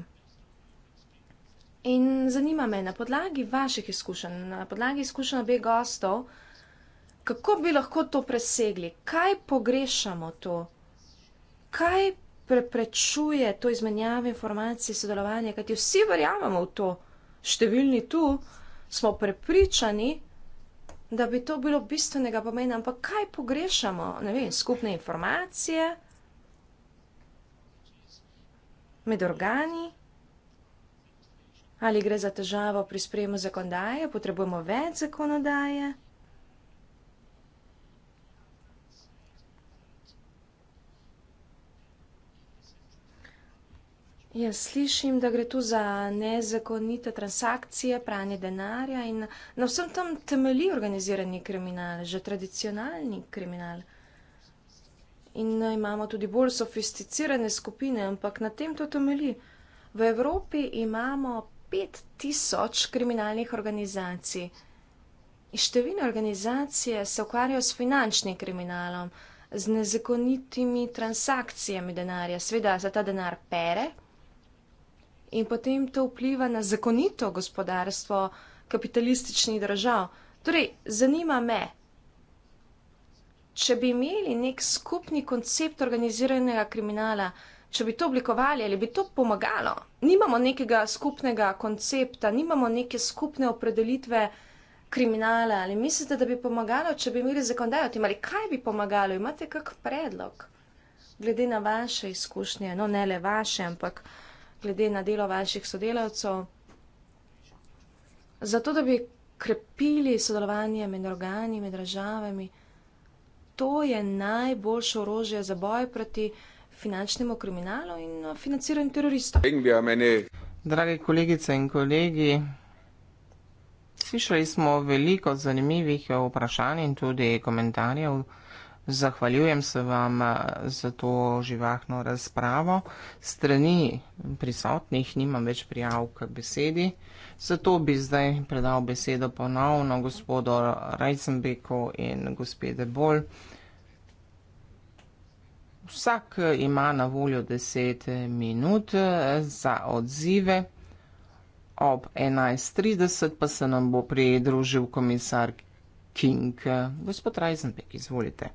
In zanima me, na podlagi vaših izkušenj, na podlagi izkušenj obeh gostov, kako bi lahko to presegli, kaj pogrešamo to, kaj preprečuje to izmenjavo informacij, sodelovanje, kajti vsi verjamemo v to, številni tu smo prepričani, da bi to bilo bistvenega pomena, ampak kaj pogrešamo, ne vem, skupne informacije med organi. Ali gre za težavo pri sprejemu zakonodaje, potrebujemo več zakonodaje? Jaz slišim, da gre tu za nezakonite transakcije, pranje denarja in na vsem tam temelji organizirani kriminal, že tradicionalni kriminal. In eh, imamo tudi bolj sofisticirane skupine, ampak na tem to temelji. V Evropi imamo 5000 kriminalnih organizacij. Številne organizacije se ukvarjajo s finančnim kriminalom, z nezakonitimi transakcijami denarja. Sveda se ta denar pere in potem to vpliva na zakonito gospodarstvo kapitalističnih držav. Torej, zanima me, če bi imeli nek skupni koncept organiziranega kriminala, če bi to oblikovali ali bi to pomagalo. Nimamo nekega skupnega koncepta, nimamo neke skupne opredelitve kriminala ali mislite, da bi pomagalo, če bi imeli zakondajo tem ali kaj bi pomagalo, imate kak predlog glede na vaše izkušnje, no ne le vaše, ampak glede na delo vaših sodelavcev, zato da bi krepili sodelovanje med organi, med državami. To je najboljše orožje za boj proti finančnemu kriminalu in eh, financiranju teroristov. Drage kolegice in kolegi, slišali smo veliko zanimivih eh, vprašanj in tudi komentarjev. Zahvaljujem se vam eh, za to živahno razpravo. Strani prisotnih nimam več prijav k besedi, zato bi zdaj predal besedo ponovno gospodu Rajcembeku in gospede Bolj. Vsak eh, ima na voljo 10 eh, minut eh, za odzive. Ob 11.30 pa se nam bo pridružil komisar King. Gospod Reisenbeck, izvolite.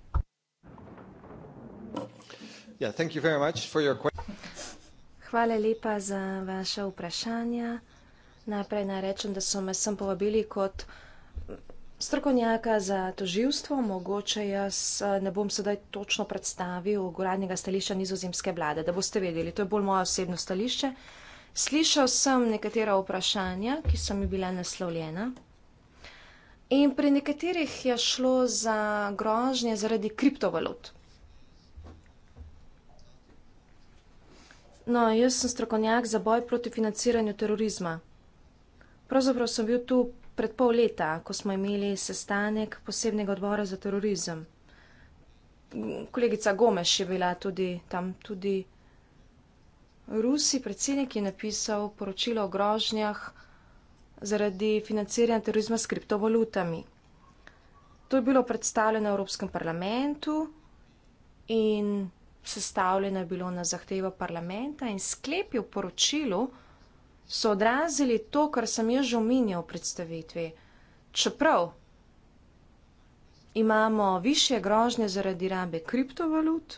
Ja, Hvala lepa za vaše vprašanje. Najprej naj rečem, da so me sem povabili kot strokovnjaka za toživstvo, mogoče jaz eh, ne bom sedaj točno predstavil uradnega stališča nizozemske vlade, da boste vedeli, to je bolj moje osebno stališče. Slišal sem nekatera vprašanja, ki so mi bila naslovljena. In pri nekaterih je šlo za grožnje zaradi kriptovalut. No, jaz sem strokovnjak za boj proti financiranju terorizma. Pravzaprav sem bil tu pred pol leta, ko smo imeli sestanek posebnega odbora za terorizem. Kolegica Gomeš je bila tudi tam, tudi Rusi, predsednik je napisal poročilo o grožnjah zaradi financiranja terorizma s kriptovalutami. To je bilo predstavljeno v Evropskem parlamentu in sestavljeno je bilo na zahtevo parlamenta in sklep je v poročilu so odrazili to, kar sem jaz že omenjal v predstavitvi. Čeprav imamo više grožnje zaradi rabe kriptovalut,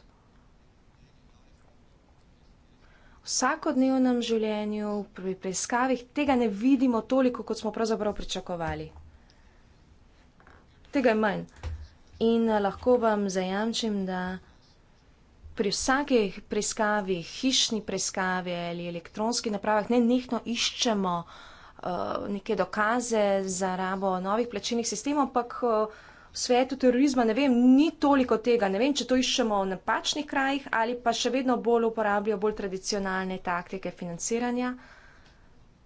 v vsakodnevnem življenju, pri preiskavih tega ne vidimo toliko, kot smo pravzaprav pričakovali. Tega je manj. In eh, lahko vam zajamčim, da pri vsaki preiskavi, hišni preiskavi ali elektronskih napravah, ne nekno iščemo uh, neke dokaze za rabo novih plačilnih sistemov, ampak eh, v svetu terorizma ne vem, ni toliko tega. Ne vem, če to iščemo v napačnih krajih ali pa še vedno bolj uporabljajo bolj tradicionalne taktike financiranja.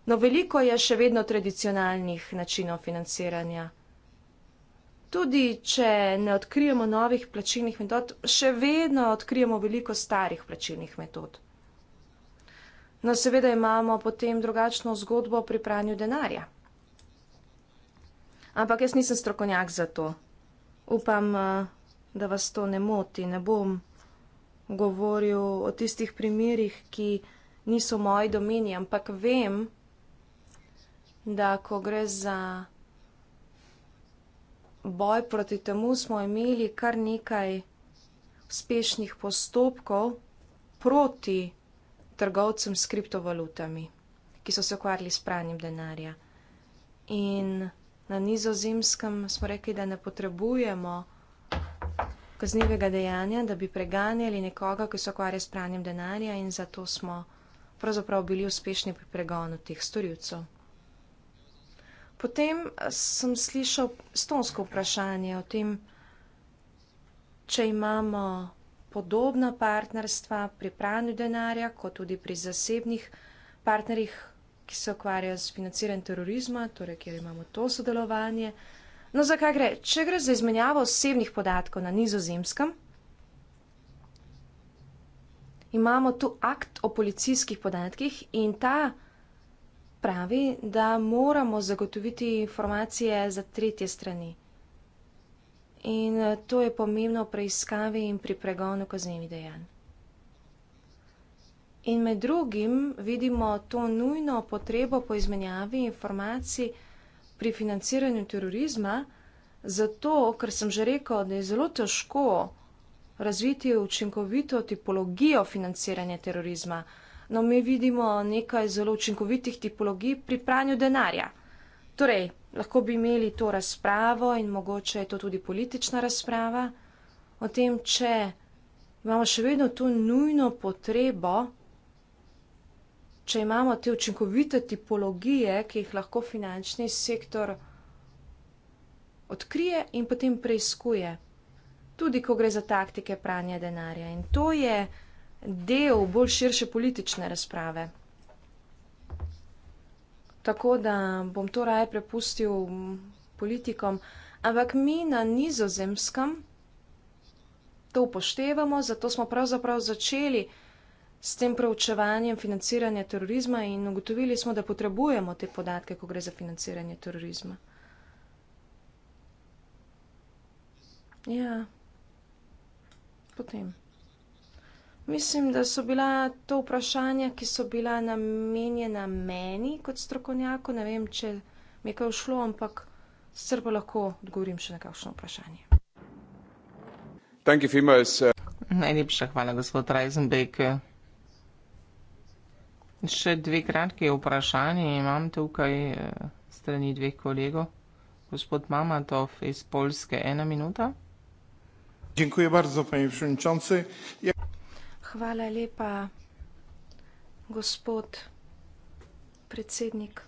No, veliko je še vedno tradicionalnih načinov financiranja. Tudi če ne odkrijemo novih plačilnih metod, še vedno odkrijemo veliko starih plačilnih metod. No, seveda imamo potem drugačno zgodbo pri pranju denarja. Ampak jaz nisem strokonjak za to. Upam, eh, da vas to ne moti. Ne bom govoril o tistih primerih, ki niso moji domeni, ampak vem, da ko gre za boj proti temu smo imeli kar nekaj uspešnih postopkov proti trgovcem s kriptovalutami, ki so se ukvarjali s pranjem denarja. In na nizozemskem smo rekli, da ne potrebujemo kaznivega dejanja, da bi preganjali nekoga, ki se ukvarja s pranjem denarja in zato smo pravzaprav bili uspešni pri pregonu teh storilcev. Potem eh, sem slišal stonsko vprašanje o tem, če imamo podobna partnerstva pri pranju denarja, kot tudi pri zasebnih partnerjih, ki se ukvarjajo z financiranjem terorizma, torej kjer imamo to sodelovanje. No, zakaj gre? Če gre za izmenjavo osebnih podatkov na nizozemskem, imamo tu akt o policijskih podatkih in ta pravi, da moramo zagotoviti informacije za tretje strani. In eh, to je pomembno pri preiskavi in pri pregonu kaznjivih dejanj. In med drugim vidimo to nujno potrebo po izmenjavi informacij pri financiranju terorizma, zato ker sem že rekel, da je zelo težko razviti učinkovito tipologijo financiranja terorizma no, mi vidimo nekaj zelo učinkovitih tipologij pri pranju denarja. Torej, lahko bi imeli to razpravo in mogoče je to tudi politična razprava o tem, če imamo še vedno to nujno potrebo, če imamo te učinkovite tipologije, ki jih lahko finančni sektor odkrije in potem preizkuje. Tudi, ko gre za taktike pranja denarja. In to je del bolj širše politične razprave. Tako da bom to raje prepustil politikom, ampak mi na nizozemskem to upoštevamo, zato smo pravzaprav začeli s tem pravčevanjem financiranja terorizma in ugotovili smo, da potrebujemo te podatke, ko gre za financiranje terorizma. Ja, potem. Mislim, da so bila to vprašanja, ki so bila namenjena meni kot strokovnjaku. Ne vem, če mi je kaj ušlo, ampak sicer pa lahko odgovorim še na kakšno vprašanje. Uh, Najlepša hvala, gospod Reisenbeck. Še dve kratke vprašanje imam tukaj eh, strani dveh kolegov. Gospod Mamatov iz Polske, ena minuta. Dziękuję bardzo, panie przewodniczący. Ja... Hvala lepa, gospod predsednik.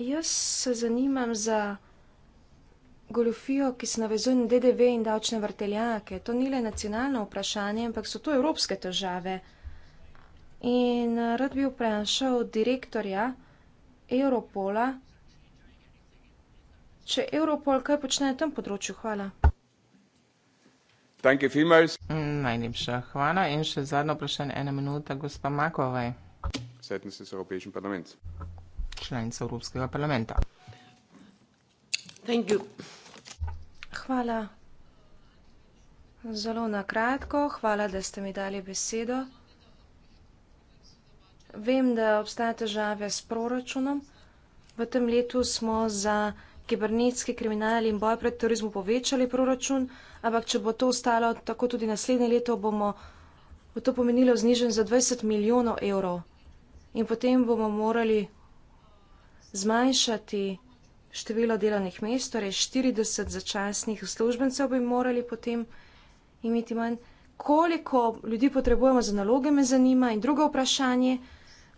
Jaz se zanimam za goljofijo, ki se navezuje na DDV in davčne vrteljake. To ni le nacionalno vprašanje, ampak so to evropske težave. In eh, rad bi vprašal direktorja Europola, če Europol kaj počne na tem področju. Hvala. Thank you vielmals. Najlepša hvala in še zadnjo vprašanje, ena minuta, gospa Makovej. Sednice z Evropskim parlamentom. Članica Evropskega parlamenta. Thank you. Hvala. Zelo na kratko, hvala, da ste mi dali besedo. Vem, da obstaja težave s proračunom. V tem letu smo za kibernetski kriminal in boj proti terorizmu povečali proračun, ampak če bo to ostalo tako tudi naslednje leto, bomo, bo to pomenilo znižen za 20 milijonov evrov in potem bomo morali zmanjšati število delovnih mest, torej 40 začasnih službencev bi morali potem imeti manj. Koliko ljudi potrebujemo za naloge, me zanima. In drugo vprašanje,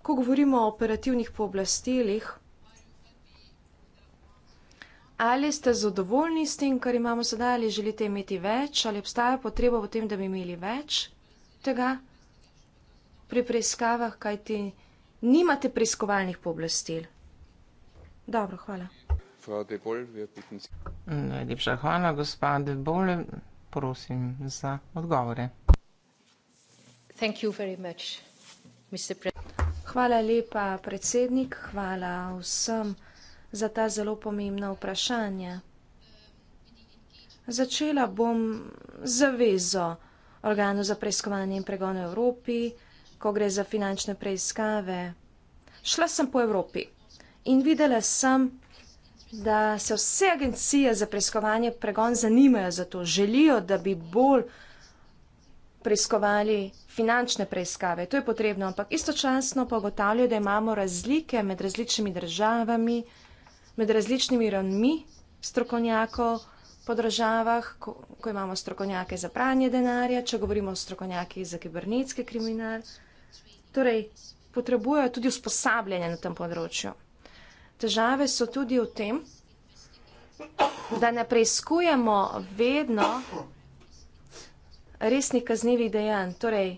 ko govorimo o operativnih pooblastilih, ali ste zadovoljni s tem, kar imamo sedaj, ali želite imeti več, ali obstaja potreba v tem, da bi imeli več tega pri preiskavah, kajti nimate preiskovalnih pooblastil. Dobro, hvala. Najlepša hvala, gospa De Bol, prosim za odgovore. Hvala lepa, predsednik, hvala vsem za ta zelo pomembna vprašanja. Začela bom z zavezo organu za preiskovanje in pregon v Evropi, ko gre za finančne preiskave. Šla sem po Evropi in videla sem, da se vse agencije za preiskovanje in pregon zanimajo za to, želijo, da bi bolj preiskovali finančne preiskave. To je potrebno, ampak istočasno pa ugotavljajo, da imamo razlike med različnimi državami, med različnimi ravnmi strokovnjakov po državah, ko, ko imamo strokovnjake za pranje denarja, če govorimo o strokovnjakih za kibernetski kriminal. Torej, potrebujejo tudi usposabljanje na tem področju. Težave so tudi v tem, da ne preizkujemo vedno resnih kaznjivih dejanj. Torej,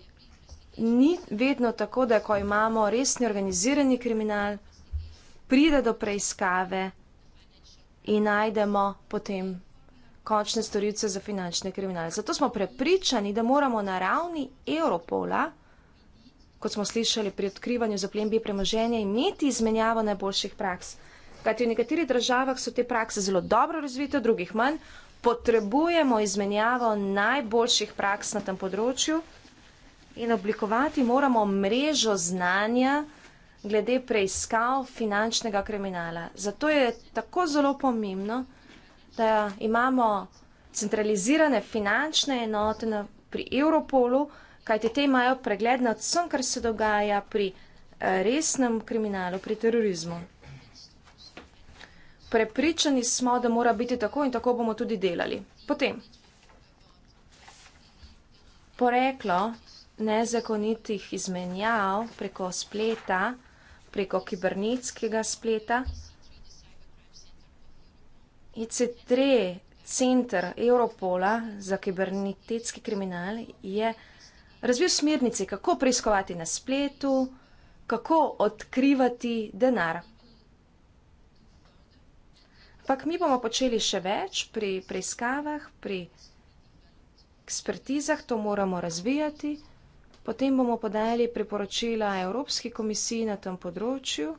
ni vedno tako, da ko imamo resni organizirani kriminal, pride do preiskave in najdemo potem končne storilce za finančne kriminale. Zato smo prepričani, da moramo na ravni Europola, kot smo slišali pri odkrivanju zaplembi premoženja, imeti izmenjavo najboljših praks. Kajti v nekaterih državah so te prakse zelo dobro razvite, v drugih manj. Potrebujemo izmenjavo najboljših praks na tem področju in oblikovati moramo mrežo znanja, glede preiskav finančnega kriminala. Zato je tako zelo pomembno, da imamo centralizirane finančne enote na, pri Europolu, kajti te imajo pregled nad vsem, kar se dogaja pri eh, resnem kriminalu, pri terorizmu. Prepričani smo, da mora biti tako in tako bomo tudi delali. Potem, poreklo nezakonitih izmenjav preko spleta, preko kibernetskega spleta. IC3, center Europola za kibernetski kriminal, je razvil smernice, kako preiskovati na spletu, kako odkrivati denar. Ampak mi bomo počeli še več pri preiskavah, pri ekspertizah, to moramo razvijati. Potem bomo podali priporočila Evropski komisiji na tem področju.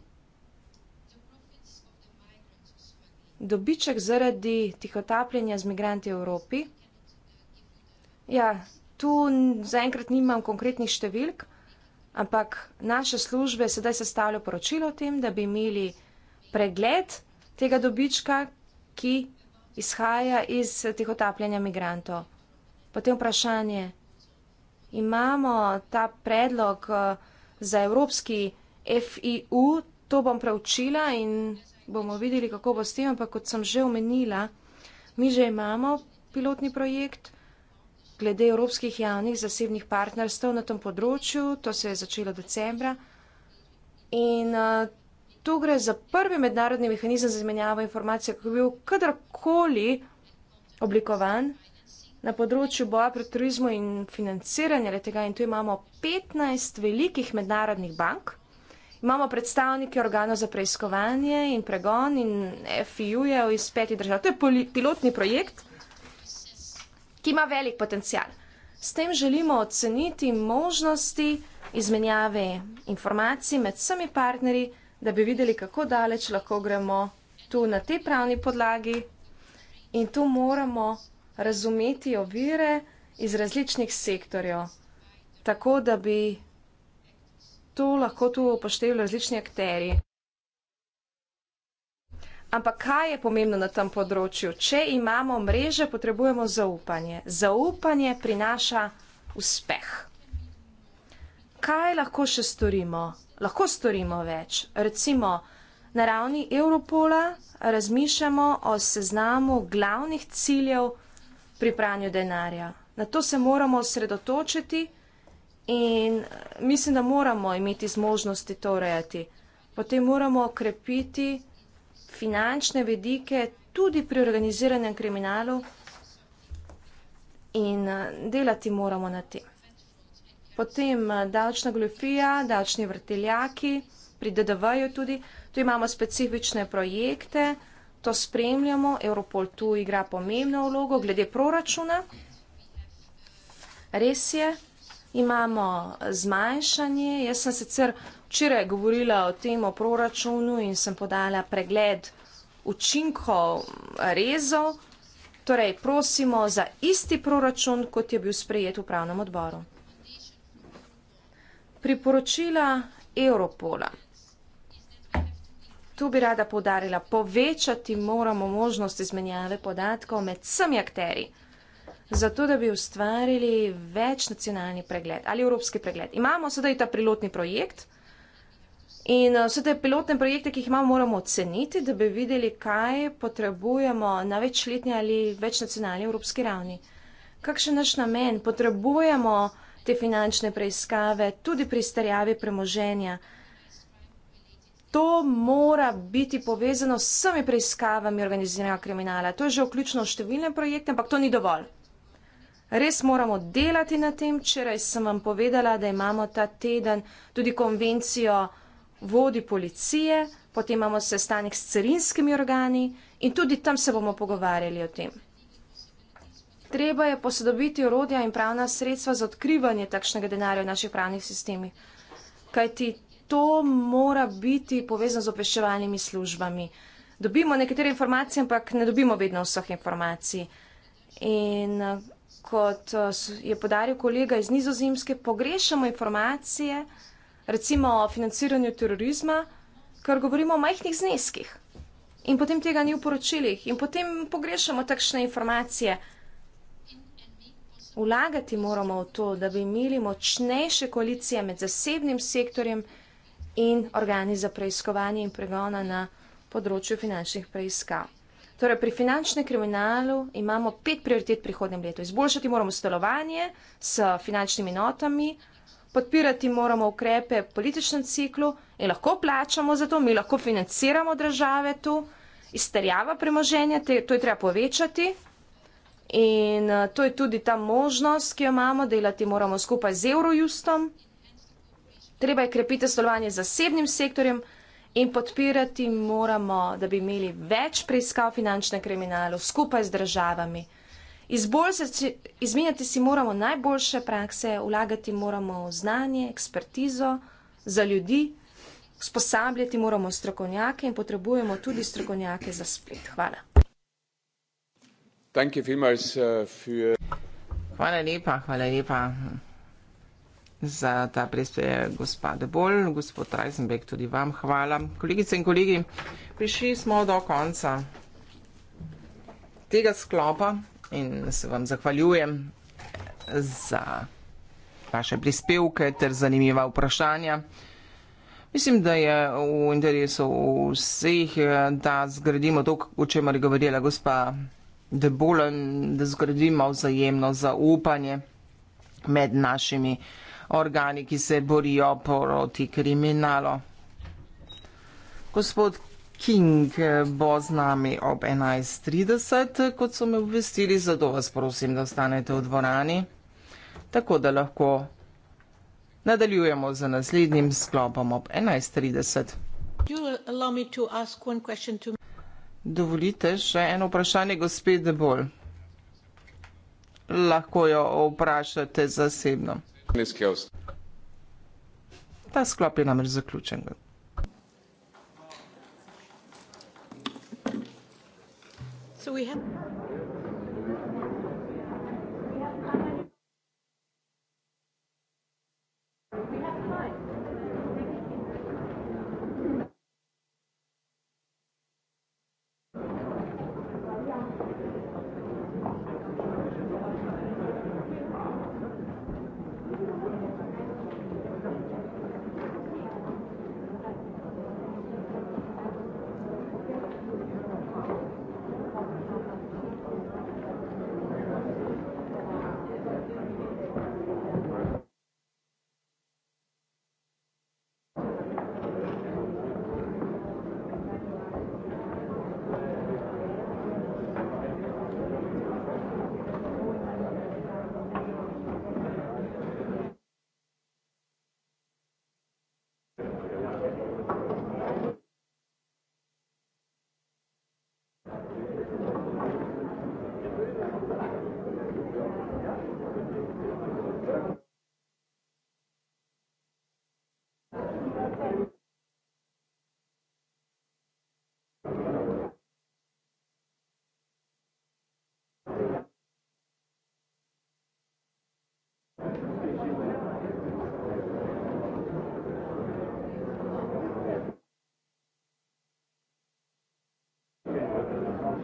Dobiček zaradi tihotapljenja z migranti v Evropi. Ja, tu zaenkrat nimam konkretnih številk, ampak naše službe sedaj sestavljajo poročilo o tem, da bi imeli pregled tega dobička, ki izhaja iz tihotapljenja migrantov. Potem vprašanje imamo ta predlog eh, za evropski FIU, to bom preučila in bomo videli, kako bo s tem, ampak kot sem že omenila, mi že imamo pilotni projekt glede evropskih javnih zasebnih partnerstv na tem področju, to se je začelo decembra. In eh, tu gre za prvi mednarodni mehanizem za izmenjavo informacij, ki je bil kadarkoli oblikovan na področju boja proti turizmu in financiranja letega in tu imamo 15 velikih mednarodnih bank. Imamo predstavnike organov za preiskovanje in pregon in FIU-je iz petih držav. To je pilotni projekt, ki ima velik potencial. S tem želimo oceniti možnosti izmenjave informacij med vsemi partnerji, da bi videli, kako daleč lahko gremo tu na tej pravni podlagi in tu moramo razumeti ovire iz različnih sektorjev, tako da bi to lahko tu upoštevali različni akteri. Ampak kaj je pomembno na tem področju? Če imamo mreže, potrebujemo zaupanje. Zaupanje prinaša uspeh. Kaj lahko še storimo? Lahko storimo več. Recimo, na ravni Evropola razmišljamo o seznamu glavnih ciljev pri pranju denarja. Na to se moramo osredotočiti in eh, mislim, da moramo imeti zmožnosti to urejati. Potem moramo okrepiti finančne vedike tudi pri organiziranem kriminalu in eh, delati moramo na tem. Potem eh, davčna glufija, davčni vrteljaki, pri DDV-ju tudi, tu imamo specifične projekte to spremljamo, Europol tu igra pomembno vlogo glede proračuna. Res je, imamo zmanjšanje. Jaz sem sicer včeraj govorila o tem o proračunu in sem podala pregled učinkov rezov. Torej, prosimo za isti proračun, kot je bil sprejet v pravnem odboru. Priporočila Europola. Tu bi rada povdarila, povečati moramo možnost izmenjave podatkov med vsemi akteri, zato da bi ustvarili več nacionalni pregled ali evropski pregled. Imamo sedaj ta pilotni projekt in eh, vse te pilotne projekte, ki jih imamo, moramo oceniti, da bi videli, kaj potrebujemo na večletni ali večnacionalni evropski ravni. Kakšen naš namen? Potrebujemo te finančne preiskave tudi pri starjavi premoženja to mora biti povezano s vsemi preiskavami organiziranega kriminala. To je že vključno v številne projekte, ampak to ni dovolj. Res moramo delati na tem. Včeraj sem vam povedala, da imamo ta teden tudi konvencijo vodi policije, potem imamo sestanek s carinskimi organi in tudi tam se bomo pogovarjali o tem. Treba je posodobiti urodja in pravna sredstva za odkrivanje takšnega denarja v naših pravnih sistemih. Kajti to mora biti povezano z obveščevalnimi službami. Dobimo nekatere informacije, ampak ne dobimo vedno vseh informacij. In kot eh, je podaril kolega iz nizozemske, pogrešamo informacije, recimo o financiranju terorizma, ker govorimo o majhnih zneskih. In potem tega ni v poročilih. In potem pogrešamo takšne informacije. Vlagati moramo v to, da bi imeli močnejše koalicije med zasebnim sektorjem in in organi za preiskovanje in pregona na področju finančnih preiskav. Torej, pri finančnem kriminalu imamo pet prioritet v prihodnem letu. Izboljšati moramo stolovanje s finančnimi notami, podpirati moramo ukrepe v političnem ciklu in lahko plačamo za to, mi lahko financiramo države tu, izterjava premoženja, te, to je treba povečati. In eh, to je tudi ta možnost, ki jo imamo, delati moramo skupaj z Eurojustom, Treba je krepiti sodelovanje z zasebnim sektorjem in podpirati moramo, da bi imeli več preiskav finančnega kriminala skupaj z državami. Se, izminjati si moramo najboljše prakse, vlagati moramo v znanje, ekspertizo za ljudi, usposabljati moramo strokovnjake in potrebujemo tudi strokovnjake za splet. Hvala. Danke vielmals für. Hvala lepa, hvala lepa za ta prispevek, gospa Debol, gospod Reisenbeck, tudi vam hvala. Kolegice in kolegi, prišli smo do konca tega sklopa in se vam zahvaljujem za vaše prispevke ter zanimiva vprašanja. Mislim, da je v interesu vseh, da zgradimo to, o čemer je govorila gospa Debolen, da zgradimo vzajemno zaupanje med našimi organi, ki se borijo proti kriminalu. Gospod King bo z nami ob 11.30, kot so me obvestili, zato vas prosim, da ostanete v dvorani, tako da lahko nadaljujemo z naslednjim sklopom ob 11.30. Dovolite še eno vprašanje, gospod Debol. Lahko jo vprašate zasebno. Ta sklop je namreč zaključen. So we have...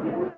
Thank you.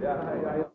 Yeah, yeah, yeah.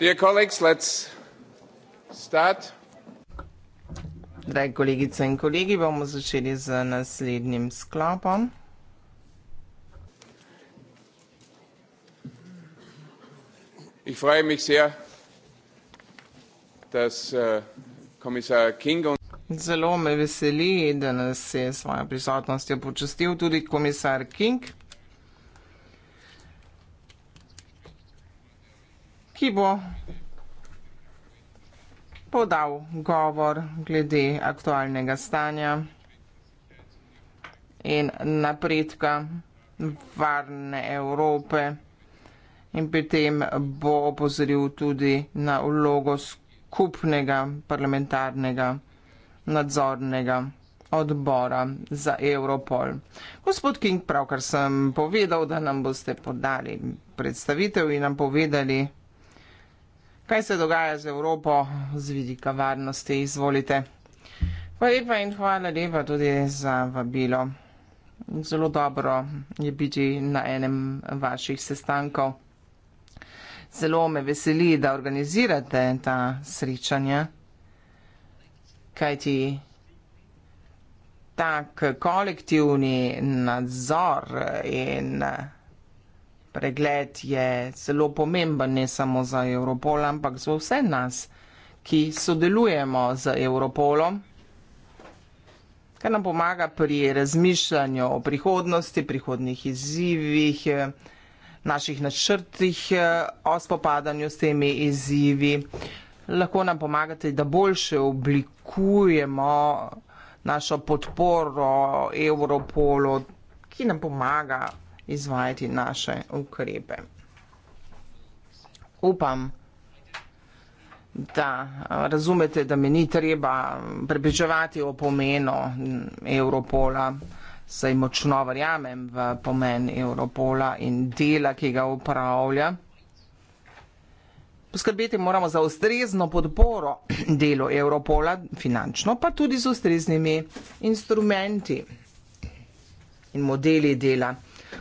Zdaj, kolegice in kolegi, bomo začeli z naslednjim sklopom. Äh, Zelo me veseli, da nas je svojo prisotnostjo počastil tudi komisar King. ki bo podal govor glede aktualnega stanja in napredka varne Evrope in pri tem bo opozoril tudi na vlogo skupnega parlamentarnega nadzornega odbora za Evropol. Gospod King, pravkar sem povedal, da nam boste podali predstavitev in nam povedali, kaj se dogaja z Evropo z vidika varnosti. Izvolite. Hvala lepa in hvala lepa tudi za vabilo. Zelo dobro je biti na enem vaših sestankov. Zelo me veseli, da organizirate ta srečanja, kajti tak kolektivni nadzor in pregled je zelo pomemben, ne samo za Europol, ampak za vse nas, ki sodelujemo z Europolom, ker nam pomaga pri razmišljanju o prihodnosti, prihodnih izzivih, naših načrtih eh, o spopadanju s temi izzivi. Lahko nam pomagate, da boljše oblikujemo našo podporo Europolu, ki nam pomaga izvajati naše ukrepe. Upam, da razumete, da mi ni treba prepričevati o pomenu Evropola, saj močno verjamem v pomen Evropola in dela, ki ga upravlja. Poskrbeti moramo za ustrezno podporo delu Evropola, finančno pa tudi z ustreznimi instrumenti in modeli dela.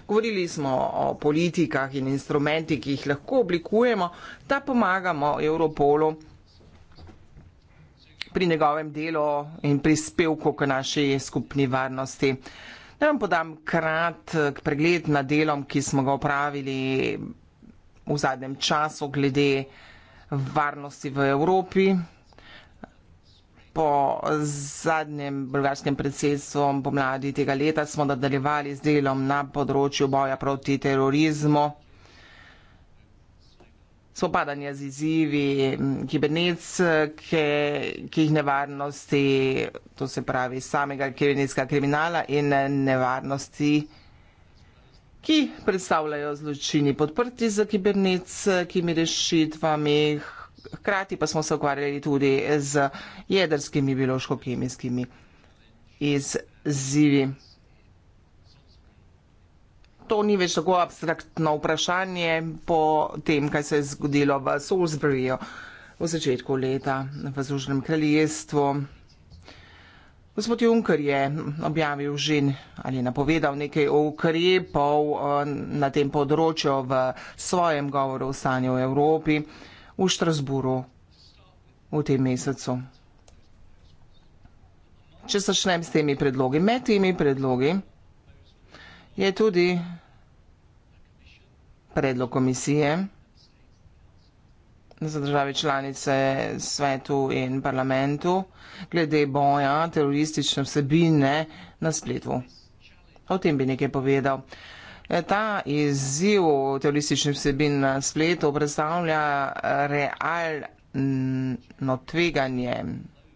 Govorili smo o politikah in instrumentih, ki jih lahko oblikujemo, da pomagamo Europolu pri njegovem delu in prispevku k naši skupni varnosti. Naj vam podam kratek pregled nad delom, ki smo ga opravili v zadnjem času glede varnosti v Evropi po zadnjem bolgarskem predsedstvu pomladi tega leta smo nadaljevali z delom na področju boja proti terorizmu. Sopadanje z izzivi kibernetske, ki jih nevarnosti, to se pravi samega kibernetskega kriminala in nevarnosti, ki predstavljajo zločini podprti z kibernetskimi rešitvami, hkrati pa smo se ukvarjali tudi z jedrskimi biološko-kemijskimi izzivi. To ni več tako abstraktno vprašanje po tem, kaj se je zgodilo v Salisburyju v začetku leta v Združenem kraljestvu. Gospod Juncker je objavil žin ali napovedal nekaj ukrepov eh, na tem področju v svojem govoru o stanju v Evropi v Štrasburu v tem mesecu. Če začnem s temi predlogi, med temi predlogi je tudi predlog komisije za države članice svetu in parlamentu glede boja teroristične vsebine na spletu. O tem bi nekaj povedal. Ta izziv teorističnih vsebin na spletu predstavlja realno tveganje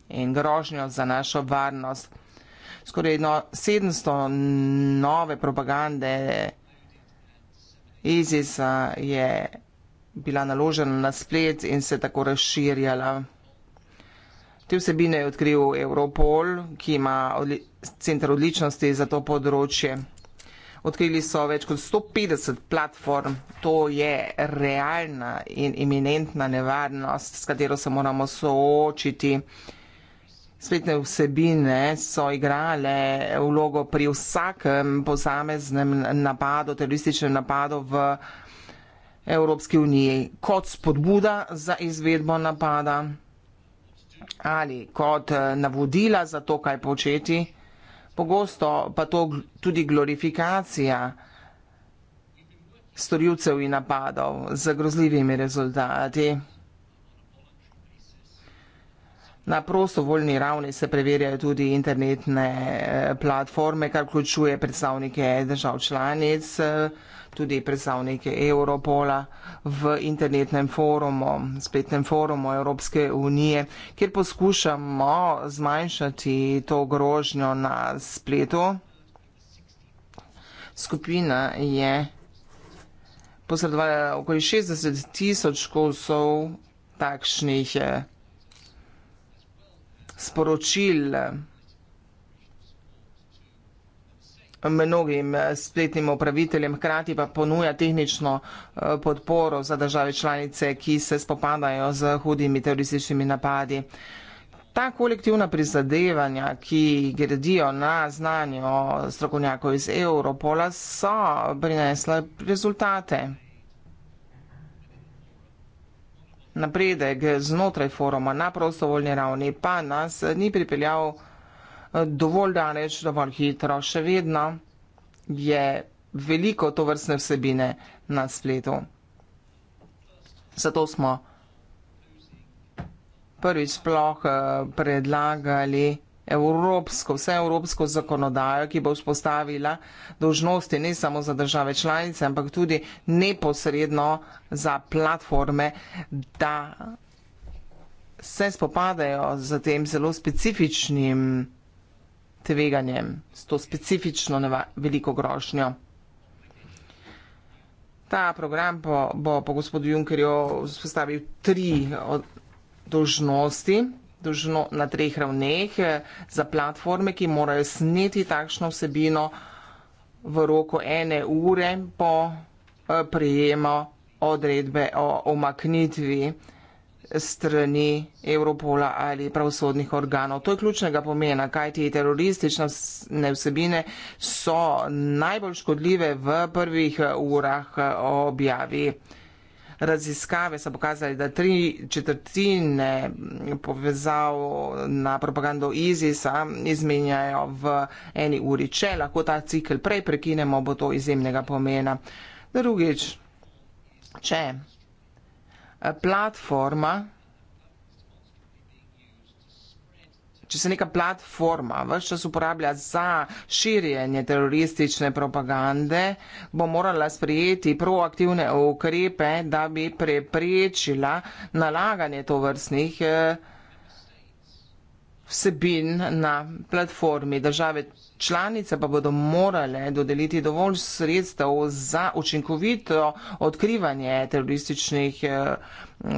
in grožnjo za našo varnost. Skoraj 700 nove propagande ISIS-a je bila naložena na splet in se tako razširjala. Te vsebine je odkril Europol, ki ima odli center odličnosti za to področje. Odkrili so več kot 150 platform. To je realna in iminentna nevarnost, s katero se moramo soočiti. Svetne vsebine so igrale vlogo pri vsakem posameznem napadu, terorističnem napadu v Evropski uniji kot spodbuda za izvedbo napada ali kot eh, navodila za to, kaj početi pogosto pa to tudi glorifikacija storilcev in napadov z grozljivimi rezultati. Na prostovoljni ravni se preverjajo tudi internetne eh, platforme, kar vključuje predstavnike držav članic, eh, tudi predstavnike Europola v internetnem forumu, spletnem forumu Evropske unije, kjer poskušamo zmanjšati to grožnjo na spletu. Skupina je posredovala okoli 60 tisoč kosov takšnih eh, sporočil, mnogim eh, spletnim upraviteljem, hkrati pa ponuja tehnično eh, podporo za države članice, ki se spopadajo z hudimi terorističnimi napadi. Ta kolektivna prizadevanja, ki gredijo na znanje strokovnjakov iz Europola, so prinesle rezultate. Napredek znotraj foruma na prostovoljni ravni pa nas ni pripeljal dovolj daleč, dovolj hitro, še vedno je veliko to vrstne vsebine na spletu. Zato smo prvič sploh eh, predlagali evropsko, vse evropsko zakonodajo, ki bo vzpostavila dožnosti ne samo za države članice, ampak tudi neposredno za platforme, da se spopadajo z tem zelo specifičnim vsebinom tveganjem, s to specifično veliko grošnjo. Ta program bo, bo po gospodu Junkerju vzpostavil tri dožnosti dožno, na treh ravneh za platforme, ki morajo sneti takšno vsebino v roku ene ure po eh, prijemo odredbe o omaknitvi strani Evropola ali pravosodnih organov. To je ključnega pomena, kajti teroristične vsebine so najbolj škodljive v prvih urah objavi. Raziskave so pokazali, da tri četrtine povezav na propagando ISIS-a izmenjajo v eni uri. Če lahko ta cikl prej prekinemo, bo to izjemnega pomena. Drugič, če platforma, če se neka platforma vse čas uporablja za širjenje teroristične propagande, bo morala sprijeti proaktivne ukrepe, da bi preprečila nalaganje tovrstnih eh, vsebin na platformi. Države članice pa bodo morale dodeliti dovolj sredstev za učinkovito odkrivanje terorističnih eh,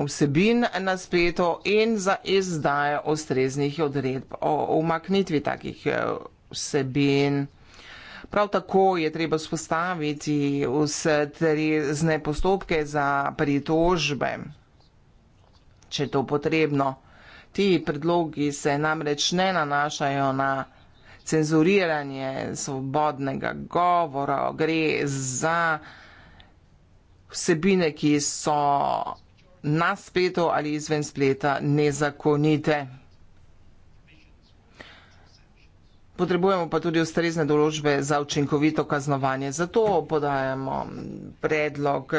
vsebin na spletu in za izdajo ustreznih odredb o umaknitvi takih eh, vsebin. Prav tako je treba spostaviti vse trezne postopke za pritožbe, če je to potrebno. Ti predlogi se namreč ne nanašajo na cenzuriranje svobodnega govora, gre za vsebine, ki so na spletu ali izven spleta nezakonite. Potrebujemo pa tudi ustrezne določbe za učinkovito kaznovanje. Zato podajamo predlog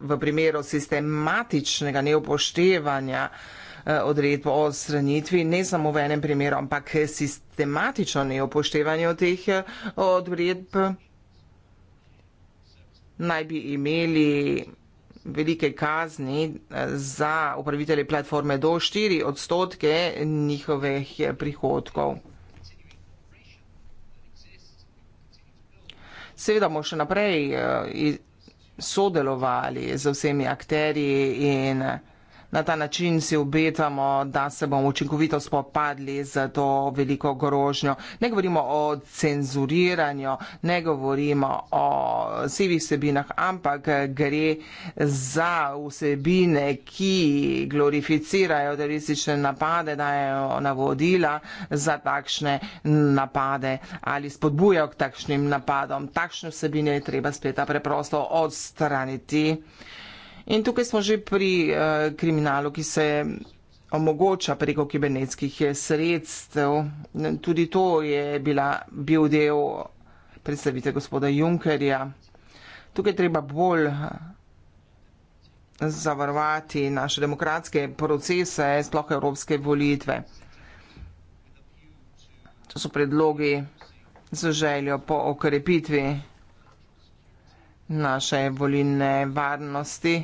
v primeru sistematičnega neupoštevanja Eh, odredbo o stranitvi, ne samo v enem primeru, ampak sistematično neopoštevanje teh eh, odredb, naj bi imeli velike kazni eh, za upravitelje platforme do 4 odstotke njihovih prihodkov. Seveda bomo še naprej sodelovali z vsemi akterji in vsemi, Na ta način si obetamo, da se bomo učinkovito spopadli z to veliko grožnjo. Ne govorimo o cenzuriranju, ne govorimo o sivih vsebinah, ampak gre za vsebine, ki glorificirajo teroristične napade, dajo navodila za takšne napade ali spodbujajo k takšnim napadom. Takšne vsebine je treba spet preprosto odstraniti. In tukaj smo že pri uh, kriminalu, ki se omogoča preko kibernetskih eh, sredstev. Tudi to je bila, bil del predstavitve gospoda Junkerja. Tukaj treba bolj eh, zavarovati naše demokratske procese, sploh evropske volitve. To so predlogi z željo po okrepitvi naše volilne varnosti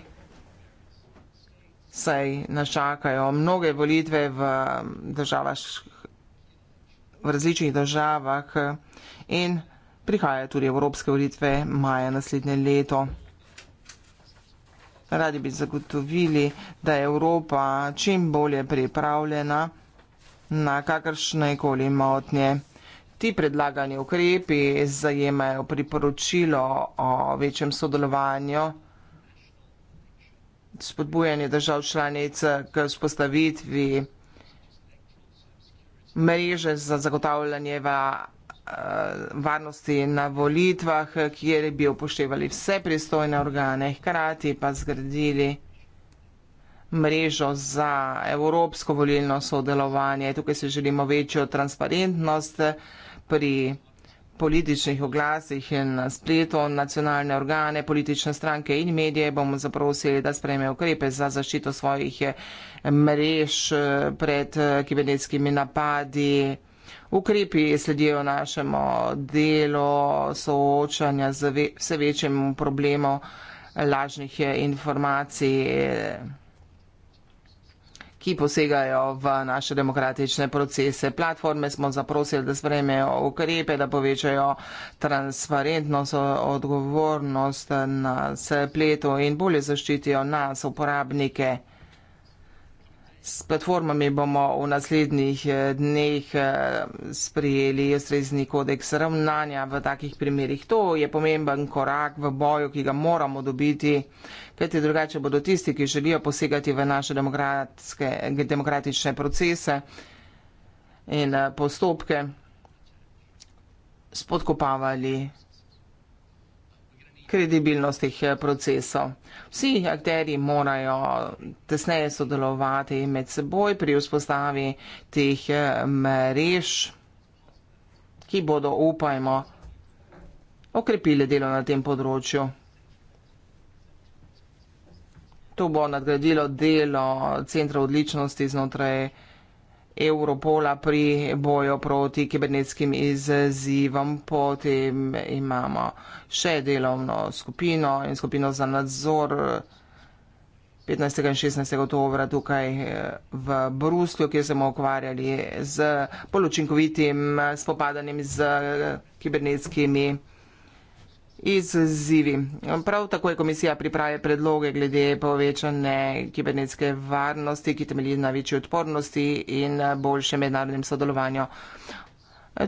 saj našakajo mnoge volitve v, um, državah, v različnih državah eh, in prihajajo tudi evropske volitve maja naslednje leto. Radi bi zagotovili, da je Evropa čim bolje pripravljena na kakršne koli motnje. Ti predlagani ukrepi zajemajo priporočilo o večjem sodelovanju spodbujanje držav članic k spostavitvi mreže za zagotavljanje va, eh, varnosti na volitvah, kjer bi upoštevali vse pristojne organe, hkrati pa zgradili mrežo za evropsko volilno sodelovanje. Tukaj se želimo večjo transparentnost pri političnih oglasih in na spletu nacionalne organe, politične stranke in medije bomo zaprosili, da sprejme ukrepe za zaščito svojih eh, mrež eh, pred eh, kibernetskimi napadi. Ukrepi sledijo našemu delu soočanja z vse večjim problemom lažnih informacij ki posegajo v naše demokratične procese. Platforme smo zaprosili, da sprejmejo ukrepe, da povečajo transparentnost, odgovornost na spletu in bolje zaščitijo nas, uporabnike. S platformami bomo v naslednjih eh, dneh eh, sprijeli ustrezni kodeks ravnanja v takih primerih. To je pomemben korak v boju, ki ga moramo dobiti, kajti drugače bodo tisti, ki želijo posegati v naše demokratične procese in eh, postopke, spodkopavali kredibilnost teh eh, procesov. Vsi akteri morajo tesneje sodelovati med seboj pri vzpostavi teh eh, mrež, ki bodo, upajmo, okrepile delo na tem področju. To bo nadgradilo delo centra odličnosti znotraj mreža. Europola pri boju proti kibernetskim izzivom. Potem imamo še delovno skupino in skupino za nadzor 15. in 16. oktobra tukaj eh, v Bruslju, kjer smo ukvarjali z bolj učinkovitim spopadanjem z eh, kibernetskimi izzivi izzivi. Prav tako je komisija pripravila predloge glede povečane kibernetske varnosti, ki temelji na večji odpornosti in boljšem mednarodnem sodelovanju.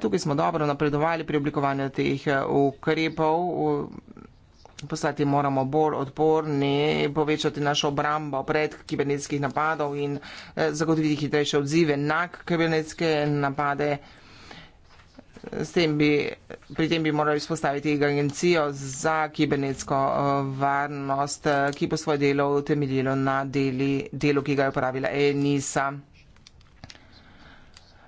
Tukaj smo dobro napredovali pri oblikovanju teh ukrepov. Postati moramo bolj odporni, povečati našo obrambo pred kibernetskih napadov in eh, zagotoviti hitrejše odzive na kibernetske napade. S tem bi, pri tem bi morali spostaviti agencijo za kibernetsko eh, varnost, eh, ki bo svoje delo utemeljilo na deli, delu, ki ga je upravila ENISA.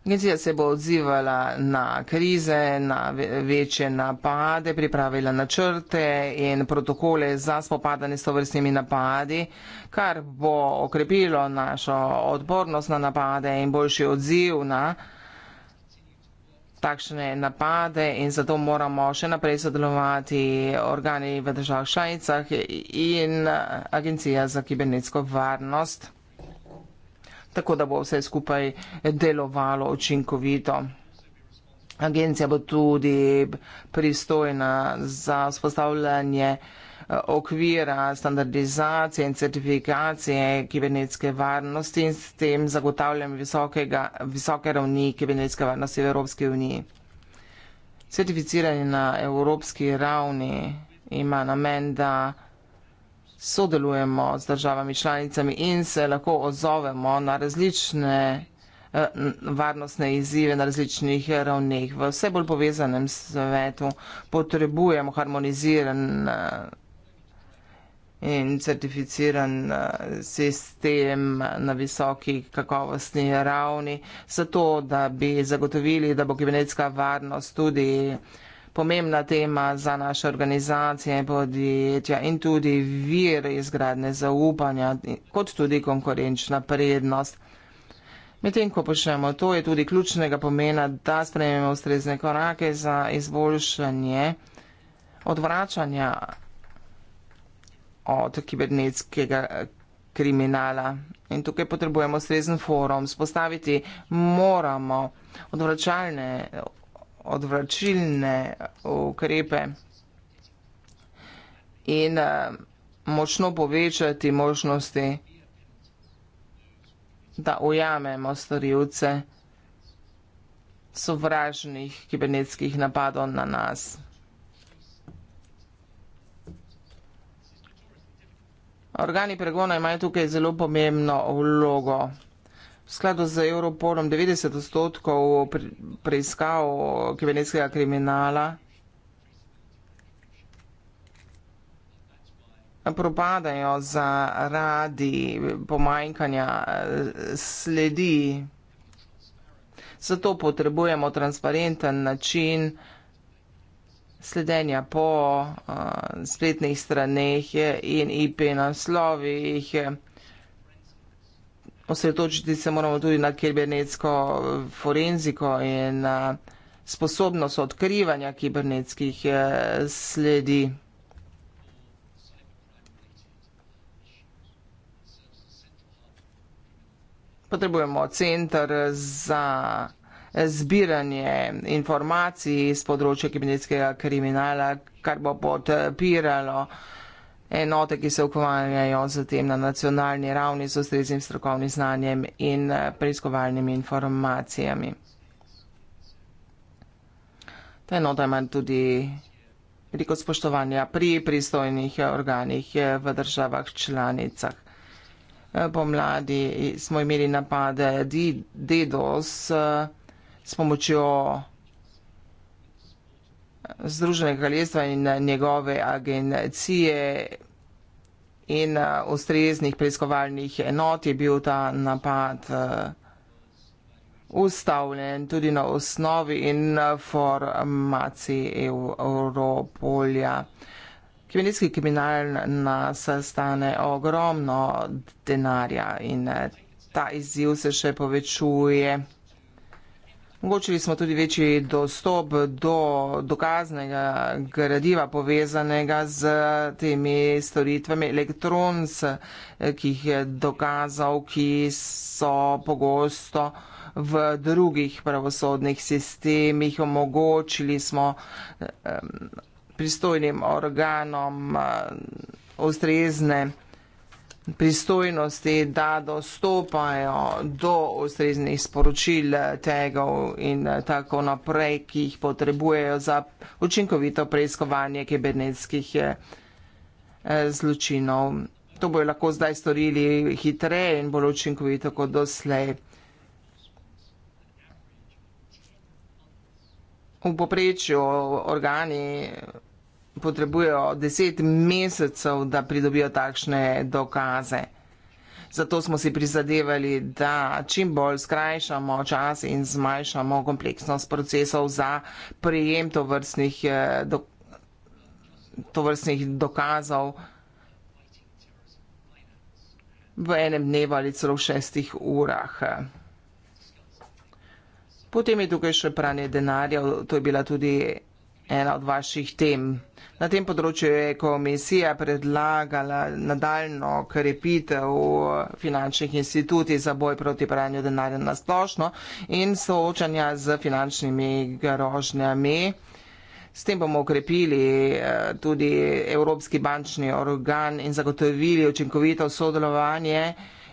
Agencija se bo odzivala na krize, na večje napade, pripravila načrte in protokole za spopadanje s tovrstnimi napadi, kar bo okrepilo našo odpornost na napade in boljši odziv na napade takšne napade in zato moramo še naprej sodelovati organi v državah šajicah in Agencija za kibernetsko varnost, tako da bo vse skupaj delovalo očinkovito. Agencija bo tudi pristojna za spostavljanje vsega, okvira standardizacije in certifikacije kibernetske varnosti in s tem zagotavljam visokega, visoke ravni kibernetske varnosti v Evropski uniji. Certificiranje na evropski ravni ima namen, da sodelujemo z državami članicami in se lahko odzovemo na različne eh, varnostne izzive na različnih ravneh. V vse bolj povezanem svetu potrebujemo harmoniziran eh, in certificiran eh, sistem na visoki kakovostni ravni, zato da bi zagotovili, da bo kibernetska varnost tudi pomembna tema za naše organizacije in podjetja in tudi vir izgradne zaupanja, kot tudi konkurenčna prednost. Medtem, ko počnemo to, je tudi ključnega pomena, da sprememo ustrezne korake za izboljšanje odvračanja od kibernetskega eh, kriminala. In tukaj potrebujemo srezen forum, spostaviti moramo odvračalne, odvračilne eh, ukrepe in uh, močno povečati možnosti, da ujamemo storilce sovražnih kibernetskih napadov na nas. Organi pregona imajo tukaj zelo pomembno vlogo. V skladu z Europolom 90 odstotkov preiskav kibernetskega kriminala propadajo zaradi pomanjkanja eh, sledi. Zato potrebujemo transparenten način uh, sledenja po uh, spletnih straneh in IP naslovih. Osredotočiti se moramo tudi na kibernetsko eh, forenziko in uh, sposobnost odkrivanja kibernetskih uh, sledi. Potrebujemo center za zbiranje informacij iz področja kibernetskega kriminala, kar bo podpiralo enote, ki se ukvarjajo z tem na nacionalni ravni z ustreznim strokovnim znanjem in preiskovalnimi informacijami. Ta enota ima tudi veliko spoštovanja pri pristojnih organih v državah članicah. Pomladi smo imeli napade DDoS. De s pomočjo eh, Združenega kraljestva in eh, njegove agencije in eh, ustreznih preiskovalnih enot je bil ta napad ustavljen tudi na osnovi informacij Europolja. Kibernetski kriminal nas stane ogromno denarja in ta izziv se še povečuje. Omogočili smo tudi večji dostop do dokaznega gradiva povezanega z temi storitvami elektrons, eh, ki jih je dokazal, ki so pogosto v drugih pravosodnih sistemih. Omogočili smo eh, pristojnim organom eh, ustrezne pristojnosti, da dostopajo do ustreznih sporočil tegov in tako naprej, ki jih potrebujejo za učinkovito preiskovanje kibernetskih eh, zločinov. To bojo lahko zdaj storili hitreje in bolj učinkovito kot doslej. V poprečju organi potrebujejo deset mesecev, da pridobijo takšne dokaze. Zato smo si prizadevali, da čim bolj skrajšamo čas in zmanjšamo kompleksnost procesov za prejem tovrstnih, eh, do, tovrstnih dokazov v enem dnevu ali celo v šestih urah. Potem je tukaj še pranje denarja, to je bila tudi ena od vaših tem. Na tem področju je komisija predlagala nadaljno krepitev finančnih institucij za boj proti pranju denarja na splošno in soočanja z finančnimi grožnjami. S tem bomo ukrepili eh, tudi Evropski bančni organ in zagotovili učinkovito sodelovanje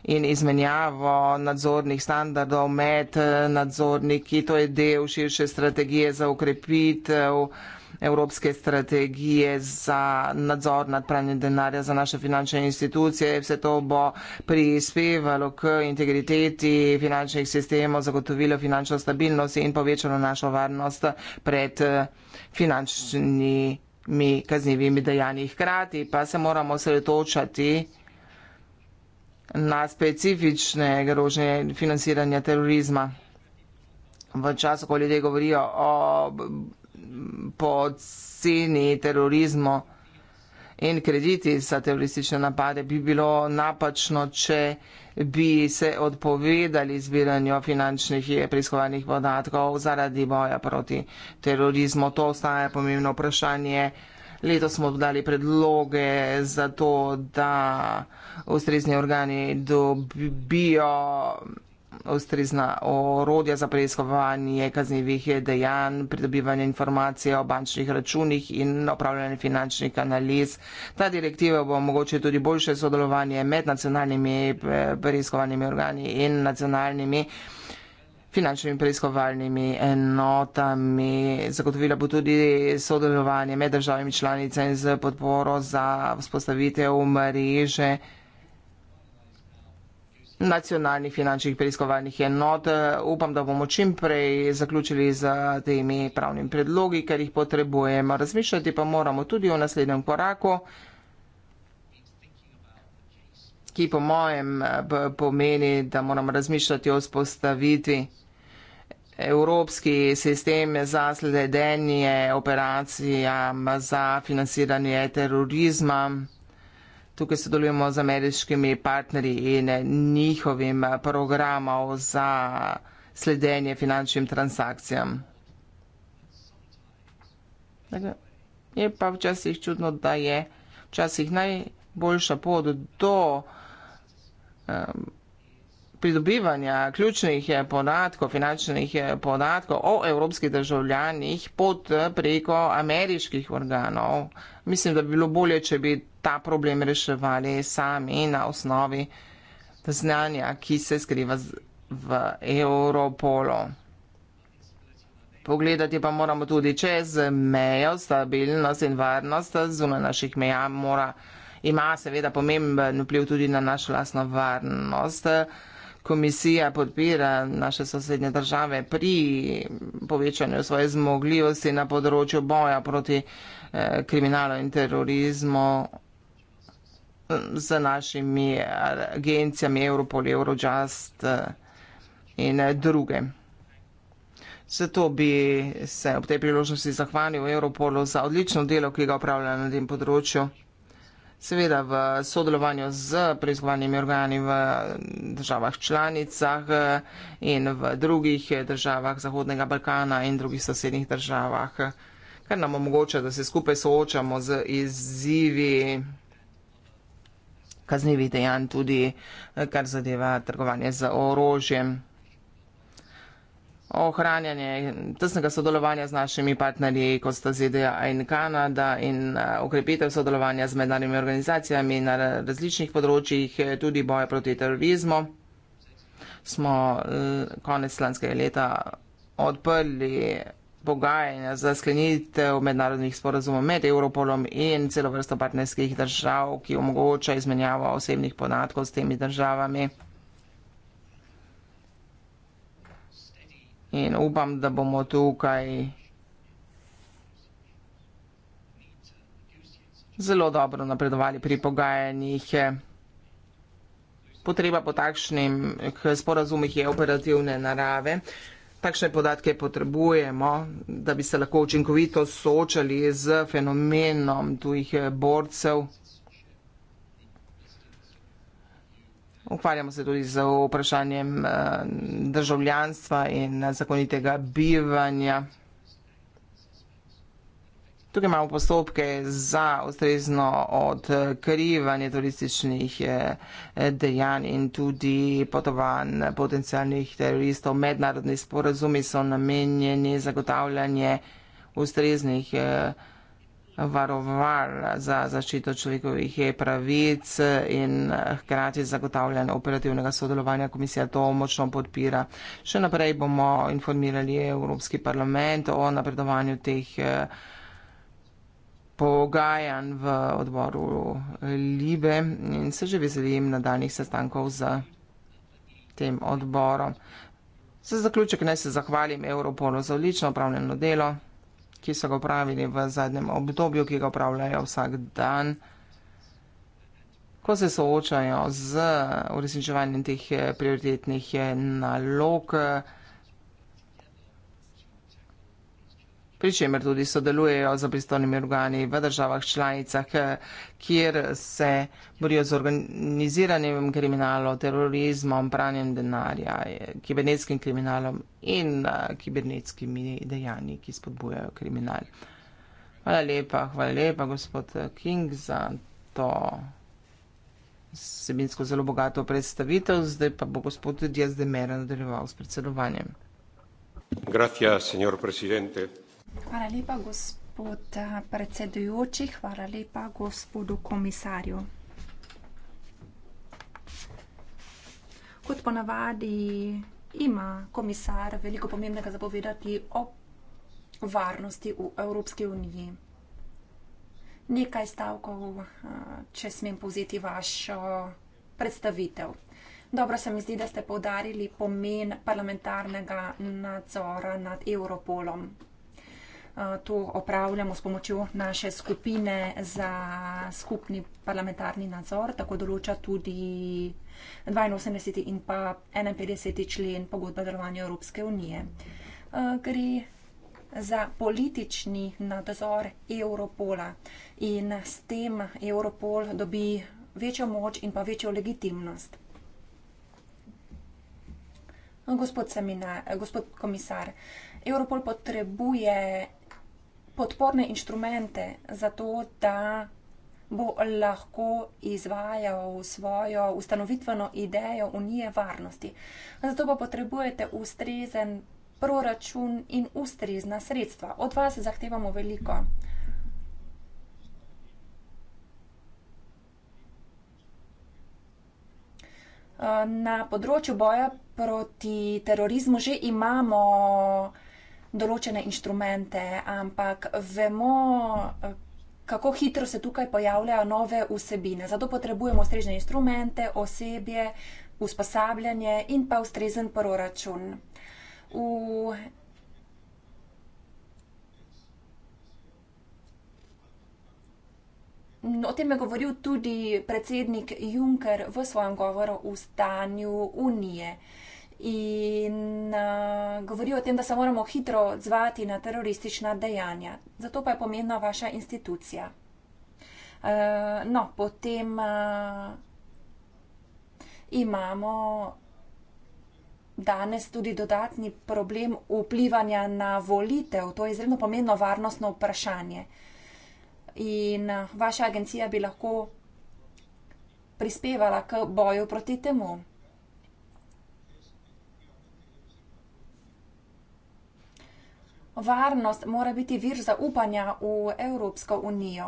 in izmenjavo nadzornih standardov med eh, nadzorniki. To je del širše strategije za ukrepitev evropske strategije za nadzor nad pranjem denarja za naše finančne institucije. Vse to bo prispevalo k integriteti finančnih sistemov, zagotovilo finančno stabilnost in povečalo našo varnost pred eh, finančnimi kaznjivimi dejanji. Hkrati pa se moramo sredotočati na specifične grožnje financiranja terorizma. V času, ko ljudje govorijo o poceni terorizmu in krediti za teroristične napade, bi bilo napačno, če bi se odpovedali zbiranju finančnih preiskovalnih podatkov zaradi boja proti terorizmu. To ostaja pomembno vprašanje. Leto smo dali predloge za to, da ustrezni organi dobijo ustrezna orodja za preiskovanje kaznjivih dejanj, pridobivanje informacije o bančnih računih in opravljanje finančnih analiz. Ta direktiva bo omogočila tudi boljše sodelovanje med nacionalnimi preiskovalnimi organi in nacionalnimi eh, finančnimi preiskovalnimi enotami. Zagotovila bo tudi sodelovanje med državami članice z podporo za vzpostavitev mreže nacionalnih finančnih preiskovalnih enot. Upam, da bomo čim prej zaključili z temi pravnimi predlogi, ker jih potrebujemo. Razmišljati pa moramo tudi o naslednjem koraku, ki po mojem pomeni, da moramo razmišljati o spostavitvi Evropski sistem za sledenje operacijam za financiranje terorizma. Tukaj sodelujemo z ameriškimi partnerji in njihovim programom za sledenje finančnim transakcijam. Je pa včasih čudno, da je včasih najboljša pot do um, pridobivanja ključnih eh, podatkov, finančnih eh, podatkov o evropskih državljanih pod eh, preko ameriških organov. Mislim, da bi bilo bolje, če bi ta problem reševali sami na osnovi znanja, ki se skriva v Europolu. Pogledati pa moramo tudi čez mejo, stabilnost in varnost zunaj naših meja mora ima seveda pomemben vpliv tudi na našo lasno varnost komisija podpira naše sosednje države pri povečanju svoje zmogljivosti na področju boja proti eh, kriminalu in terorizmu z našimi agencijami Europol, Eurojust eh, in eh, druge. Zato bi se ob tej priložnosti zahvalil Europolu za odlično delo, ki ga upravlja na tem področju seveda v sodelovanju z preizkovanimi organi v državah članicah eh, in v drugih eh, državah Zahodnega Balkana in drugih sosednjih državah, kar nam omogoča, da se skupaj soočamo z izzivi kaznjivih dejanj, tudi eh, kar zadeva trgovanje z orožjem ohranjanje tesnega sodelovanja z našimi partnerji, kot sta ZDA in Kanada, in eh, okrepitev sodelovanja z mednarodnimi organizacijami na različnih področjih, tudi boja proti terorizmu. Smo eh, konec lanskega leta odprli pogajanja za sklenitev mednarodnih sporazumov med Europolom in celo vrsto partnerskih držav, ki omogoča izmenjavo osebnih podatkov s temi državami. In upam, da bomo tukaj zelo dobro napredovali pri pogajanjih. Potreba po takšnim sporazumih je operativne narave. Takšne podatke potrebujemo, da bi se lahko učinkovito soočali z fenomenom tujih borcev. Ukvarjamo se tudi z vprašanjem eh, državljanstva in zakonitega bivanja. Tukaj imamo postopke za ustrezno odkrivanje turističnih eh, dejanj in tudi potovanj potencijalnih teroristov. Mednarodni sporazumi so namenjeni zagotavljanje ustreznih dejanj eh, varoval za zaščito človekovih pravic in hkrati zagotavljanje operativnega sodelovanja. Komisija to močno podpira. Še naprej bomo informirali Evropski parlament o napredovanju teh eh, pogajanj v odboru Libe in se že veselim nadaljnih sestankov z tem odborom. Za zaključek naj se zahvalim Europolu za odlično upravljeno delo ki so ga upravili v zadnjem obdobju, ki ga upravljajo vsak dan, ko se soočajo z uresničevanjem teh prioritetnih nalog. pri čemer tudi sodelujejo z pristojnimi organi v državah članicah, eh, kjer se borijo z organiziranim kriminalom, terorizmom, pranjem denarja, eh, kibernetskim kriminalom in eh, kibernetskimi dejanji, ki spodbujajo kriminal. Hvala lepa, hvala lepa, gospod King, za to sebinsko zelo bogato predstavitev. Zdaj pa bo gospod Diaz de Mera nadaljeval s predsedovanjem. Gracias, señor presidente. Hvala lepa, gospod eh, predsedujoči. Hvala lepa, gospodu komisarju. Kot ponavadi ima komisar veliko pomembnega zapovedati o varnosti v Evropski uniji. Nekaj stavkov, eh, če smem povzeti vašo predstavitev. Dobro se mi zdi, da ste povdarili pomen parlamentarnega nadzora nad Europolom. Eh, to opravljamo s pomočjo naše skupine za skupni parlamentarni nadzor, tako določa tudi 82. in pa 51. člen pogodbe o delovanju Evropske unije. Eh, gre za politični nadzor Europola in s tem Europol dobi večjo moč in pa večjo legitimnost. Gospod, seminar, gospod komisar, Europol potrebuje podporne inštrumente za to, da bo lahko izvajal svojo ustanovitveno idejo unije varnosti. Zato pa potrebujete ustrezen proračun in ustrezna sredstva. Od vas zahtevamo veliko. Na področju boja proti terorizmu že imamo določene inštrumente, ampak vemo, eh, kako hitro se tukaj pojavljajo nove vsebine. Zato potrebujemo ustrezne inštrumente, osebje, usposabljanje in pa ustrezen proračun. V no, O tem je govoril tudi predsednik Juncker v svojem govoru o stanju Unije in uh, eh, govorijo o tem, da se moramo hitro odzvati na teroristična dejanja. Zato pa je pomembna vaša institucija. Uh, no, potem uh, imamo danes tudi dodatni problem vplivanja na volitev. To je izredno pomembno varnostno vprašanje. In uh, vaša agencija bi lahko prispevala k boju proti temu. Varnost mora biti vir zaupanja v Evropsko unijo.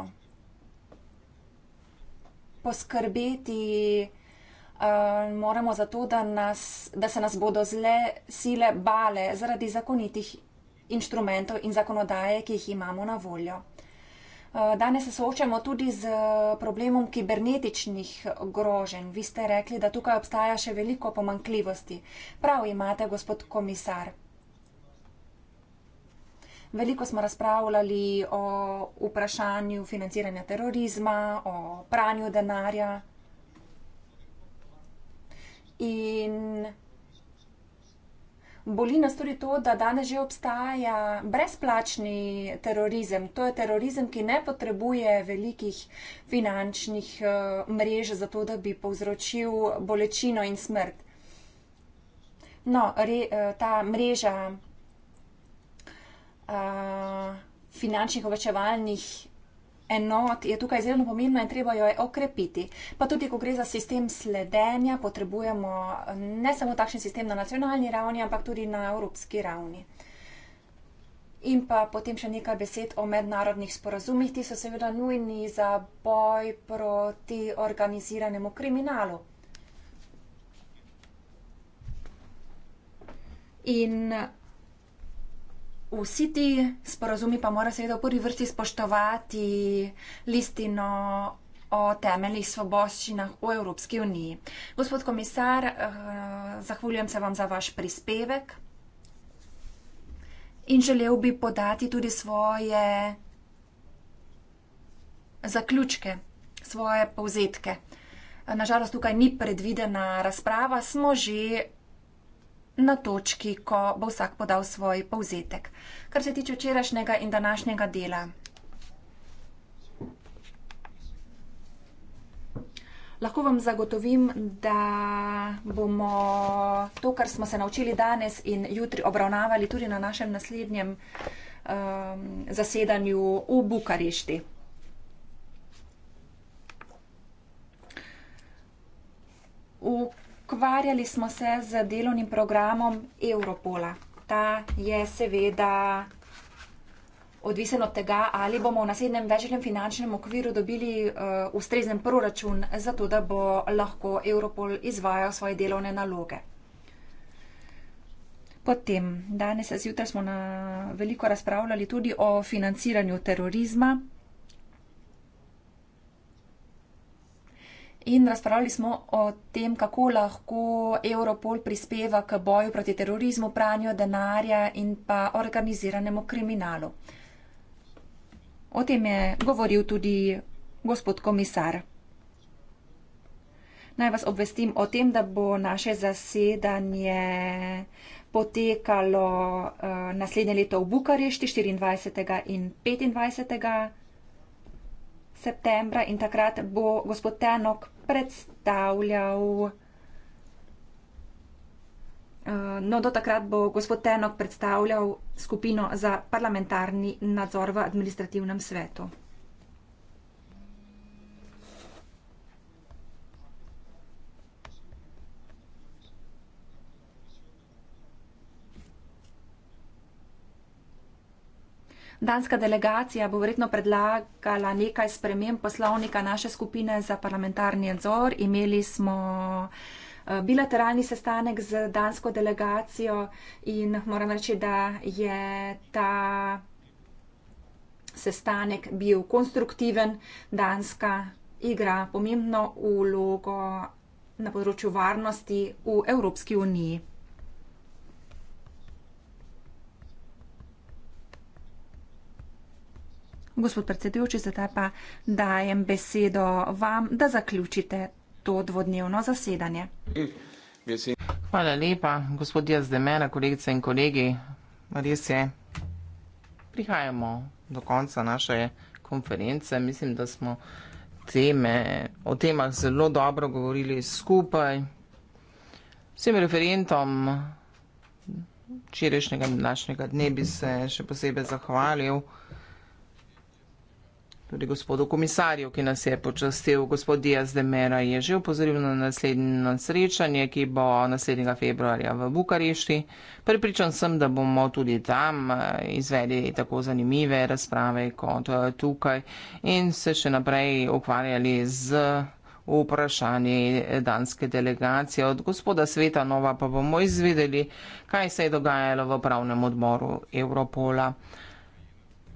Poskrbeti uh, moramo za to, da, nas, da se nas bodo zle sile bale zaradi zakonitih inštrumentov in zakonodaje, ki jih imamo na voljo. Eh, danes se soočamo tudi z problemom kibernetičnih groženj. Vi ste rekli, da tukaj obstaja še veliko pomankljivosti. Prav imate, gospod komisar. Veliko smo razpravljali o vprašanju financiranja terorizma, o pranju denarja. In boli nas tudi to, da danes že obstaja brezplačni terorizem. To je terorizem, ki ne potrebuje velikih finančnih eh, mrež za to, da bi povzročil bolečino in smrt. No, re, eh, ta mreža uh, finančnih obveščevalnih. Enot je tukaj zelo pomembna in treba jo je okrepiti. Pa tudi, ko gre za sistem sledenja, potrebujemo ne samo takšen sistem na nacionalni ravni, ampak tudi na evropski ravni. In pa potem še nekaj besed o mednarodnih sporazumih, ki so seveda nujni za boj proti organiziranemu kriminalu. In vsi ti sporazumi pa mora seveda v prvi vrsti spoštovati listino o temeljih svoboščinah v Evropski uniji. Gospod komisar, eh, zahvaljujem se vam za vaš prispevek in želel bi podati tudi svoje zaključke, svoje povzetke. Nažalost, tukaj ni predvidena razprava, smo že na točki, ko bo vsak podal svoj povzetek. Kar se tiče včerajšnjega in današnjega dela. Lahko vam zagotovim, da bomo to, kar smo se naučili danes in jutri obravnavali tudi na našem naslednjem um, zasedanju v Bukarešti. ukvarjali smo se z delovnim programom Europola. Ta je seveda odvisen od tega, ali bomo v naslednjem večletnem finančnem okviru dobili uh, ustrezen proračun, zato da bo lahko Europol izvajal svoje delovne naloge. Potem, danes zjutraj smo na veliko razpravljali tudi o financiranju terorizma. in razpravljali smo o tem, kako lahko Europol prispeva k boju proti terorizmu, pranju denarja in pa organiziranemu kriminalu. O tem je govoril tudi gospod komisar. Naj vas obvestim o tem, da bo naše zasedanje potekalo eh, naslednje leto v Bukarešti 24. in 25 septembra in takrat bo gospod Tenok predstavljal. Eh, no, do takrat bo gospod Tenok predstavljal skupino za parlamentarni nadzor v administrativnem svetu. Danska delegacija bo verjetno predlagala nekaj sprememb poslovnika naše skupine za parlamentarni nadzor. Imeli smo eh, bilateralni sestanek z dansko delegacijo in moram reči, da je ta sestanek bil konstruktiven. Danska igra pomembno vlogo na področju varnosti v Evropski uniji. Gospod predsedujoči, zdaj pa dajem besedo vam, da zaključite to dvodnevno zasedanje. Hvala lepa, gospod Jaz Demena, kolegice in kolegi. Res je, prihajamo do konca naše konference. Mislim, da smo teme, o temah zelo dobro govorili skupaj. Vsem referentom včerajšnjega današnjega dne bi se še posebej zahvalil tudi gospodu komisarju, ki nas je počastil, gospod Diaz de Mera je že upozoril na naslednje srečanje, ki bo naslednjega februarja v Bukarešti. Pripričan sem, da bomo tudi tam eh, izvedli tako zanimive razprave kot eh, tukaj in se še naprej ukvarjali z vprašanje danske delegacije. Od gospoda Sveta Nova pa bomo izvedeli, kaj se je dogajalo v pravnem odboru Evropola.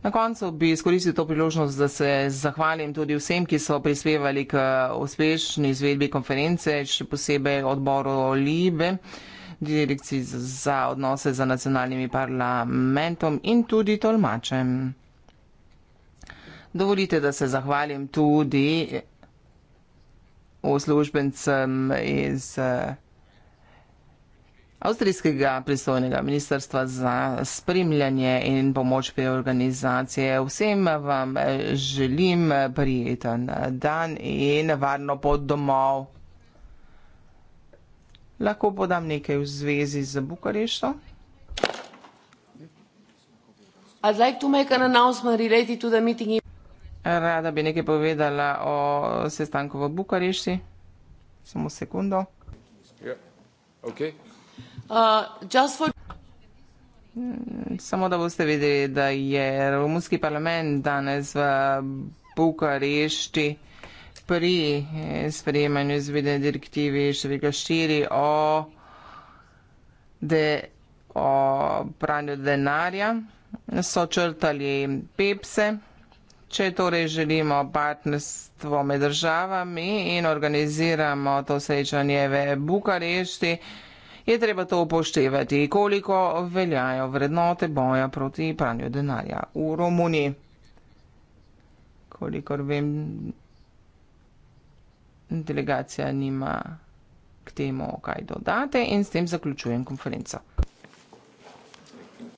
Na koncu bi izkoristil to priložnost, da se zahvalim tudi vsem, ki so prispevali k uspešni izvedbi konference, še posebej odboru Libe, direkciji za odnose z nacionalnimi parlamentom in tudi tolmačem. Dovolite, da se zahvalim tudi uslužbencem iz. Uh, Avstrijskega pristojnega ministrstva za spremljanje in pomoč pri organizaciji. Vsem vam eh, želim prijeten eh, dan in varno pot domov. Lahko podam nekaj v zvezi z Bukarešto. Rada bi nekaj povedala o sestanku v Bukarešti. Samo sekundo. Yeah. Ja, okay. Uh, mm, samo da boste videli, da je Romunski parlament danes v Bukarešti pri eh, sprejemanju izvedene direktivi številka 4 o, de, o pranju denarja. So črtali pepse, če torej želimo partnerstvo med državami in organiziramo to srečanje v Bukarešti je treba to upoštevati, koliko veljajo vrednote boja proti pranju denarja v Romuniji. Kolikor vem, delegacija nima k temu, kaj dodate in s tem zaključujem konferenco.